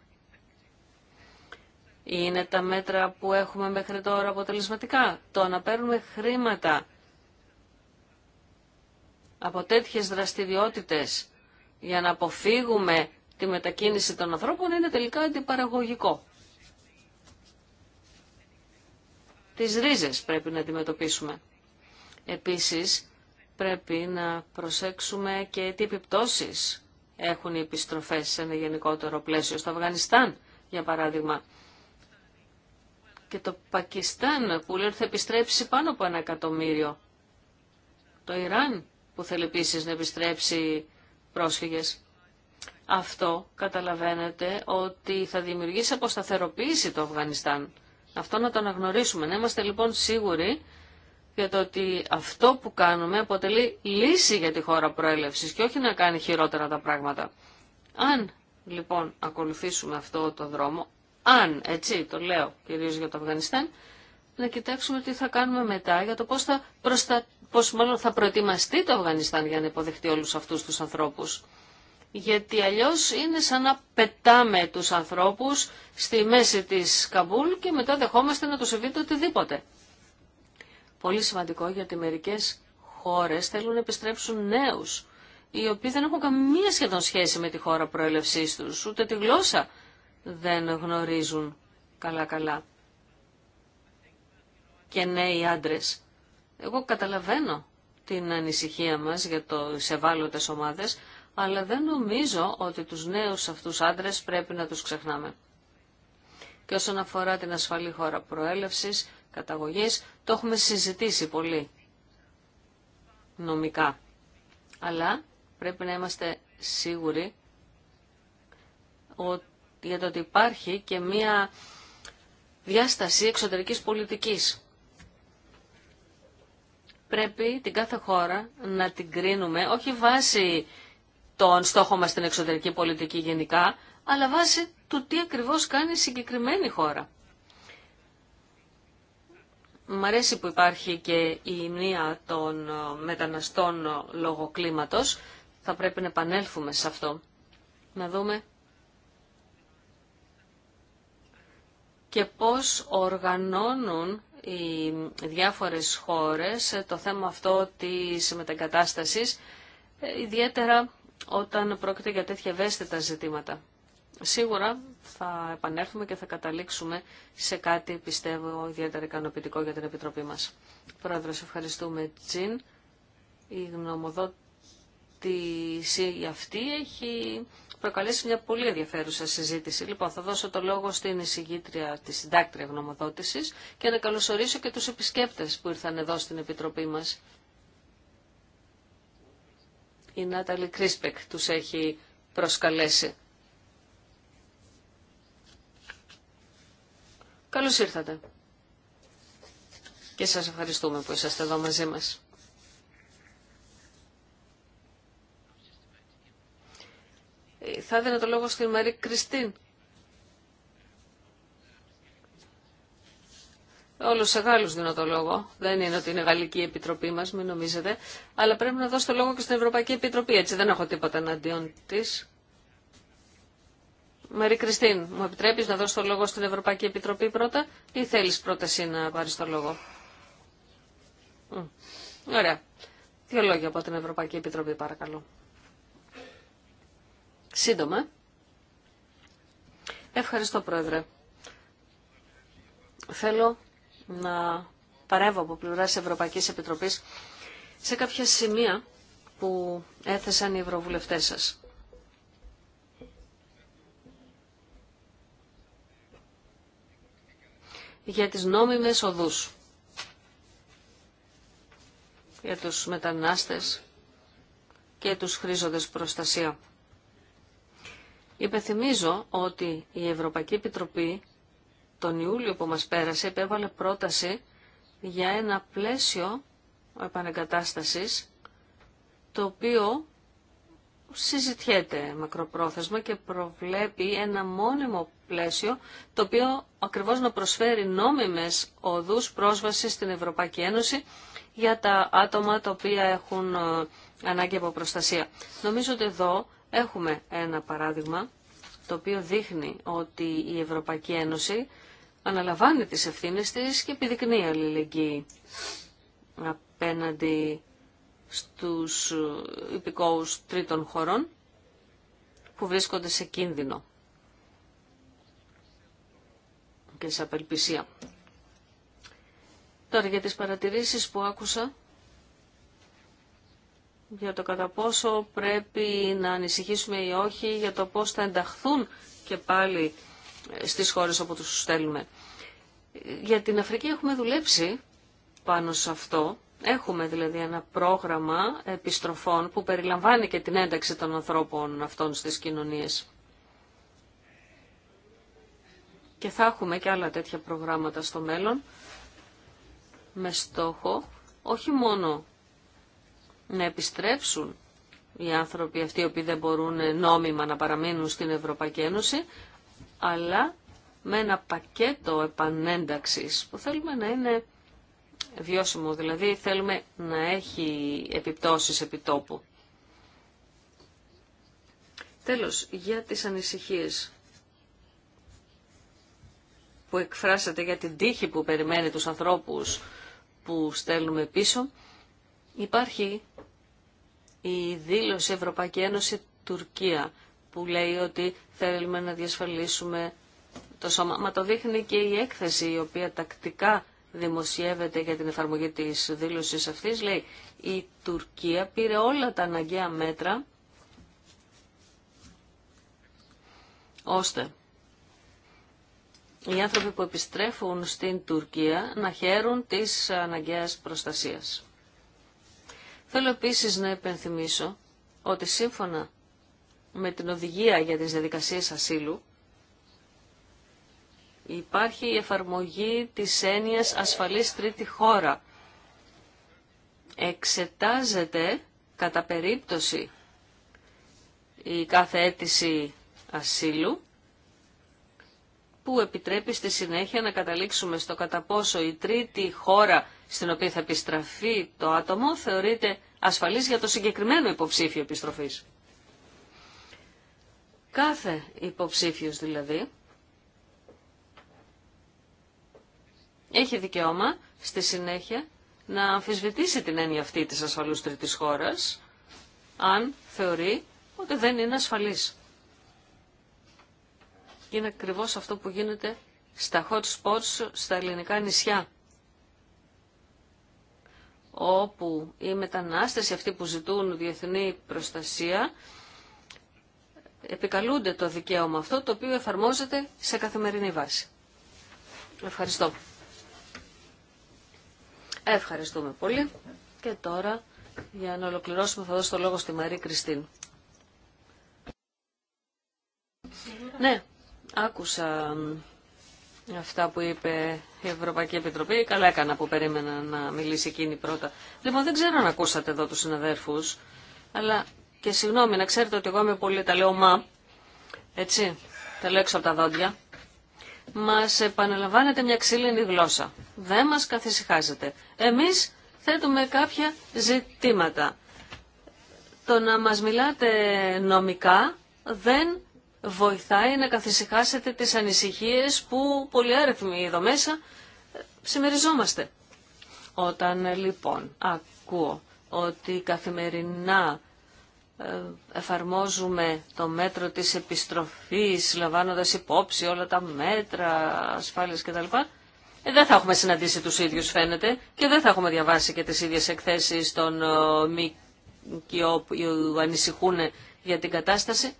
Είναι τα μέτρα που έχουμε μέχρι τώρα αποτελεσματικά. Το να παίρνουμε χρήματα από τέτοιες δραστηριότητες για να αποφύγουμε τη μετακίνηση των ανθρώπων είναι τελικά αντιπαραγωγικό. Τις ρίζες πρέπει να αντιμετωπίσουμε. Επίσης, πρέπει να προσέξουμε και τι επιπτώσεις έχουν οι επιστροφές σε ένα γενικότερο πλαίσιο στο Αφγανιστάν, για παράδειγμα. Και το Πακιστάν που λέει ότι θα επιστρέψει πάνω από ένα εκατομμύριο. Το Ιράν που θέλει επίση να επιστρέψει πρόσφυγες. Αυτό καταλαβαίνετε ότι θα δημιουργήσει αποσταθεροποίηση το Αφγανιστάν. Αυτό να το αναγνωρίσουμε. Να είμαστε λοιπόν σίγουροι για το ότι αυτό που κάνουμε αποτελεί λύση για τη χώρα προέλευσης και όχι να κάνει χειρότερα τα πράγματα. Αν λοιπόν ακολουθήσουμε αυτό το δρόμο, αν έτσι το λέω κυρίως για το Αφγανιστάν, να κοιτάξουμε τι θα κάνουμε μετά για το πώς θα, προστα... πώς, θα προετοιμαστεί το Αφγανιστάν για να υποδεχτεί όλους αυτούς τους ανθρώπους. Γιατί αλλιώς είναι σαν να πετάμε τους ανθρώπους στη μέση της Καμπούλ και μετά δεχόμαστε να τους ευείτε οτιδήποτε. Πολύ σημαντικό γιατί μερικές χώρες θέλουν να επιστρέψουν νέους, οι οποίοι δεν έχουν καμία σχεδόν σχέση με τη χώρα προέλευσής τους, ούτε τη γλώσσα δεν γνωρίζουν καλά-καλά. Και νέοι άντρες. Εγώ καταλαβαίνω την ανησυχία μας για το ευάλωτες ομάδες, αλλά δεν νομίζω ότι τους νέους αυτούς άντρες πρέπει να τους ξεχνάμε. Και όσον αφορά την ασφαλή χώρα προέλευσης, το έχουμε συζητήσει πολύ νομικά. Αλλά πρέπει να είμαστε σίγουροι ότι, για το ότι υπάρχει και μία διάσταση εξωτερικής πολιτικής. Πρέπει την κάθε χώρα να την κρίνουμε, όχι βάσει τον στόχο μας στην εξωτερική πολιτική γενικά, αλλά βάσει του τι ακριβώς κάνει η συγκεκριμένη χώρα. Μ' αρέσει που υπάρχει και η μία των ε, μεταναστών ε, λόγω κλίματος. Θα πρέπει να επανέλθουμε σε αυτό. Να δούμε και πώς οργανώνουν οι διάφορες χώρες ε, το θέμα αυτό της μεταγκατάστασης, ιδιαίτερα όταν πρόκειται για τέτοια ευαίσθητα ζητήματα. Σίγουρα θα επανέλθουμε και θα καταλήξουμε σε κάτι, πιστεύω, ιδιαίτερα ικανοποιητικό για την Επιτροπή μας. Πρόεδρος, ευχαριστούμε, Τζιν. Η γνωμοδότηση αυτή έχει προκαλέσει μια πολύ ενδιαφέρουσα συζήτηση. Λοιπόν, θα δώσω το λόγο στην εισηγήτρια της συντάκτρια γνωμοδότησης και να καλωσορίσω και τους επισκέπτες που ήρθαν εδώ στην Επιτροπή μας. Η Νάταλη Κρίσπεκ τους έχει προσκαλέσει. Καλώς ήρθατε. Και σας ευχαριστούμε που είσαστε εδώ μαζί μας. Θα έδινα το λόγο στην Μαρή Κριστίν. Όλο σε Γάλλους δίνω το λόγο. Δεν είναι ότι είναι Γαλλική Επιτροπή μας, μην νομίζετε. Αλλά πρέπει να δώσω το λόγο και στην Ευρωπαϊκή Επιτροπή. Έτσι δεν έχω τίποτα εναντίον τη. Μαρή Κριστίν, μου επιτρέπεις να δώσω το λόγο στην Ευρωπαϊκή Επιτροπή πρώτα ή θέλεις πρώτα εσύ να πάρεις το λόγο. Ωραία. Δύο λόγια από την Ευρωπαϊκή Επιτροπή, παρακαλώ. Σύντομα. Ευχαριστώ, Πρόεδρε. Θέλω να παρεύω από πλευρά της Ευρωπαϊκής Επιτροπής σε κάποια σημεία που έθεσαν οι ευρωβουλευτές σας. για τις νόμιμες οδούς. Για τους μετανάστες και τους χρήζοντες προστασία. Υπενθυμίζω ότι η Ευρωπαϊκή Επιτροπή τον Ιούλιο που μας πέρασε επέβαλε πρόταση για ένα πλαίσιο επανεγκατάστασης το οποίο συζητιέται μακροπρόθεσμα και προβλέπει ένα μόνιμο το οποίο ακριβώς να προσφέρει νόμιμες οδούς πρόσβασης στην Ευρωπαϊκή Ένωση για τα άτομα τα οποία έχουν ε, ανάγκη από προστασία. Νομίζω ότι εδώ έχουμε ένα παράδειγμα το οποίο δείχνει ότι η Ευρωπαϊκή Ένωση αναλαμβάνει τις ευθύνες της και επιδεικνύει αλληλεγγύη απέναντι στους ε, υπηκόους τρίτων χωρών που βρίσκονται σε κίνδυνο. και σε απελπισία. Τώρα για τις παρατηρήσεις που άκουσα για το κατά πόσο πρέπει να ανησυχήσουμε ή όχι, για το πώς θα ενταχθούν και πάλι ε, στις χώρες όπου τους στέλνουμε. Για την Αφρική έχουμε δουλέψει πάνω σε αυτό. Έχουμε δηλαδή ένα πρόγραμμα επιστροφών που περιλαμβάνει και την ένταξη των ανθρώπων αυτών στις κοινωνίες. Και θα έχουμε και άλλα τέτοια προγράμματα στο μέλλον με στόχο όχι μόνο να επιστρέψουν οι άνθρωποι αυτοί οι οποίοι δεν μπορούν νόμιμα να παραμείνουν στην Ευρωπαϊκή Ένωση, αλλά με ένα πακέτο επανένταξης που θέλουμε να είναι βιώσιμο, δηλαδή θέλουμε να έχει επιπτώσεις επιτόπου. Τέλος, για τις ανησυχίες που εκφράσατε για την τύχη που περιμένει τους ανθρώπους που στέλνουμε πίσω, υπάρχει η δήλωση Ευρωπαϊκή Ένωση Τουρκία που λέει ότι θέλουμε να διασφαλίσουμε το σώμα. Μα το δείχνει και η έκθεση η οποία τακτικά δημοσιεύεται για την εφαρμογή της δήλωσης αυτής. Λέει η Τουρκία πήρε όλα τα αναγκαία μέτρα ώστε οι άνθρωποι που επιστρέφουν στην Τουρκία να χαίρουν της αναγκαίας προστασίας. Θέλω επίσης να επενθυμίσω ότι σύμφωνα με την οδηγία για τις διαδικασίες ασύλου υπάρχει η εφαρμογή της έννοιας ασφαλής τρίτη χώρα. Εξετάζεται κατά περίπτωση η κάθε αίτηση ασύλου που επιτρέπει στη συνέχεια να καταλήξουμε στο κατά πόσο η τρίτη χώρα στην οποία θα επιστραφεί το άτομο θεωρείται ασφαλής για το συγκεκριμένο υποψήφιο επιστροφής. Κάθε υποψήφιος δηλαδή έχει δικαίωμα στη συνέχεια να αμφισβητήσει την έννοια αυτή της ασφαλούς τρίτης χώρας αν θεωρεί ότι δεν είναι ασφαλής. Και είναι ακριβώς αυτό που γίνεται στα hot spots στα ελληνικά νησιά όπου οι μετανάστες αυτοί που ζητούν διεθνή προστασία επικαλούνται το δικαίωμα αυτό το οποίο εφαρμόζεται σε καθημερινή βάση. Ευχαριστώ. Ευχαριστούμε πολύ και τώρα για να ολοκληρώσουμε θα δώσω το λόγο στη Μαρή Κριστίν. Ναι, Άκουσα αυτά που είπε η Ευρωπαϊκή Επιτροπή. Καλά έκανα που περίμενα να μιλήσει εκείνη πρώτα. Λοιπόν, δεν ξέρω αν ακούσατε εδώ τους συναδέρφους, αλλά και συγγνώμη να ξέρετε ότι εγώ είμαι πολύ, τα λέω μα, έτσι, τα λέω από τα δόντια. Μας επαναλαμβάνεται μια ξύλινη γλώσσα. Δεν μας καθησυχάζετε. Εμείς θέτουμε κάποια ζητήματα. Το να μας μιλάτε νομικά δεν βοηθάει να καθησυχάσετε τις ανησυχίες που πολύ άριθμοι εδώ μέσα ε, συμμεριζόμαστε. Όταν ε, λοιπόν ακούω ότι καθημερινά ε, εφαρμόζουμε το μέτρο της επιστροφής, λαμβάνοντας υπόψη όλα τα μέτρα ασφάλειας κτλ. δεν θα έχουμε συναντήσει τους ίδιους φαίνεται και δεν θα έχουμε διαβάσει και τις ίδιες εκθέσεις των ΜΚΟ που ανησυχούν για την κατάσταση.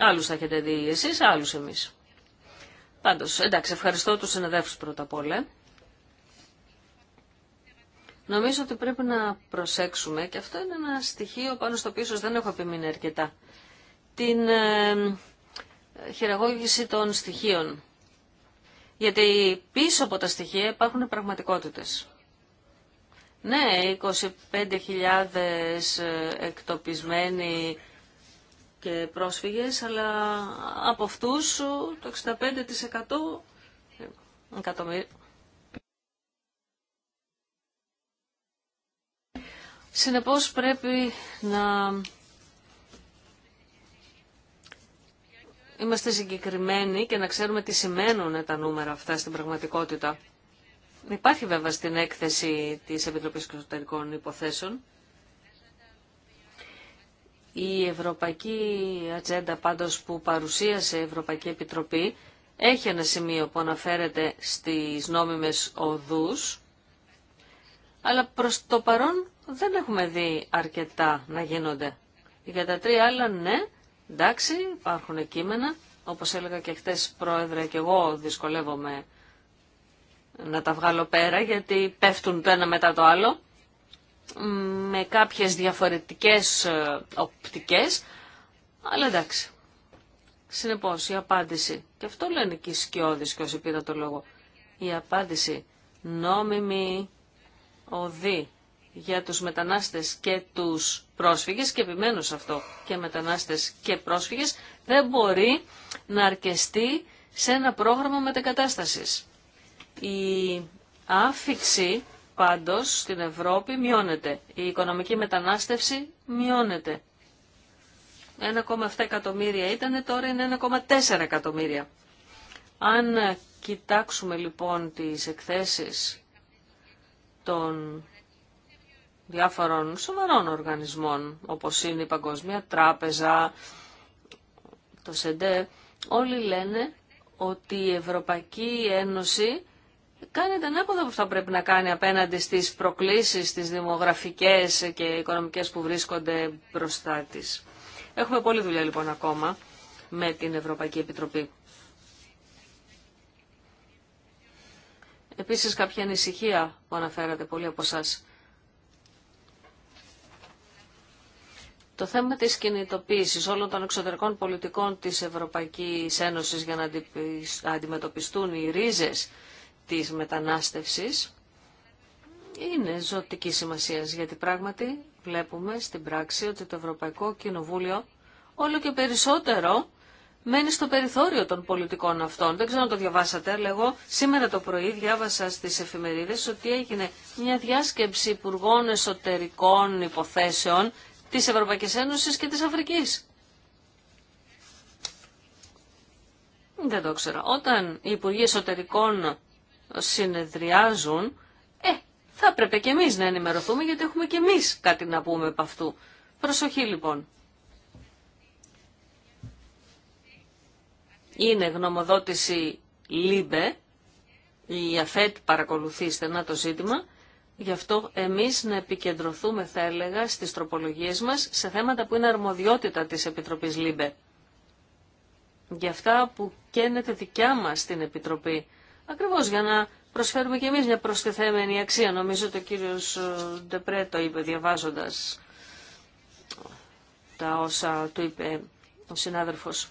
Άλλους θα έχετε δει εσείς, άλλους εμείς. Πάντως, εντάξει, ευχαριστώ τους συνεδέφου πρώτα απ' όλα. Νομίζω ότι πρέπει να προσέξουμε, και αυτό είναι ένα στοιχείο πάνω στο οποίο δεν έχω επιμείνει αρκετά, την ε, χειραγώγηση των στοιχείων. Γιατί πίσω από τα στοιχεία υπάρχουν πραγματικότητες. Ναι, 25.000 ε, εκτοπισμένοι και πρόσφυγες, αλλά από αυτούς το 65% εκατομμύρια. Συνεπώς πρέπει να είμαστε συγκεκριμένοι και να ξέρουμε τι σημαίνουν τα νούμερα αυτά στην πραγματικότητα. Υπάρχει βέβαια στην έκθεση της Επιτροπής Εξωτερικών Υποθέσεων η Ευρωπαϊκή Ατζέντα πάντως που παρουσίασε η Ευρωπαϊκή Επιτροπή έχει ένα σημείο που αναφέρεται στις νόμιμες οδούς, αλλά προς το παρόν δεν έχουμε δει αρκετά να γίνονται. Για τα τρία άλλα ναι, εντάξει, υπάρχουν κείμενα, όπως έλεγα και χτες πρόεδρε και εγώ δυσκολεύομαι να τα βγάλω πέρα γιατί πέφτουν το ένα μετά το άλλο με κάποιες διαφορετικές ε, οπτικές, αλλά εντάξει. Συνεπώς, η απάντηση, και αυτό λένε και οι σκιώδεις και όσοι πήρα το λόγο, η απάντηση νόμιμη οδή για τους μετανάστες και τους πρόσφυγες και επιμένω σε αυτό και μετανάστες και πρόσφυγες δεν μπορεί να αρκεστεί σε ένα πρόγραμμα μετακατάστασης. Η άφηξη πάντως στην Ευρώπη μειώνεται. Η οικονομική μετανάστευση μειώνεται. 1,7 εκατομμύρια ήταν, τώρα είναι 1,4 εκατομμύρια. Αν κοιτάξουμε λοιπόν τις εκθέσεις των διάφορων σοβαρών οργανισμών, όπως είναι η Παγκοσμία Τράπεζα, το ΣΕΝΤΕ, όλοι λένε ότι η Ευρωπαϊκή Ένωση κάνετε ανάποδα από αυτά που πρέπει να κάνει απέναντι στις προκλήσεις, τις δημογραφικές και οικονομικές που βρίσκονται μπροστά της. Έχουμε πολλή δουλειά λοιπόν ακόμα με την Ευρωπαϊκή Επιτροπή. Επίσης κάποια ανησυχία που αναφέρατε πολλοί από εσά. Το θέμα της κινητοποίησης όλων των εξωτερικών πολιτικών της Ευρωπαϊκής Ένωσης για να αντιμετωπιστούν οι ρίζες της μετανάστευσης είναι ζωτική σημασία γιατί πράγματι βλέπουμε στην πράξη ότι το Ευρωπαϊκό Κοινοβούλιο όλο και περισσότερο μένει στο περιθώριο των πολιτικών αυτών. Δεν ξέρω αν το διαβάσατε, αλλά εγώ σήμερα το πρωί διάβασα στις εφημερίδες ότι έγινε μια διάσκεψη υπουργών εσωτερικών υποθέσεων της Ευρωπαϊκής Ένωσης και της Αφρικής. Δεν το ξέρω. Όταν οι Υπουργοί Εσωτερικών συνεδριάζουν, ε, θα έπρεπε και εμείς να ενημερωθούμε γιατί έχουμε και εμείς κάτι να πούμε από αυτού. Προσοχή λοιπόν. Είναι γνωμοδότηση ΛΥΜΠΕ, η ΑΦΕΤ παρακολουθεί στενά το ζήτημα, γι' αυτό εμείς να επικεντρωθούμε θα έλεγα στις τροπολογίες μας σε θέματα που είναι αρμοδιότητα της Επιτροπής ΛΥΜΠΕ. Για αυτά που καίνεται δικιά μας στην Επιτροπή Ακριβώς για να προσφέρουμε και εμείς μια προσθεθέμενη αξία. Νομίζω το κύριος ε, Ντεπρέ το είπε διαβάζοντας τα όσα του είπε ο συνάδελφος.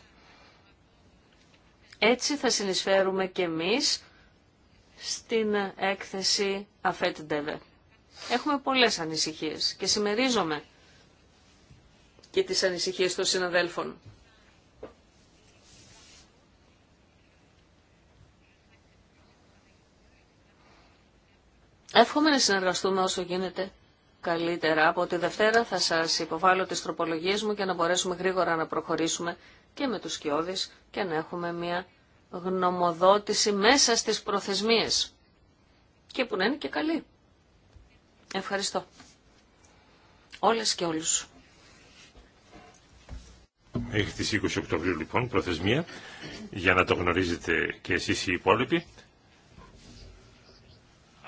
Έτσι θα συνεισφέρουμε και εμείς στην έκθεση Αφέτ Ντεβε. Έχουμε πολλές ανησυχίες και συμμερίζομαι και τις ανησυχίες των συναδέλφων. Εύχομαι να συνεργαστούμε όσο γίνεται καλύτερα. Από τη Δευτέρα θα σας υποβάλω τις τροπολογίες μου για να μπορέσουμε γρήγορα να προχωρήσουμε και με τους σκιώδεις και να έχουμε μια γνωμοδότηση μέσα στις προθεσμίες. Και που να είναι και καλή. Ευχαριστώ. Όλες και όλους. Μέχρι τις 20 Οκτωβρίου λοιπόν προθεσμία για να το γνωρίζετε και εσείς οι υπόλοιποι.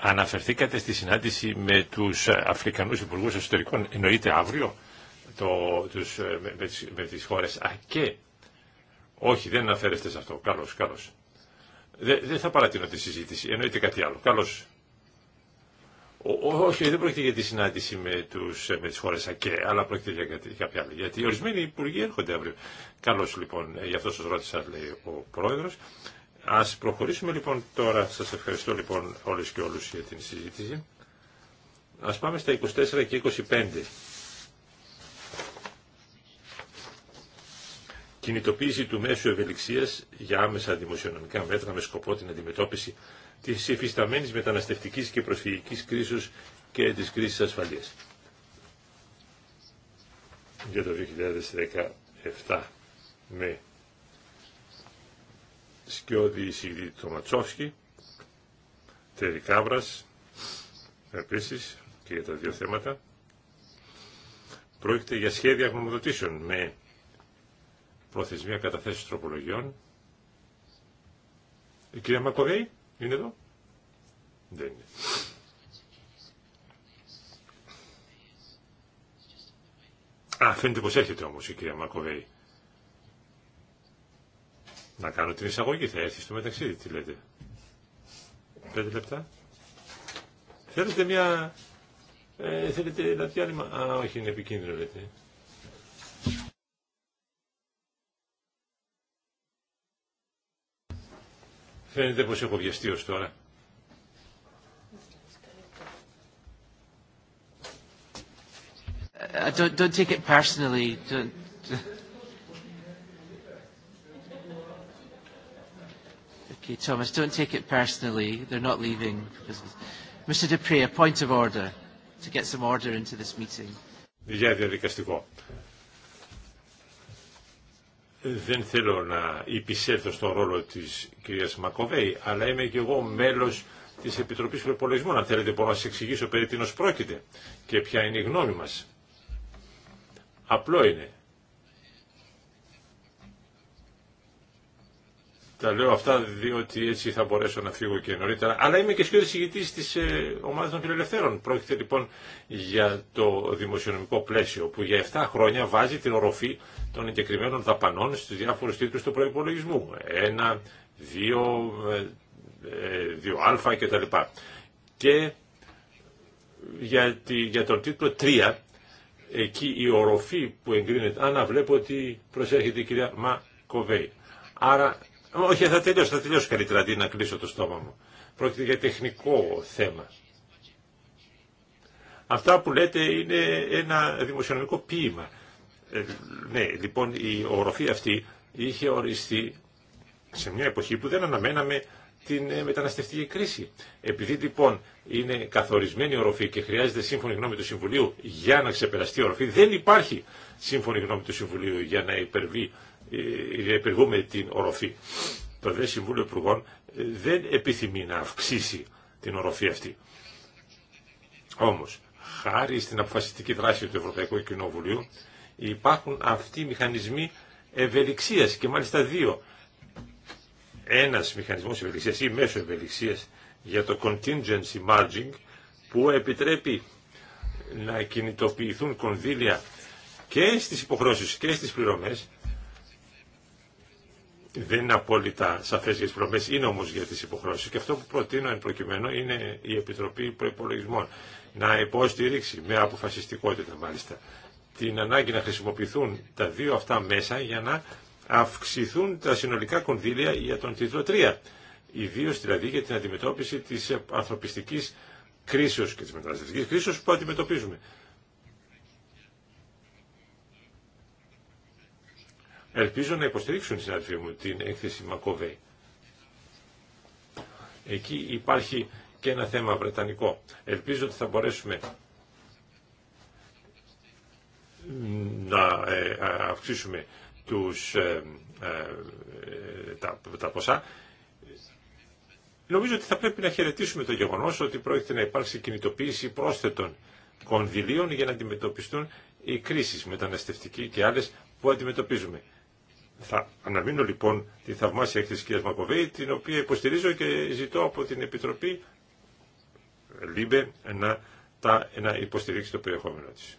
Αναφερθήκατε στη συνάντηση με τους Αφρικανούς Υπουργούς Εσωτερικών, εννοείται αύριο, το, τους, ε, με, με, τις, χώρες ΑΚΕ. Όχι, δεν αναφέρεστε σε αυτό. Καλώς, καλώς. Δεν, θα παρατείνω τη συζήτηση, εννοείται κάτι άλλο. Καλώς. Όχι, δεν πρόκειται για τη συνάντηση με, τους, ε, με τις χώρες ΑΚΕ, αλλά πρόκειται για κάποια άλλη. Γιατί ορισμένοι υπουργοί έρχονται αύριο. Καλώς λοιπόν, ε, γι' αυτό σας ρώτησα, λέει ο Πρόεδρος. Ας προχωρήσουμε λοιπόν τώρα, σας ευχαριστώ λοιπόν όλες και όλους για την συζήτηση. Ας πάμε στα 24 και 25. Κινητοποίηση του μέσου ευελιξίας για άμεσα δημοσιονομικά μέτρα με σκοπό την αντιμετώπιση της εφισταμένης μεταναστευτικής και προσφυγικής κρίσης και της κρίσης ασφαλείας. Για το 2017 με σκιώδη Ισηγητή του Ματσόφσκι, επίσης και για τα δύο θέματα. Πρόκειται για σχέδια γνωμοδοτήσεων με προθεσμία καταθέσεις τροπολογιών. Η κυρία Μακοβέη είναι εδώ. Δεν είναι. Α, φαίνεται πως έρχεται όμως η κυρία Μακοβέη. Να κάνω την εισαγωγή, θα έρθει στο μεταξύ, τι λέτε. Πέντε λεπτά. Θέλετε μια... Ε, θέλετε ένα διάλειμμα. Α, όχι, είναι επικίνδυνο, λέτε. Φαίνεται πως έχω βιαστεί ως τώρα. Uh, don't, don't take it personally. Don't... Okay, Thomas, don't take it personally. They're not leaving. Mr. Dupre, a point of order to get some order into this meeting. Δεν θέλω να υπησέλθω στον ρόλο της κυρίας Μακοβέη, αλλά είμαι και εγώ μέλος της Επιτροπής Προπολογισμού. Αν θέλετε μπορώ να σας εξηγήσω περί τίνος πρόκειται και ποια είναι η γνώμη μας. Απλό είναι. Τα λέω αυτά διότι έτσι θα μπορέσω να φύγω και νωρίτερα. Αλλά είμαι και σχεδόν συγητή τη ε, ομάδα των φιλελευθέρων. Πρόκειται λοιπόν για το δημοσιονομικό πλαίσιο που για 7 χρόνια βάζει την οροφή των εγκεκριμένων δαπανών στου διάφορου τίτλου του προπολογισμού. Ένα, δύο, ε, δύο α κτλ. Και για, τη, για τον τίτλο 3, εκεί η οροφή που εγκρίνεται, άνα βλέπω ότι προσέρχεται η κυρία Μα Κοβέη. Άρα όχι, θα τελειώσω, θα τελειώσω καλύτερα αντί να κλείσω το στόμα μου. Πρόκειται για τεχνικό θέμα. Αυτά που λέτε είναι ένα δημοσιονομικό ποίημα. Ε, ναι, λοιπόν, η οροφή αυτή είχε οριστεί σε μια εποχή που δεν αναμέναμε την ε, μεταναστευτική κρίση. Επειδή λοιπόν είναι καθορισμένη η οροφή και χρειάζεται σύμφωνη γνώμη του Συμβουλίου για να ξεπεραστεί η οροφή, δεν υπάρχει σύμφωνη γνώμη του Συμβουλίου για να υπερβεί διεπηγούμε ε, την οροφή. Το ΔΕ Συμβούλιο Υπουργών ε, δεν επιθυμεί να αυξήσει την οροφή αυτή. Όμως, χάρη στην αποφασιστική δράση του Ευρωπαϊκού Κοινοβουλίου, υπάρχουν αυτοί οι μηχανισμοί ευελιξίας και μάλιστα δύο. Ένας μηχανισμός ευελιξίας ή μέσο ευελιξίας για το contingency margin που επιτρέπει να κινητοποιηθούν κονδύλια και στις υποχρεώσεις και στις πληρωμές δεν είναι απόλυτα σαφές για τις προμές, είναι όμως για τις υποχρώσεις. Και αυτό που προτείνω εν προκειμένου είναι η Επιτροπή Προϋπολογισμών να υποστηρίξει με αποφασιστικότητα μάλιστα την ανάγκη να χρησιμοποιηθούν τα δύο αυτά μέσα για να αυξηθούν τα συνολικά κονδύλια για τον τίτλο 3. ιδίω δηλαδή για την αντιμετώπιση της ανθρωπιστικής κρίσεως και της μεταναστευτικής κρίσεως που αντιμετωπίζουμε. Ελπίζω να υποστηρίξουν οι συνάδελφοί μου την έκθεση Μακοβέη. Εκεί υπάρχει και ένα θέμα βρετανικό. Ελπίζω ότι θα μπορέσουμε να ε, αυξήσουμε τους, ε, ε, τα, τα ποσά. Νομίζω ότι θα πρέπει να χαιρετήσουμε το γεγονός ότι πρόκειται να υπάρξει κινητοποίηση πρόσθετων κονδυλίων για να αντιμετωπιστούν οι κρίσεις μεταναστευτικοί και άλλες που αντιμετωπίζουμε. Θα αναμείνω λοιπόν τη θαυμάσια έκθεση κυρίας Μακοβέη, την οποία υποστηρίζω και ζητώ από την Επιτροπή Λίμπε να, τα, να υποστηρίξει το περιεχόμενο της.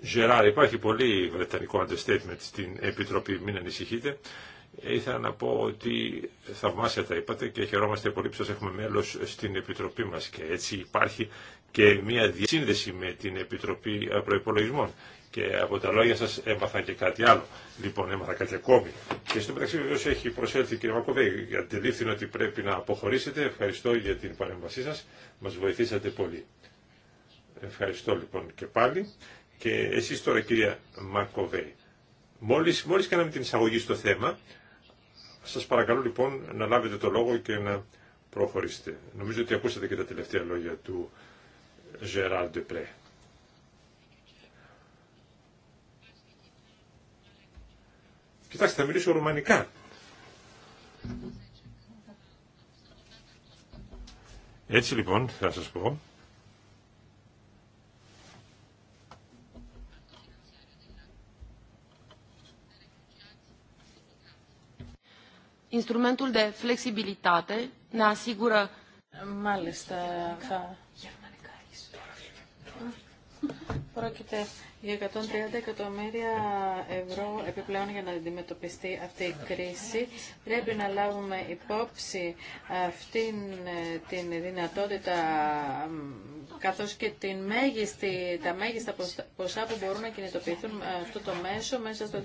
Γεράρ, υπάρχει πολύ βρετανικό understatement στην Επιτροπή, μην ανησυχείτε. Ήθελα να πω ότι θαυμάσια τα είπατε και χαιρόμαστε πολύ που σας έχουμε μέλος στην Επιτροπή μας και έτσι υπάρχει και μια διασύνδεση με την Επιτροπή Προπολογισμών. Και από τα λόγια σα έμαθα και κάτι άλλο. Λοιπόν, έμαθα κάτι ακόμη. Και στο μεταξύ, βεβαίω, έχει προσέλθει η κυρία Μακοβέη. Αντιλήφθηνο ότι πρέπει να αποχωρήσετε. Ευχαριστώ για την παρέμβασή σα. Μα βοηθήσατε πολύ. Ευχαριστώ λοιπόν και πάλι. Και εσεί τώρα, κυρία Μακοβέη. Μόλι μόλις κάναμε την εισαγωγή στο θέμα, σα παρακαλώ λοιπόν να λάβετε το λόγο και να προχωρήσετε. Νομίζω ότι ακούσατε και τα τελευταία λόγια του Gérald Depré. Κοιτάξτε, θα μιλήσω ρουμανικά. Έτσι λοιπόν θα σας πω Instrumentul de flexibilitate ne asigură Μάλιστα, θα Πρόκειται για 130 εκατομμύρια ευρώ επιπλέον για να αντιμετωπιστεί αυτή η κρίση. Πρέπει να λάβουμε υπόψη αυτήν ε, την δυνατότητα καθώς και την μέγιστη, τα μέγιστα ποσά που μπορούν να κινητοποιηθούν ε, αυτό το μέσο μέσα στο 2017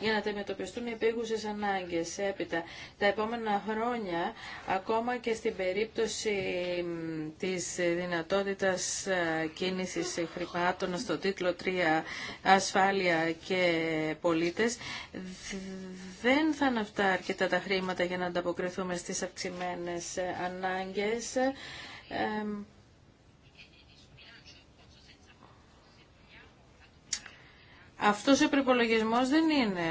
για να αντιμετωπιστούν οι επίγουσες ανάγκες. Έπειτα, τα επόμενα χρόνια, ακόμα και στην περίπτωση της δυνατότητας ε, κίνησης χρημάτων το τίτλο 3 ασφάλεια και πολίτες δεν θα είναι αυτά αρκετά τα χρήματα για να ανταποκριθούμε στις αυξημένες ανάγκες. Αυτός ο προπολογισμό δεν είναι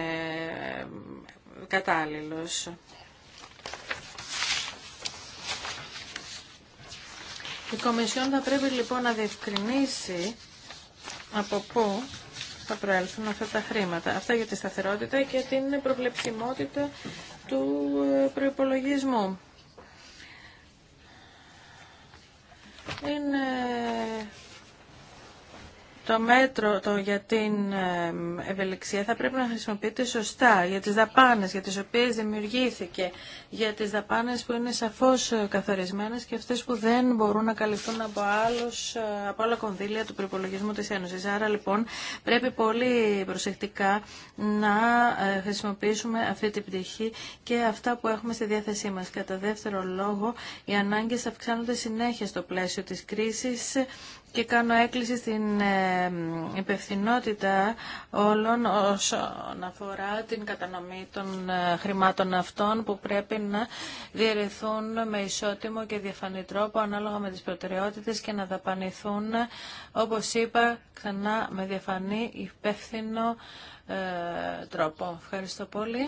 κατάλληλος. Η Κομισιόν θα πρέπει λοιπόν να διευκρινίσει από πού θα προέλθουν αυτά τα χρήματα. Αυτά για τη σταθερότητα και την προβλεψιμότητα του ε, προϋπολογισμού. Είναι το μέτρο το για την ευελιξία θα πρέπει να χρησιμοποιείται σωστά για τις δαπάνες για τις οποίες δημιουργήθηκε, για τις δαπάνες που είναι σαφώς ε, καθορισμένες και αυτές που δεν μπορούν να καλυφθούν από, άλλους, ε, από άλλα κονδύλια του προπολογισμού της Ένωσης. Άρα λοιπόν πρέπει πολύ προσεκτικά να ε, χρησιμοποιήσουμε αυτή την πτυχή και αυτά που έχουμε στη διάθεσή μας. Κατά δεύτερο λόγο, οι ανάγκες αυξάνονται συνέχεια στο πλαίσιο της κρίσης και κάνω έκκληση στην ε, υπευθυνότητα όλων όσον αφορά την κατανομή των ε, χρημάτων αυτών που πρέπει να διαιρεθούν με ισότιμο και διαφανή τρόπο ανάλογα με τις προτεραιότητες και να δαπανηθούν, όπως είπα, ξανά με διαφανή υπεύθυνο ε, τρόπο. Ευχαριστώ πολύ.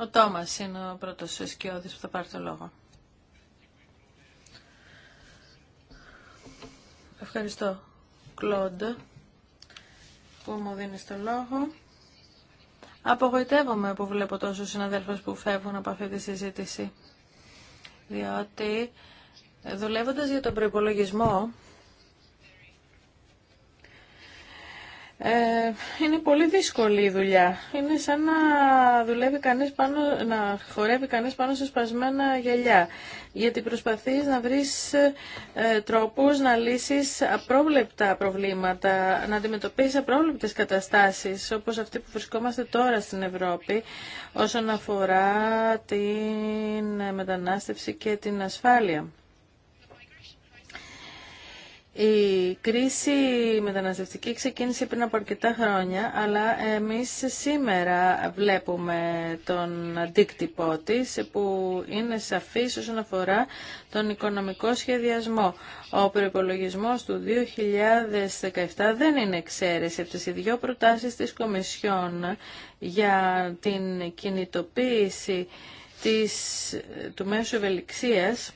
Ο Τόμας είναι ο πρώτος σκιώδης που θα πάρει το λόγο. Ευχαριστώ, Κλοντ, που μου δίνει το λόγο. Απογοητεύομαι που βλέπω τόσους συναδέλφους που φεύγουν από αυτή τη συζήτηση, διότι δουλεύοντας για τον προϋπολογισμό, Ε, είναι πολύ δύσκολη η δουλειά. Είναι σαν να, δουλεύει πάνω, να χορεύει κανείς πάνω σε σπασμένα γυαλιά. Γιατί προσπαθείς να βρεις ε, τρόπους να λύσεις απρόβλεπτα προβλήματα, να αντιμετωπίσεις απρόβλεπτες καταστάσεις, όπως αυτή που βρισκόμαστε τώρα στην Ευρώπη, όσον αφορά την μετανάστευση και την ασφάλεια. Η κρίση μεταναστευτική ξεκίνησε πριν από αρκετά χρόνια, αλλά εμείς σήμερα βλέπουμε τον αντίκτυπό της που είναι σαφής όσον αφορά τον οικονομικό σχεδιασμό. Ο προπολογισμό του 2017 δεν είναι εξαίρεση από τις δύο προτάσεις της Κομισιόν για την κινητοποίηση της, του μέσου ευελιξίας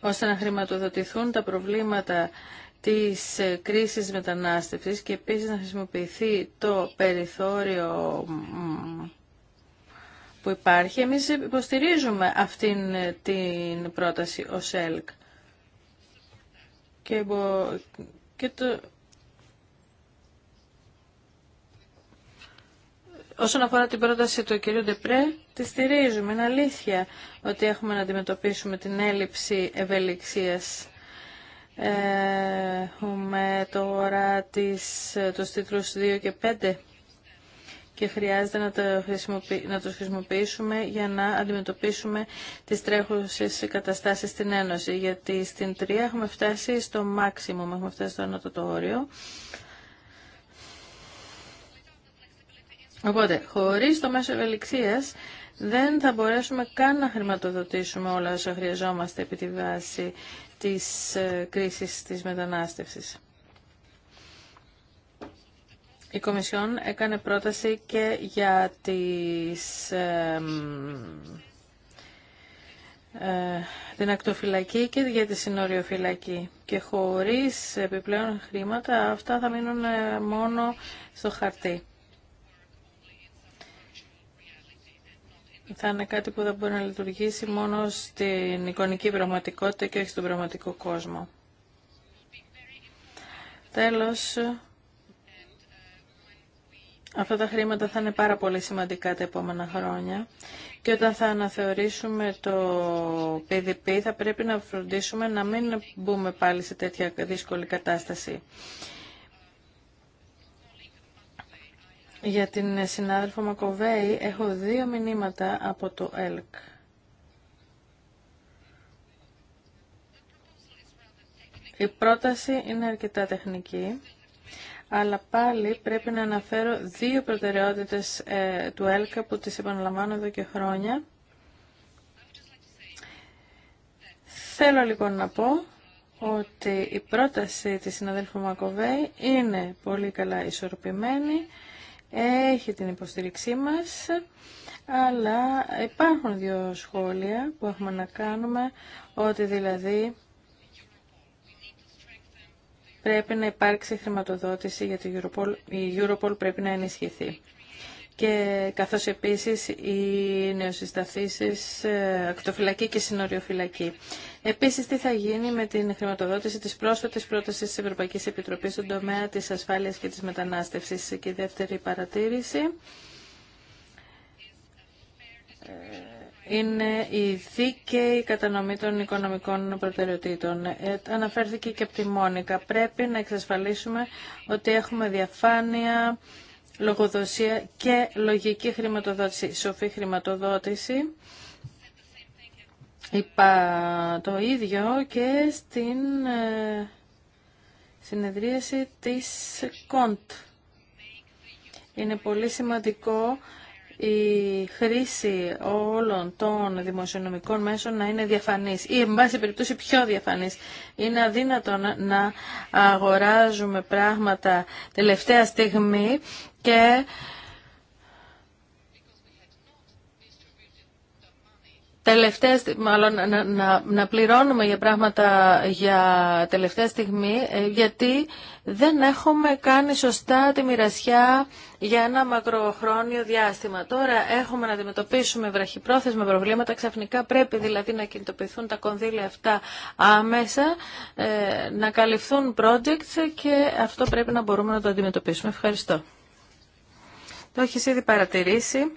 ώστε να χρηματοδοτηθούν τα προβλήματα της ε, κρίσης μετανάστευσης και επίσης να χρησιμοποιηθεί το περιθώριο που υπάρχει. Εμείς υποστηρίζουμε αυτήν ε, την πρόταση ο ΕΛΚ. Και, Όσον αφορά την πρόταση του κ. Ντεπρέ, τη στηρίζουμε. Είναι αλήθεια ότι έχουμε να αντιμετωπίσουμε την έλλειψη ευελιξίας. Ε, έχουμε τώρα της τους τίτλους 2 και 5 και χρειάζεται να, το να τους χρησιμοποιήσουμε για να αντιμετωπίσουμε τις τρέχουσες καταστάσεις στην Ένωση. Γιατί στην 3 έχουμε φτάσει στο μάξιμο, έχουμε φτάσει στο ανώτατο όριο. Οπότε, χωρίς το μέσο ευελιξίας, δεν θα μπορέσουμε καν να χρηματοδοτήσουμε όλα όσα χρειαζόμαστε επί τη βάση της ε, κρίσης της μετανάστευσης. Η Κομισιόν έκανε πρόταση και για τις, ε, την ακτοφυλακή και για τη συνοριοφυλακή. Και χωρίς επιπλέον χρήματα αυτά θα μείνουν ε, μόνο στο χαρτί. θα είναι κάτι που θα μπορεί να λειτουργήσει μόνο στην εικονική πραγματικότητα και όχι στον πραγματικό κόσμο. Τέλος, αυτά τα χρήματα θα είναι πάρα πολύ σημαντικά τα επόμενα χρόνια και όταν θα αναθεωρήσουμε το PDP θα πρέπει να φροντίσουμε να μην μπούμε πάλι σε τέτοια δύσκολη κατάσταση. Για την συνάδελφο Μακοβέη έχω δύο μηνύματα από το ΕΛΚ. Η πρόταση είναι αρκετά τεχνική, αλλά πάλι πρέπει να αναφέρω δύο προτεραιότητες ε, του ΕΛΚΑ που τις επαναλαμβάνω εδώ και χρόνια. Θέλω λοιπόν να πω ότι η πρόταση της συναδέλφου Μακοβέη είναι πολύ καλά ισορροπημένη έχει την υποστήριξή μας, αλλά υπάρχουν δύο σχόλια που έχουμε να κάνουμε, ότι δηλαδή πρέπει να υπάρξει χρηματοδότηση για Europol, η Europol πρέπει να ενισχυθεί και καθώς επίσης οι νεοσυσταθήσεις ε, ακτοφυλακή και συνοριοφυλακή. Επίσης, τι θα γίνει με την χρηματοδότηση της πρόσφατης πρότασης της Ευρωπαϊκής Επιτροπής στον τομέα της ασφάλειας και της μετανάστευσης. Και η δεύτερη παρατήρηση ε, είναι η δίκαιη κατανομή των οικονομικών προτεραιοτήτων. Ε, αναφέρθηκε και από τη Μόνικα. Πρέπει να εξασφαλίσουμε ότι έχουμε διαφάνεια, λογοδοσία και λογική χρηματοδότηση, σοφή χρηματοδότηση. Είπα το ίδιο και στην ε, συνεδρίαση της ΚΟΝΤ. Είναι πολύ σημαντικό η χρήση όλων των δημοσιονομικών μέσων να είναι διαφανής ή εν πάση περιπτώσει πιο διαφανής. Είναι αδύνατο να αγοράζουμε πράγματα τελευταία στιγμή και τελευταία, μάλλον να, να, να, πληρώνουμε για πράγματα για τελευταία στιγμή, ε, γιατί δεν έχουμε κάνει σωστά τη μοιρασιά για ένα μακροχρόνιο διάστημα. Τώρα έχουμε να αντιμετωπίσουμε βραχυπρόθεσμα προβλήματα, ξαφνικά πρέπει δηλαδή να κινητοποιηθούν τα κονδύλια αυτά άμεσα, ε, να καλυφθούν projects και αυτό πρέπει να μπορούμε να το αντιμετωπίσουμε. Ευχαριστώ. Το έχεις ήδη παρατηρήσει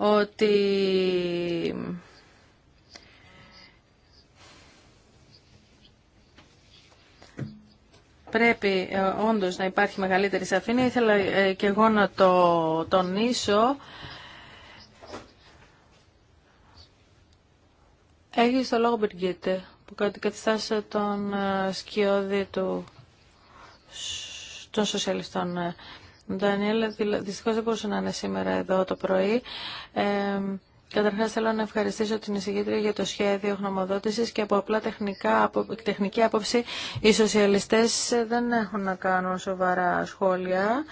ότι πρέπει ε, όντως να υπάρχει μεγαλύτερη σαφήνεια. Ήθελα ε, και εγώ να το τονίσω. Έχει το λόγο, Μπεργκίτε, που αντικαθιστάσε τον ε, σκιώδη του των σοσιαλιστών. Ο Ντανιέλ δυστυχώς δεν μπορούσε να είναι σήμερα εδώ το πρωί. Ε, Καταρχά, θέλω να ευχαριστήσω την εισηγήτρια για το σχέδιο γνωμοδότηση και από απλά τεχνικά, από, τεχνική άποψη οι σοσιαλιστέ δεν έχουν να κάνουν σοβαρά σχόλια.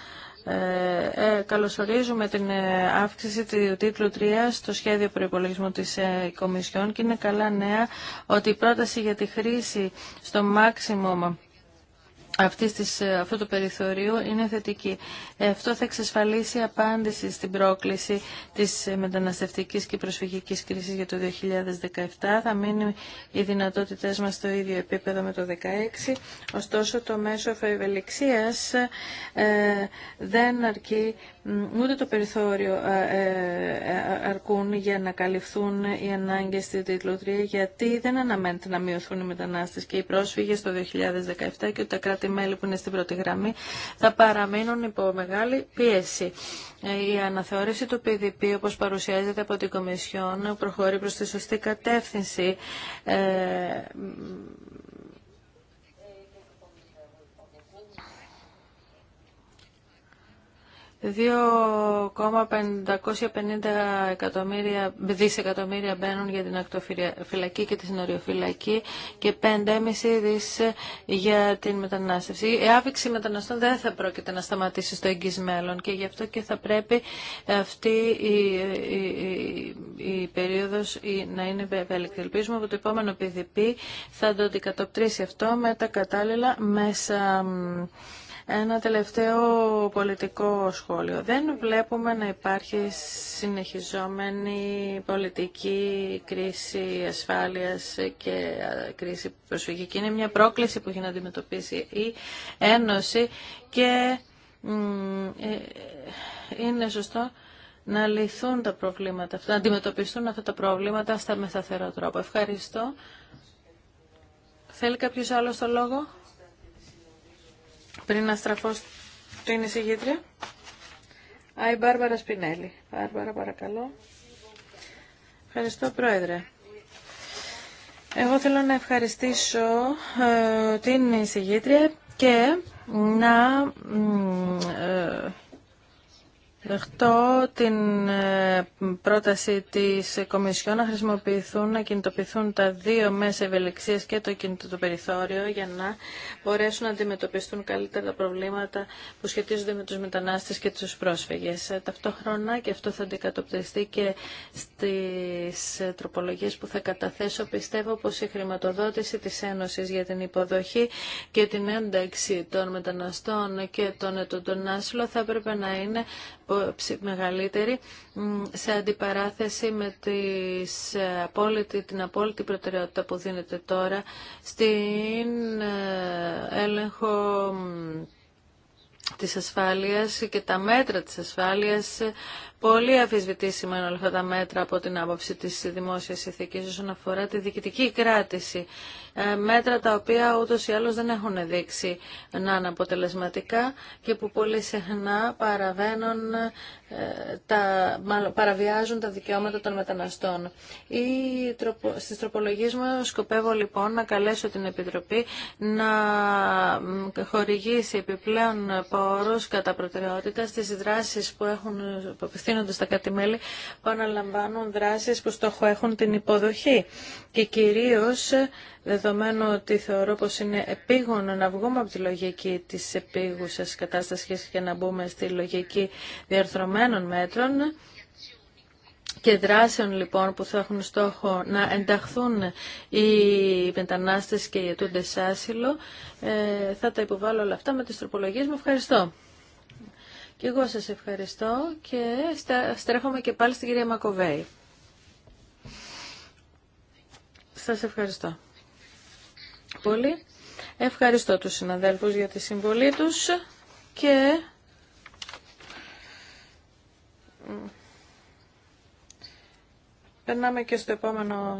Ε, ε καλωσορίζουμε την ε, αύξηση του τίτλου 3 στο σχέδιο προϋπολογισμού της ε, Κομισιόν και είναι καλά νέα ότι η πρόταση για τη χρήση στο maximum αυτής της, ε, αυτού του περιθωρίου είναι θετική. Ε, αυτό θα εξασφαλίσει απάντηση στην πρόκληση της μεταναστευτικής και προσφυγικής κρίσης για το 2017. Θα μείνουν οι δυνατότητές μας στο ίδιο επίπεδο με το 2016. Ωστόσο το μέσο ευελιξίας ε, δεν αρκεί ούτε το περιθώριο αρκούν για να καλυφθούν οι ανάγκες στη τίτλο 3 γιατί δεν αναμένεται να μειωθούν οι μετανάστες και οι πρόσφυγες το 2017 και τα κράτη μελη που είναι στην πρώτη γραμμή θα παραμείνουν υπό μεγάλη πίεση. Η αναθεώρηση του PDP, όπως παρουσιάζεται από την Κομισιόν, προχωρεί προς τη σωστή κατεύθυνση ε, 2,550 εκατομμύρια, δισεκατομμύρια μπαίνουν για την ακτοφυλακή και τη συνοριοφυλακή και 5,5 δις για την μετανάστευση. Η άφηξη μεταναστών δεν θα πρόκειται να σταματήσει στο εγγύς μέλλον και γι' αυτό και θα πρέπει αυτή η, η, η περίοδος να είναι ευέλικτη. Ελπίζουμε ότι το επόμενο PDP θα το αντικατοπτρίσει αυτό με τα κατάλληλα μέσα ένα τελευταίο πολιτικό σχόλιο. Δεν βλέπουμε να υπάρχει συνεχιζόμενη πολιτική κρίση ασφάλειας και κρίση προσφυγική. Είναι μια πρόκληση που έχει να αντιμετωπίσει η Ένωση και ε, είναι σωστό να λυθούν τα προβλήματα να αντιμετωπιστούν αυτά τα προβλήματα στα με τρόπο. Ευχαριστώ. Θέλει κάποιος άλλος το λόγο? Πριν να στραφώ στην εισηγήτρια. Α, η Μπάρμπαρα Σπινέλη. Μπάρμπαρα, παρακαλώ. Ευχαριστώ, Πρόεδρε. Εγώ θέλω να ευχαριστήσω ε, την εισηγήτρια και να Δεχτώ την ε, πρόταση της Κομισιόν να χρησιμοποιηθούν, να κινητοποιηθούν τα δύο μέσα ευελιξίας και το κινητό περιθώριο για να μπορέσουν να αντιμετωπιστούν καλύτερα τα προβλήματα που σχετίζονται με τους μετανάστες και τους πρόσφυγες. Ε, ταυτόχρονα και αυτό θα αντικατοπτριστεί και στις ε, τροπολογίες που θα καταθέσω. Πιστεύω πως η χρηματοδότηση της Ένωσης για την υποδοχή και την ένταξη των μεταναστών και των ετωτών θα έπρεπε να είναι μεγαλύτερη σε αντιπαράθεση με τις ε, απόλυτη, την απόλυτη προτεραιότητα που δίνεται τώρα στην ε, έλεγχο της ασφάλειας και τα μέτρα της ασφάλειας Πολύ αφισβητήσιμα είναι όλα αυτά τα μέτρα από την άποψη της δημόσιας ηθικής όσον αφορά τη διοικητική κράτηση. Ε, μέτρα τα οποία ούτως ή άλλως δεν έχουν δείξει να είναι αποτελεσματικά και που πολύ συχνά ε, παραβιάζουν τα δικαιώματα των μεταναστών. Ή, τροπο, στις τροπολογίες μου σκοπεύω λοιπόν να καλέσω την Επιτροπή να χορηγήσει επιπλέον πόρους κατά προτεραιότητα στις δράσεις που έχουν απευθύνονται στα κάτι μελη που αναλαμβάνουν δράσεις που στόχο έχουν την υποδοχή. Και κυρίως, δεδομένου ότι θεωρώ πως είναι επίγον να βγούμε από τη λογική της επίγουσας κατάστασης και να μπούμε στη λογική διαρθρωμένων μέτρων, και δράσεων λοιπόν που θα έχουν στόχο να ενταχθούν οι μετανάστες και οι αιτούντες άσυλο. Ε, θα τα υποβάλω όλα αυτά με τις τροπολογίες μου. Ευχαριστώ. Και εγώ σας ευχαριστώ και στρέφομαι και πάλι στην κυρία Μακοβέη. Σας ευχαριστώ πολύ. Ευχαριστώ τους συναδέλφους για τη συμβολή τους και... Περνάμε και στο επόμενο.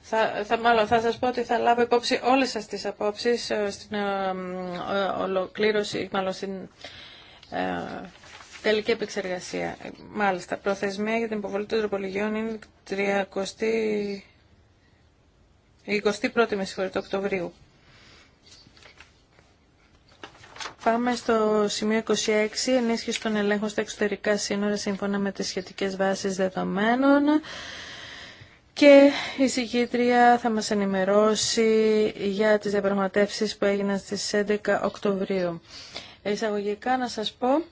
Θα, θα, μάλλον θα σας πω ότι θα λάβω υπόψη όλες σας τις απόψεις ε, στην ε, ε, ολοκλήρωση, μάλλον στην ε, Τελική επεξεργασία. Μάλιστα, προθεσμία για την υποβολή των τροπολογιών είναι 30... 21η με του Οκτωβρίου. Πάμε στο σημείο 26, ενίσχυση των ελέγχων στα εξωτερικά σύνορα σύμφωνα με τις σχετικές βάσεις δεδομένων. Και η συγκήτρια θα μας ενημερώσει για τις διαπραγματεύσεις που έγιναν στις 11 Οκτωβρίου. Εισαγωγικά να σας πω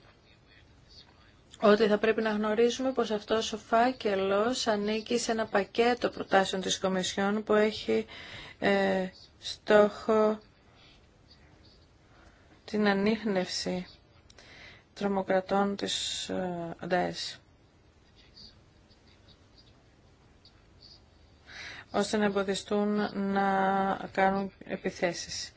ότι θα πρέπει να γνωρίζουμε πως αυτός ο φάκελος ανήκει σε ένα πακέτο προτάσεων της Κομισιόν που έχει ε, στόχο την ανείχνευση τρομοκρατών της ε, ώστε να εμποδιστούν να κάνουν επιθέσεις.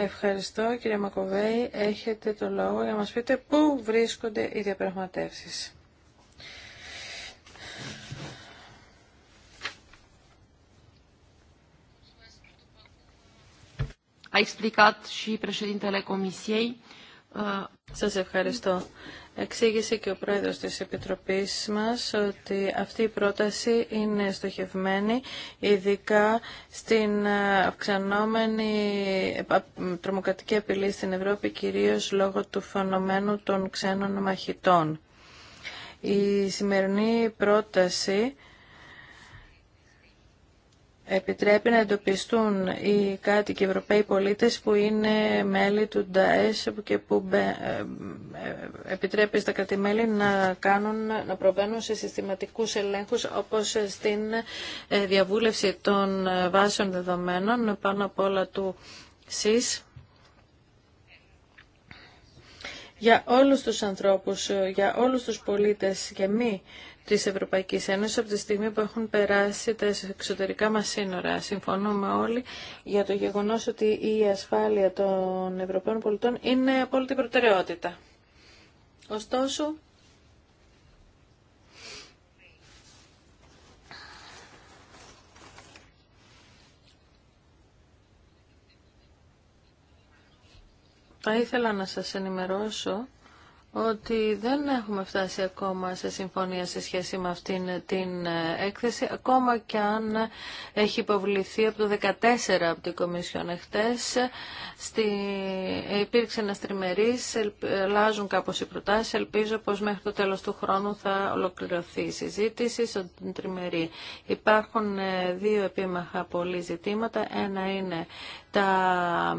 Ευχαριστώ κύριε Μακοβέη. Έχετε το λόγο για να μας πείτε πού βρίσκονται οι διαπραγματεύσεις. A uh, Σας ευχαριστώ. Εξήγησε και ο πρόεδρος της Επιτροπής μας ότι αυτή η πρόταση είναι στοχευμένη ειδικά στην αυξανόμενη τρομοκρατική απειλή στην Ευρώπη κυρίως λόγω του φαινομένου των ξένων μαχητών. Η σημερινή πρόταση επιτρέπει να εντοπιστούν οι κάτοικοι Ευρωπαίοι πολίτες που είναι μέλη του ΝΤΑΕΣ και που ε, επιτρέπει στα κρατημέλη να, κάνουν, να προβαίνουν σε συστηματικούς ελέγχους όπως στην ε, διαβούλευση των ε, βάσεων δεδομένων πάνω απ' όλα του ΣΥΣ για όλους τους ανθρώπους, για όλους τους πολίτες και μη Τη Ευρωπαϊκή Ένωση, από τη στιγμή που έχουν περάσει τα εξωτερικά μας σύνορα. Συμφωνούμε όλοι για το γεγονός ότι η ασφάλεια των Ευρωπαίων πολιτών είναι απόλυτη προτεραιότητα. Ωστόσο, θα ήθελα να σας ενημερώσω ότι δεν έχουμε φτάσει ακόμα σε συμφωνία σε σχέση με αυτήν την ε, έκθεση, ακόμα και αν έχει υποβληθεί από το 14 από την Κομισιόν εχθές. Στη... Υπήρξε ένα τριμερής, αλλάζουν κάπως οι προτάσεις, ελπίζω πως μέχρι το τέλος του χρόνου θα ολοκληρωθεί η συζήτηση στον τριμερή. Υπάρχουν ε, δύο επίμαχα πολύ ζητήματα, ένα είναι τα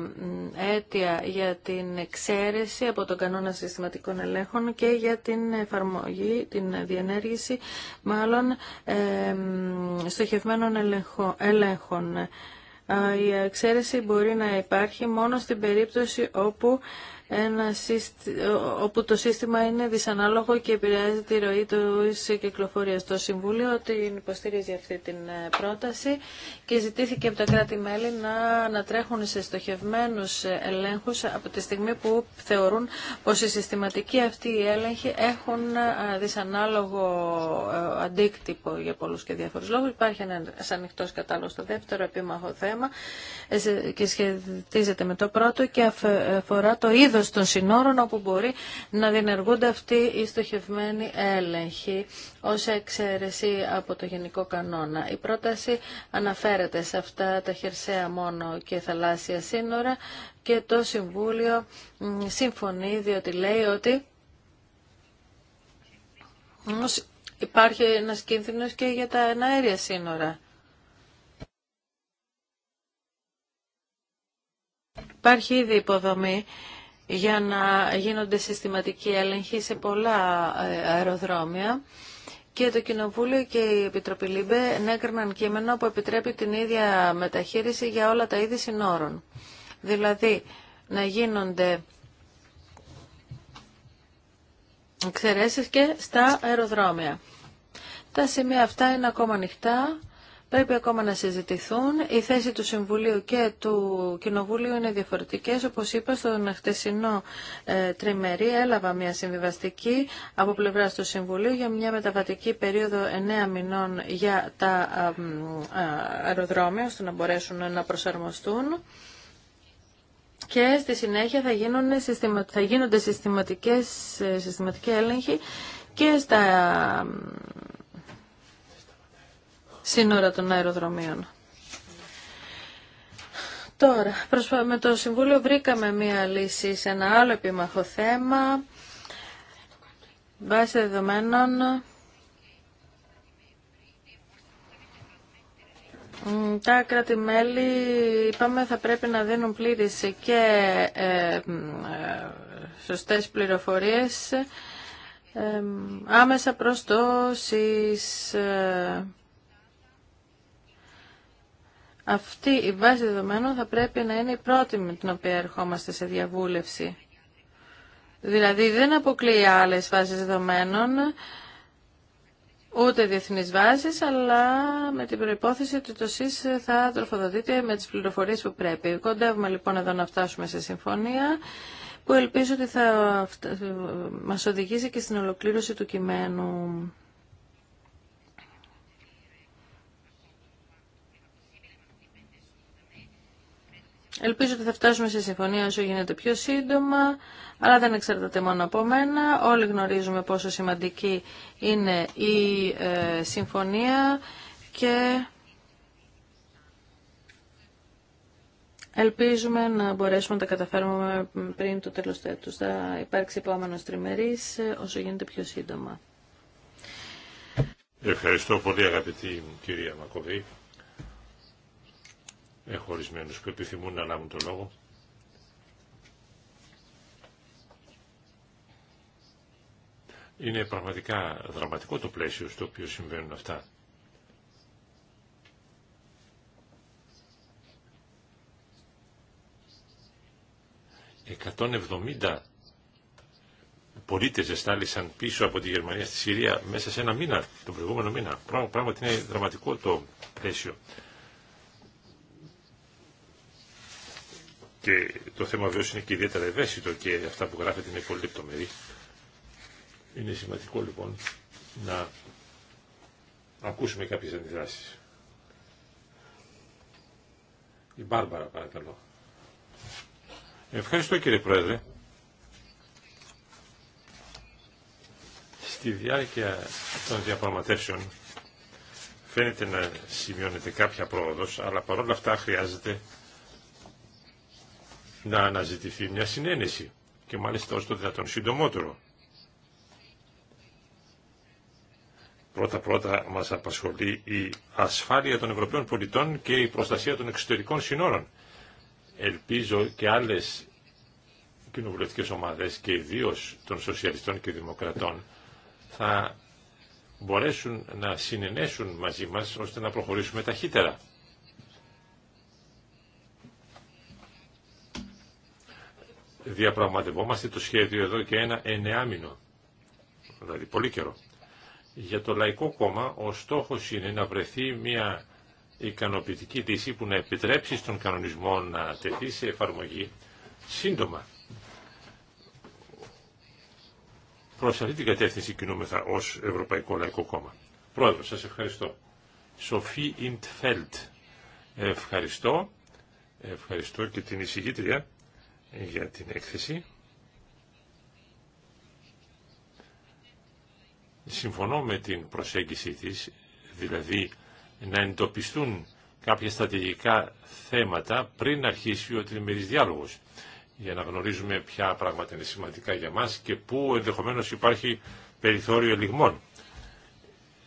αίτια για την εξαίρεση από τον κανόνα συστηματικών ελέγχων και για την εφαρμογή, την διενέργηση μάλλον ε, στοχευμένων ελέγχων. Η εξαίρεση μπορεί να υπάρχει μόνο στην περίπτωση όπου ένα όπου το σύστημα είναι δυσανάλογο και επηρεάζει τη ροή του κυκλοφορία. Το Συμβούλιο την υποστηρίζει αυτή την ε, πρόταση και ζητήθηκε από τα κράτη-μέλη να ανατρέχουν σε στοχευμένου ε, ελέγχους από τη στιγμή που θεωρούν πω οι συστηματικοί αυτοί οι έλεγχοι έχουν ε, δυσανάλογο αντίκτυπο για πολλούς και διάφορου λόγου. Υπάρχει ένα ανοιχτό κατάλογο στο δεύτερο επίμαχο θέμα και σχετίζεται με το πρώτο και αφορά το είδο των συνόρων όπου μπορεί να διενεργούνται αυτοί οι στοχευμένοι έλεγχοι ως εξαίρεση από το γενικό κανόνα. Η πρόταση αναφέρεται σε αυτά τα χερσαία μόνο και θαλάσσια σύνορα και το Συμβούλιο συμφωνεί διότι λέει ότι υπάρχει ένας κίνδυνος και για τα εναέρια σύνορα. Υπάρχει ήδη υποδομή για να γίνονται συστηματικοί έλεγχοι σε πολλά ε, αεροδρόμια και το Κοινοβούλιο και η Επιτροπή Λίμπε ενέκριναν κείμενο που επιτρέπει την ίδια μεταχείριση για όλα τα είδη συνόρων. Δηλαδή να γίνονται εξαιρέσεις και στα αεροδρόμια. Τα σημεία αυτά είναι ακόμα ανοιχτά Πρέπει ακόμα να συζητηθούν. Η θέση του Συμβουλίου και του Κοινοβουλίου είναι διαφορετικές. Όπως είπα, στον χτεσινό ε, τριμερή έλαβα μια συμβιβαστική από πλευρά του Συμβουλίου για μια μεταβατική περίοδο 9 μηνών για τα ε, ε, αεροδρόμια, ώστε να μπορέσουν να προσαρμοστούν και στη συνέχεια θα, γίνουν, θα γίνονται συστηματικές, συστηματικοί έλεγχοι και στα σύνορα των αεροδρομίων. Τώρα, με το Συμβούλιο βρήκαμε μία λύση σε ένα άλλο επίμαχο θέμα, βάσει δεδομένων Τα κράτη-μέλη, είπαμε, θα πρέπει να δίνουν πλήρης και ε, ε σωστές πληροφορίες ε, άμεσα προς το ΣΥΣ. Ε, αυτή η βάση δεδομένων θα πρέπει να είναι η πρώτη με την οποία ερχόμαστε σε διαβούλευση. Δηλαδή δεν αποκλείει άλλες βάσεις δεδομένων, ούτε διεθνεί βάσεις, αλλά με την προϋπόθεση ότι το ΣΥΣ θα τροφοδοτείται με τις πληροφορίες που πρέπει. Κοντεύουμε λοιπόν εδώ να φτάσουμε σε συμφωνία, που ελπίζω ότι θα μας οδηγήσει και στην ολοκλήρωση του κειμένου. Ελπίζω ότι θα φτάσουμε σε συμφωνία όσο γίνεται πιο σύντομα, αλλά δεν εξαρτάται μόνο από μένα. Όλοι γνωρίζουμε πόσο σημαντική είναι η ε, συμφωνία και ελπίζουμε να μπορέσουμε να τα καταφέρουμε πριν το τέλος του έτους. Θα υπάρξει επόμενο τριμερής ε, όσο γίνεται πιο σύντομα. Ευχαριστώ πολύ αγαπητή κυρία Μακοβή. Έχω που επιθυμούν να λάβουν τον λόγο. Είναι πραγματικά δραματικό το πλαίσιο στο οποίο συμβαίνουν αυτά. ...170 πολίτες ζεστάλησαν πίσω από τη Γερμανία στη Συρία μέσα σε ένα μήνα, τον προηγούμενο μήνα. Πράγματι είναι δραματικό το πλαίσιο. και το θέμα βέβαια είναι και ιδιαίτερα ευαίσθητο και αυτά που γράφεται είναι πολύ λεπτομερή. Είναι σημαντικό λοιπόν να ακούσουμε κάποιες αντιδράσεις. Η Μπάρμπαρα παρακαλώ. Ευχαριστώ κύριε Πρόεδρε. Στη διάρκεια των διαπραγματεύσεων φαίνεται να σημειώνεται κάποια πρόοδος, αλλά παρόλα αυτά χρειάζεται να αναζητηθεί μια συνένεση και μάλιστα ως το δυνατόν συντομότερο. Πρώτα-πρώτα μας απασχολεί η ασφάλεια των Ευρωπαίων πολιτών και η προστασία των εξωτερικών συνόρων. Ελπίζω και άλλες κοινοβουλευτικές ομάδες και ιδίω των σοσιαλιστών και δημοκρατών θα μπορέσουν να συνενέσουν μαζί μας ώστε να προχωρήσουμε ταχύτερα. διαπραγματευόμαστε το σχέδιο εδώ και ένα εννεάμινο, δηλαδή πολύ καιρό. Για το Λαϊκό Κόμμα ο στόχος είναι να βρεθεί μια ικανοποιητική λύση που να επιτρέψει στον κανονισμό να τεθεί σε εφαρμογή σύντομα. Προς αυτή την κατεύθυνση κινούμεθα ως Ευρωπαϊκό Λαϊκό Κόμμα. Πρόεδρο, σας ευχαριστώ. Σοφή Ιντφέλτ. Ευχαριστώ. Ευχαριστώ και την εισηγήτρια για την έκθεση. Συμφωνώ με την προσέγγιση της, δηλαδή να εντοπιστούν κάποια στρατηγικά θέματα πριν αρχίσει ο τριμερής διάλογος για να γνωρίζουμε ποια πράγματα είναι σημαντικά για μας και πού ενδεχομένως υπάρχει περιθώριο λιγμών.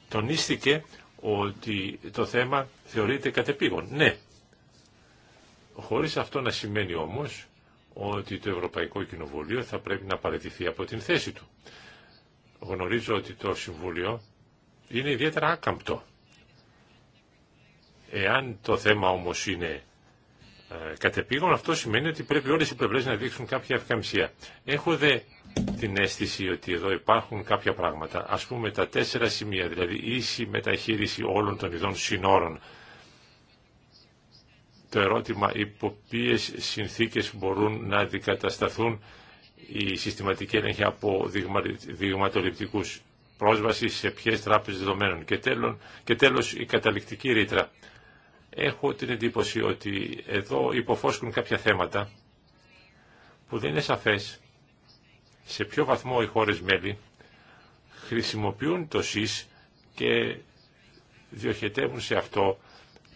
Τονίστηκε ότι το θέμα θεωρείται κατεπήγον. Ναι, χωρίς αυτό να σημαίνει όμως ότι το Ευρωπαϊκό Κοινοβούλιο θα πρέπει να παραιτηθεί από την θέση του. Γνωρίζω ότι το Συμβούλιο είναι ιδιαίτερα άκαμπτο. Εάν το θέμα όμως είναι ε, κατεπήγον, αυτό σημαίνει ότι πρέπει όλες οι πλευρές να δείξουν κάποια ευκαμψία. Έχω δε την αίσθηση ότι εδώ υπάρχουν κάποια πράγματα, ας πούμε τα τέσσερα σημεία, δηλαδή ίση μεταχείριση όλων των ειδών συνόρων το ερώτημα υπό ποιες συνθήκες μπορούν να αντικατασταθούν η συστηματική έλεγχοι από δειγματοληπτικούς πρόσβαση σε ποιες τράπεζες δεδομένων. Και, τέλος, και τέλος η καταληκτική ρήτρα. Έχω την εντύπωση ότι εδώ υποφώσκουν κάποια θέματα που δεν είναι σαφές σε ποιο βαθμό οι χώρες μέλη χρησιμοποιούν το ΣΥΣ και διοχετεύουν σε αυτό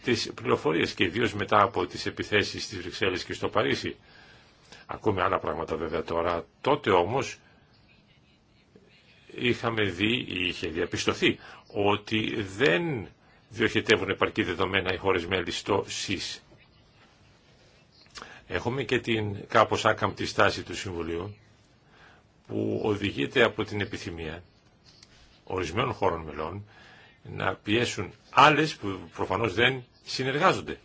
τις πληροφορίες και ιδίως μετά από τις επιθέσεις στις Βρυξέλλες και στο Παρίσι. Ακούμε άλλα πράγματα βέβαια τώρα. Τότε όμως είχαμε δει ή είχε διαπιστωθεί ότι δεν διοχετεύουν επαρκή δεδομένα οι χώρες μέλη στο ΣΥΣ. Έχουμε και την κάπως άκαμπτη στάση του Συμβουλίου που οδηγείται από την επιθυμία ορισμένων χώρων μελών να πιέσουν άλλες που προφανώς δεν συνεργάζονται.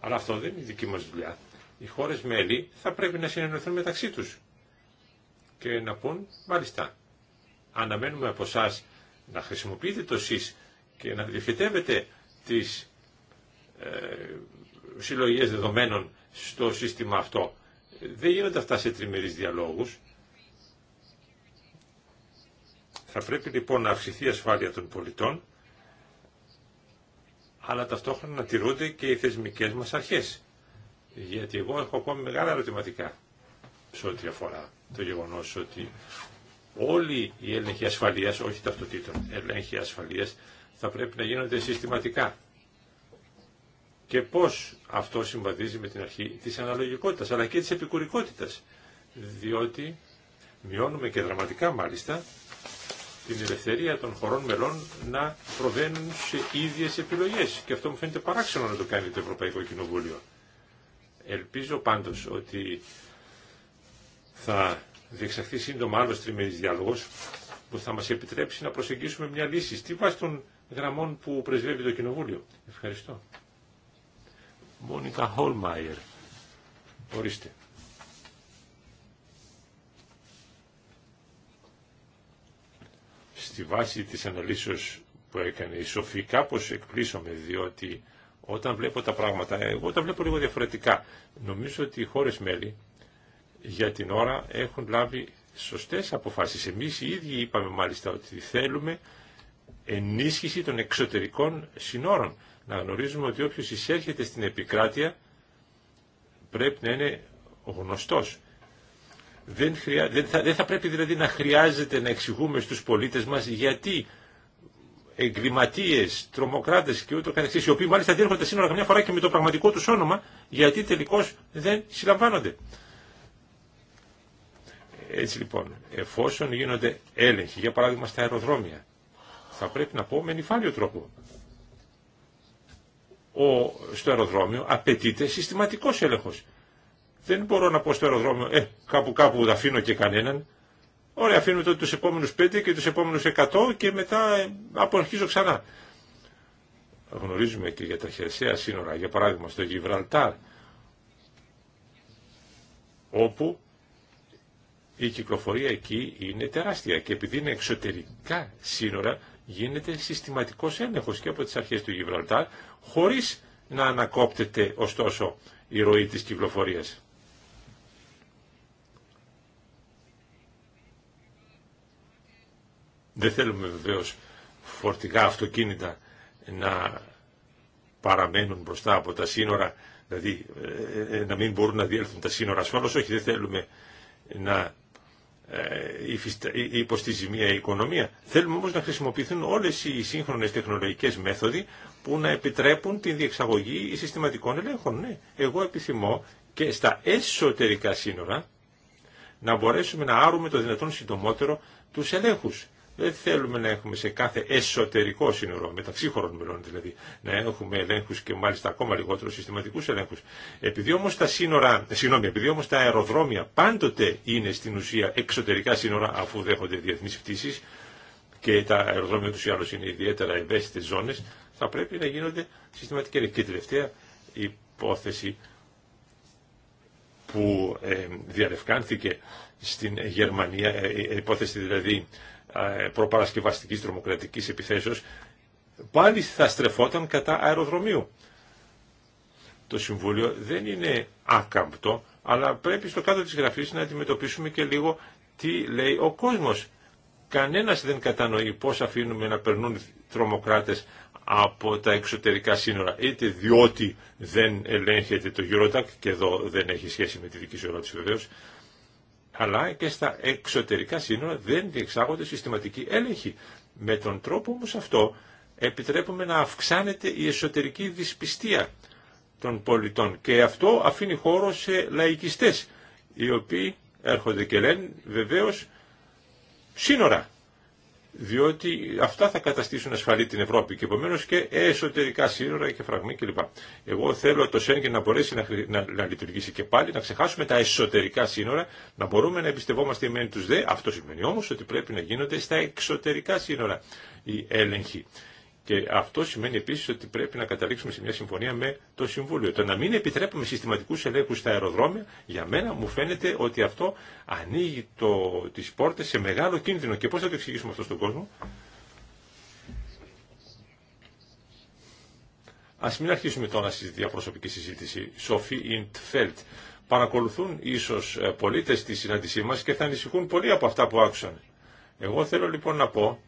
Αλλά αυτό δεν είναι η δική μας δουλειά. Οι χώρες μέλη θα πρέπει να συνεννοηθούν μεταξύ τους και να πούν μάλιστα αναμένουμε από εσά να χρησιμοποιείτε το ΣΥΣ και να διευθετεύετε τις ε, δεδομένων στο σύστημα αυτό. Δεν γίνονται αυτά σε τριμερείς διαλόγους. Θα πρέπει λοιπόν να αυξηθεί η ασφάλεια των πολιτών αλλά ταυτόχρονα να τηρούνται και οι θεσμικές μας αρχές. Γιατί εγώ έχω ακόμη μεγάλα ερωτηματικά σε ό,τι αφορά το γεγονός ότι όλοι οι έλεγχοι ασφαλείας, όχι ταυτοτήτων, έλεγχοι ασφαλείας θα πρέπει να γίνονται συστηματικά. Και πώς αυτό συμβαδίζει με την αρχή της αναλογικότητας, αλλά και της επικουρικότητας. Διότι μειώνουμε και δραματικά μάλιστα την ελευθερία των χωρών μελών να προβαίνουν σε ίδιες επιλογές. Και αυτό μου φαίνεται παράξενο να το κάνει το Ευρωπαϊκό Κοινοβούλιο. Ελπίζω πάντως ότι θα διεξαχθεί σύντομα άλλο τριμερής διάλογος που θα μας επιτρέψει να προσεγγίσουμε μια λύση στη βάση των γραμμών που πρεσβεύει το Κοινοβούλιο. Ευχαριστώ. Μόνικα Χολμάιερ. Ορίστε. στη βάση της αναλύσεως που έκανε η Σοφή κάπως εκπλήσωμε διότι όταν βλέπω τα πράγματα, εγώ τα βλέπω λίγο διαφορετικά. Νομίζω ότι οι χώρες μέλη για την ώρα έχουν λάβει σωστές αποφάσεις. Εμείς οι ίδιοι είπαμε μάλιστα ότι θέλουμε ενίσχυση των εξωτερικών συνόρων. Να γνωρίζουμε ότι όποιος εισέρχεται στην επικράτεια πρέπει να είναι γνωστός. Δεν, χρειά, δεν, θα, πρέπει δηλαδή να χρειάζεται να εξηγούμε στους πολίτες μας γιατί εγκληματίε, τρομοκράτε και ούτω καθεξής οι οποίοι μάλιστα διέρχονται σύνορα καμιά φορά και με το πραγματικό του όνομα, γιατί τελικώ δεν συλλαμβάνονται. Έτσι λοιπόν, εφόσον γίνονται έλεγχοι, για παράδειγμα στα αεροδρόμια, θα πρέπει να πω με νυφάλιο τρόπο. Ο, στο αεροδρόμιο απαιτείται συστηματικός έλεγχος. Δεν μπορώ να πω στο αεροδρόμιο, ε, κάπου κάπου αφήνω και κανέναν. Ωραία, αφήνουμε τότε τους επόμενους πέντε και τους επόμενους 100 και μετά ε, απορχίζω ξανά. Γνωρίζουμε και για τα χερσαία σύνορα, για παράδειγμα στο Γιβραλτάρ, όπου η κυκλοφορία εκεί είναι τεράστια και επειδή είναι εξωτερικά σύνορα γίνεται συστηματικός έλεγχος και από τις αρχές του Γιβραλτάρ χωρίς να ανακόπτεται ωστόσο η ροή της κυκλοφορίας. Δεν θέλουμε βεβαίω φορτικά αυτοκίνητα να παραμένουν μπροστά από τα σύνορα, δηλαδή ε, ε, να μην μπορούν να διέλθουν τα σύνορα ασφαλώς. Όχι, δεν θέλουμε να υποστεί μία η οικονομία. Θέλουμε όμως να χρησιμοποιηθούν όλες οι σύγχρονες τεχνολογικές μέθοδοι που να επιτρέπουν την διεξαγωγή συστηματικών ελέγχων. Ναι, εγώ επιθυμώ και στα εσωτερικά σύνορα να μπορέσουμε να άρουμε το δυνατόν συντομότερο τους ελέγχους. Δεν θέλουμε να έχουμε σε κάθε εσωτερικό σύνορο, μεταξύ χωρών μελών δηλαδή, να έχουμε ελέγχου και μάλιστα ακόμα λιγότερο συστηματικού ελέγχου. Επειδή όμω τα σύνορα, ε, συγγνώμη, επειδή τα αεροδρόμια πάντοτε είναι στην ουσία εξωτερικά σύνορα αφού δέχονται διεθνεί πτήσει και τα αεροδρόμια του ή άλλω είναι ιδιαίτερα ευαίσθητε ζώνε, θα πρέπει να γίνονται συστηματικέ. ελέγχοι. Και τελευταία υπόθεση που ε, διαρευκάνθηκε στην Γερμανία, ε, ε υπόθεση δηλαδή ε, προπαρασκευαστικής τρομοκρατικής επιθέσεως, πάλι θα στρεφόταν κατά αεροδρομίου. Το Συμβούλιο δεν είναι άκαμπτο, αλλά πρέπει στο κάτω της γραφής να αντιμετωπίσουμε και λίγο τι λέει ο κόσμος. Κανένας δεν κατανοεί πώς αφήνουμε να περνούν τρομοκράτες από τα εξωτερικά σύνορα, είτε διότι δεν ελέγχεται το Eurodac, και εδώ δεν έχει σχέση με τη δική σου ερώτηση βεβαίως, αλλά και στα εξωτερικά σύνορα δεν διεξάγονται συστηματικοί έλεγχοι. Με τον τρόπο όμως αυτό επιτρέπουμε να αυξάνεται η εσωτερική δυσπιστία των πολιτών και αυτό αφήνει χώρο σε λαϊκιστές οι οποίοι έρχονται και λένε βεβαίως σύνορα διότι αυτά θα καταστήσουν ασφαλή την Ευρώπη και επομένως και εσωτερικά σύνορα και φραγμοί κλπ. Εγώ θέλω το Σέγγεν να μπορέσει να, να, να, λειτουργήσει και πάλι, να ξεχάσουμε τα εσωτερικά σύνορα, να μπορούμε να εμπιστευόμαστε εμένοι τους δε. Αυτό σημαίνει όμως ότι πρέπει να γίνονται στα εξωτερικά σύνορα οι έλεγχοι. Και αυτό σημαίνει επίση ότι πρέπει να καταλήξουμε σε μια συμφωνία με το Συμβούλιο. Το να μην επιτρέπουμε συστηματικού ελέγχου στα αεροδρόμια, για μένα μου φαίνεται ότι αυτό ανοίγει τι πόρτε σε μεγάλο κίνδυνο. Και πώς θα το εξηγήσουμε αυτό στον κόσμο. Ας μην αρχίσουμε τώρα στη διαπροσωπική συζήτηση. Σοφή Ιντφέλτ. Παρακολουθούν ίσω ε, πολίτε τη συνάντησή μα και θα ανησυχούν πολύ από αυτά που άκουσαν. Εγώ θέλω λοιπόν να πω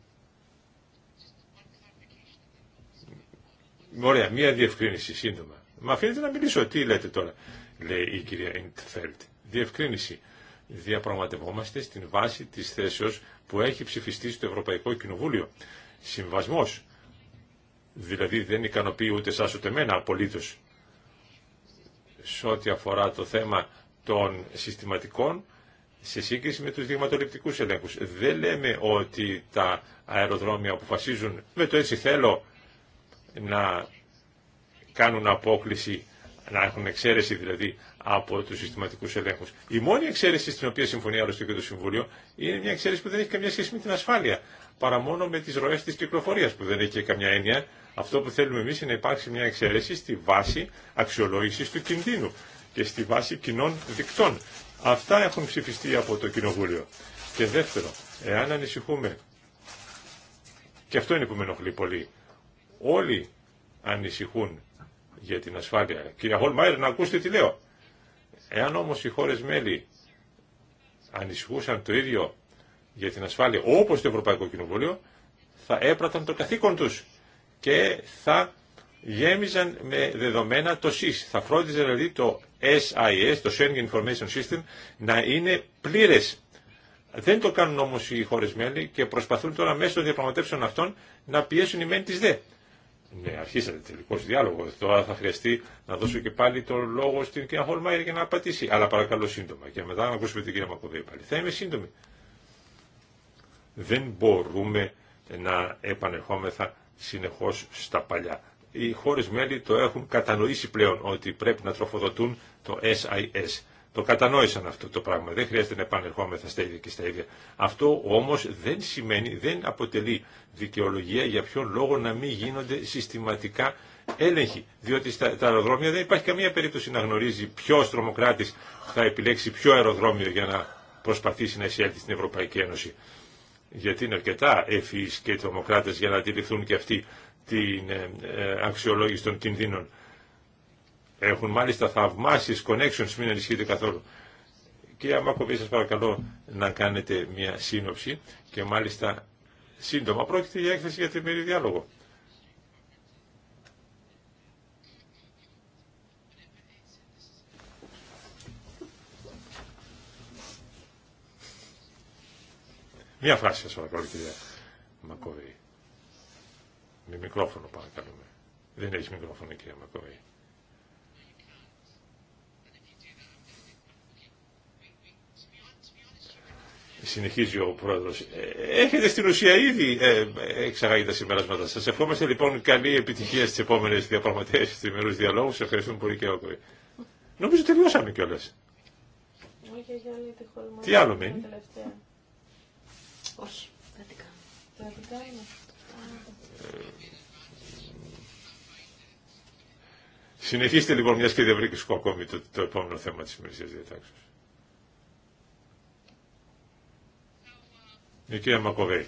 Ωραία, μία διευκρίνηση σύντομα. Μα αφήνετε να μιλήσω. Τι λέτε τώρα, λέει η κυρία Ιντφέλτ. Διευκρίνηση. Διαπραγματευόμαστε στην βάση τη θέσεω που έχει ψηφιστεί στο Ευρωπαϊκό Κοινοβούλιο. Συμβασμό. Δηλαδή δεν ικανοποιεί ούτε εσά ούτε εμένα απολύτω. Σε ό,τι αφορά το θέμα των συστηματικών σε σύγκριση με τους δειγματοληπτικούς ελέγχους. Δεν λέμε ότι τα αεροδρόμια αποφασίζουν με το έτσι θέλω να κάνουν απόκληση, να έχουν εξαίρεση δηλαδή από του συστηματικού ελέγχου. Η μόνη εξαίρεση στην οποία συμφωνεί άλλωστε και το Συμβούλιο είναι μια εξαίρεση που δεν έχει καμία σχέση με την ασφάλεια, παρά μόνο με τι ροέ τη κυκλοφορία που δεν έχει καμιά έννοια. Αυτό που θέλουμε εμεί είναι να υπάρξει μια εξαίρεση στη βάση αξιολόγηση του κινδύνου και στη βάση κοινών δικτών. Αυτά έχουν ψηφιστεί από το Κοινοβούλιο. Και δεύτερο, εάν ανησυχούμε, και αυτό είναι που με ενοχλεί πολύ, Όλοι ανησυχούν για την ασφάλεια. Κυρία Χολμάιρ, να ακούστε τι λέω. Εάν όμως οι χώρες μέλη ανησυχούσαν το ίδιο για την ασφάλεια όπως το Ευρωπαϊκό Κοινοβούλιο, θα έπραταν το καθήκον τους και θα γέμιζαν με δεδομένα το SIS. Θα φρόντιζε δηλαδή το SIS, το Schengen Information System, να είναι πλήρες. Δεν το κάνουν όμως οι χώρες μέλη και προσπαθούν τώρα μέσω των διαπραγματεύσεων αυτών να πιέσουν οι μέλη δε. Ναι, αρχίσατε τελικώ διάλογο. Τώρα θα χρειαστεί να δώσω και πάλι τον λόγο στην κυρία Χολμάιρ για να απαντήσει. Αλλά παρακαλώ σύντομα. Και μετά να ακούσουμε την κυρία Μακοβέη πάλι. Θα είμαι σύντομη. Δεν μπορούμε να επανερχόμεθα συνεχώς στα παλιά. Οι χώρες μέλη το έχουν κατανοήσει πλέον ότι πρέπει να τροφοδοτούν το SIS. Το κατανόησαν αυτό το πράγμα. Δεν χρειάζεται να επανερχόμεθα στα ίδια και στα ίδια. Αυτό όμω δεν σημαίνει, δεν αποτελεί δικαιολογία για ποιον λόγο να μην γίνονται συστηματικά έλεγχοι. Διότι στα τα αεροδρόμια δεν υπάρχει καμία περίπτωση να γνωρίζει ποιο τρομοκράτη θα επιλέξει ποιο αεροδρόμιο για να προσπαθήσει να εισέλθει στην Ευρωπαϊκή Ένωση. Γιατί είναι αρκετά ευφυεί και τρομοκράτε για να αντιληφθούν και αυτοί την ε, ε, αξιολόγηση των κινδύνων. Έχουν μάλιστα θαυμάσει connections, μην ανησυχείτε καθόλου. Κυρία Μάκοβη, σα παρακαλώ να κάνετε μια σύνοψη και μάλιστα σύντομα. Πρόκειται για έκθεση για τριμερή διάλογο. Μια φράση σας παρακαλώ κυρία Μακοβή. Με μικρόφωνο παρακαλούμε. Δεν έχει μικρόφωνο κυρία Μακοβή. συνεχίζει ο πρόεδρος. Ε, έχετε στην ουσία ήδη ε, εξαγάγει τα συμπεράσματα σας. Ευχόμαστε λοιπόν καλή επιτυχία στις επόμενες διαπραγματεύσεις, στις ημερούς διαλόγους. Σας ευχαριστούμε πολύ και όλοι. Νομίζω τελειώσαμε κιόλας. Τι άλλο μείνει. Όχι, ε, Συνεχίστε λοιπόν, μια και δεν βρήκε ακόμη το, το επόμενο θέμα τη ημερησίας διατάξεω. Η κυρία Μακοβέη,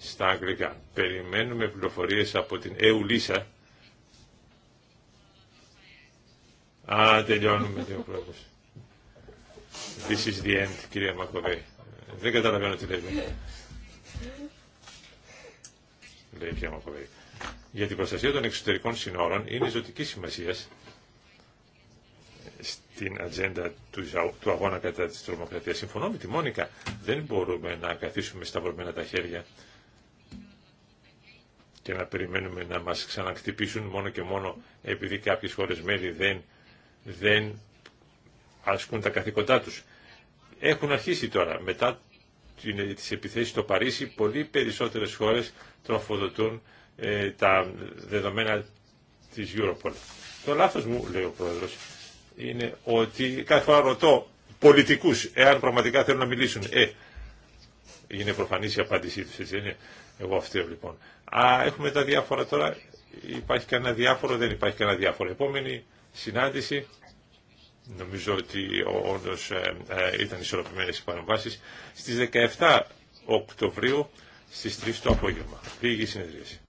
στα αγγλικά, περιμένουμε πληροφορίες από την Εουλίσα. Α, τελειώνουμε, την This is the end, κυρία Μακοβέη. Δεν καταλαβαίνω τι λέτε. Λέει η κυρία Μακοβέη. Για την προστασία των εξωτερικών συνόρων είναι ζωτική σημασία την ατζέντα του αγώνα κατά της τρομοκρατίας. Συμφωνώ με τη Μόνικα, δεν μπορούμε να καθίσουμε σταυρωμένα τα χέρια και να περιμένουμε να μας ξανακτυπήσουν μόνο και μόνο επειδή κάποιες χώρες μέλη δεν, δεν ασκούν τα καθήκοντά τους. Έχουν αρχίσει τώρα, μετά τις επιθέσεις στο Παρίσι, πολύ περισσότερες χώρες τροφοδοτούν ε, τα δεδομένα της Europol. Το λάθος μου, λέει ο Πρόεδρος, είναι ότι κάθε φορά ρωτώ πολιτικούς εάν πραγματικά θέλουν να μιλήσουν. Ε, είναι προφανής η απάντησή τους, έτσι είναι. Εγώ αυτή λοιπόν. Α, έχουμε τα διάφορα τώρα. Υπάρχει κανένα διάφορο, δεν υπάρχει κανένα διάφορο. Επόμενη συνάντηση. Νομίζω ότι όντω ε, ε, ήταν ισορροπημένε οι παρεμβάσεις. Στις 17 Οκτωβρίου στι 3 το απόγευμα. η συνεδρίαση.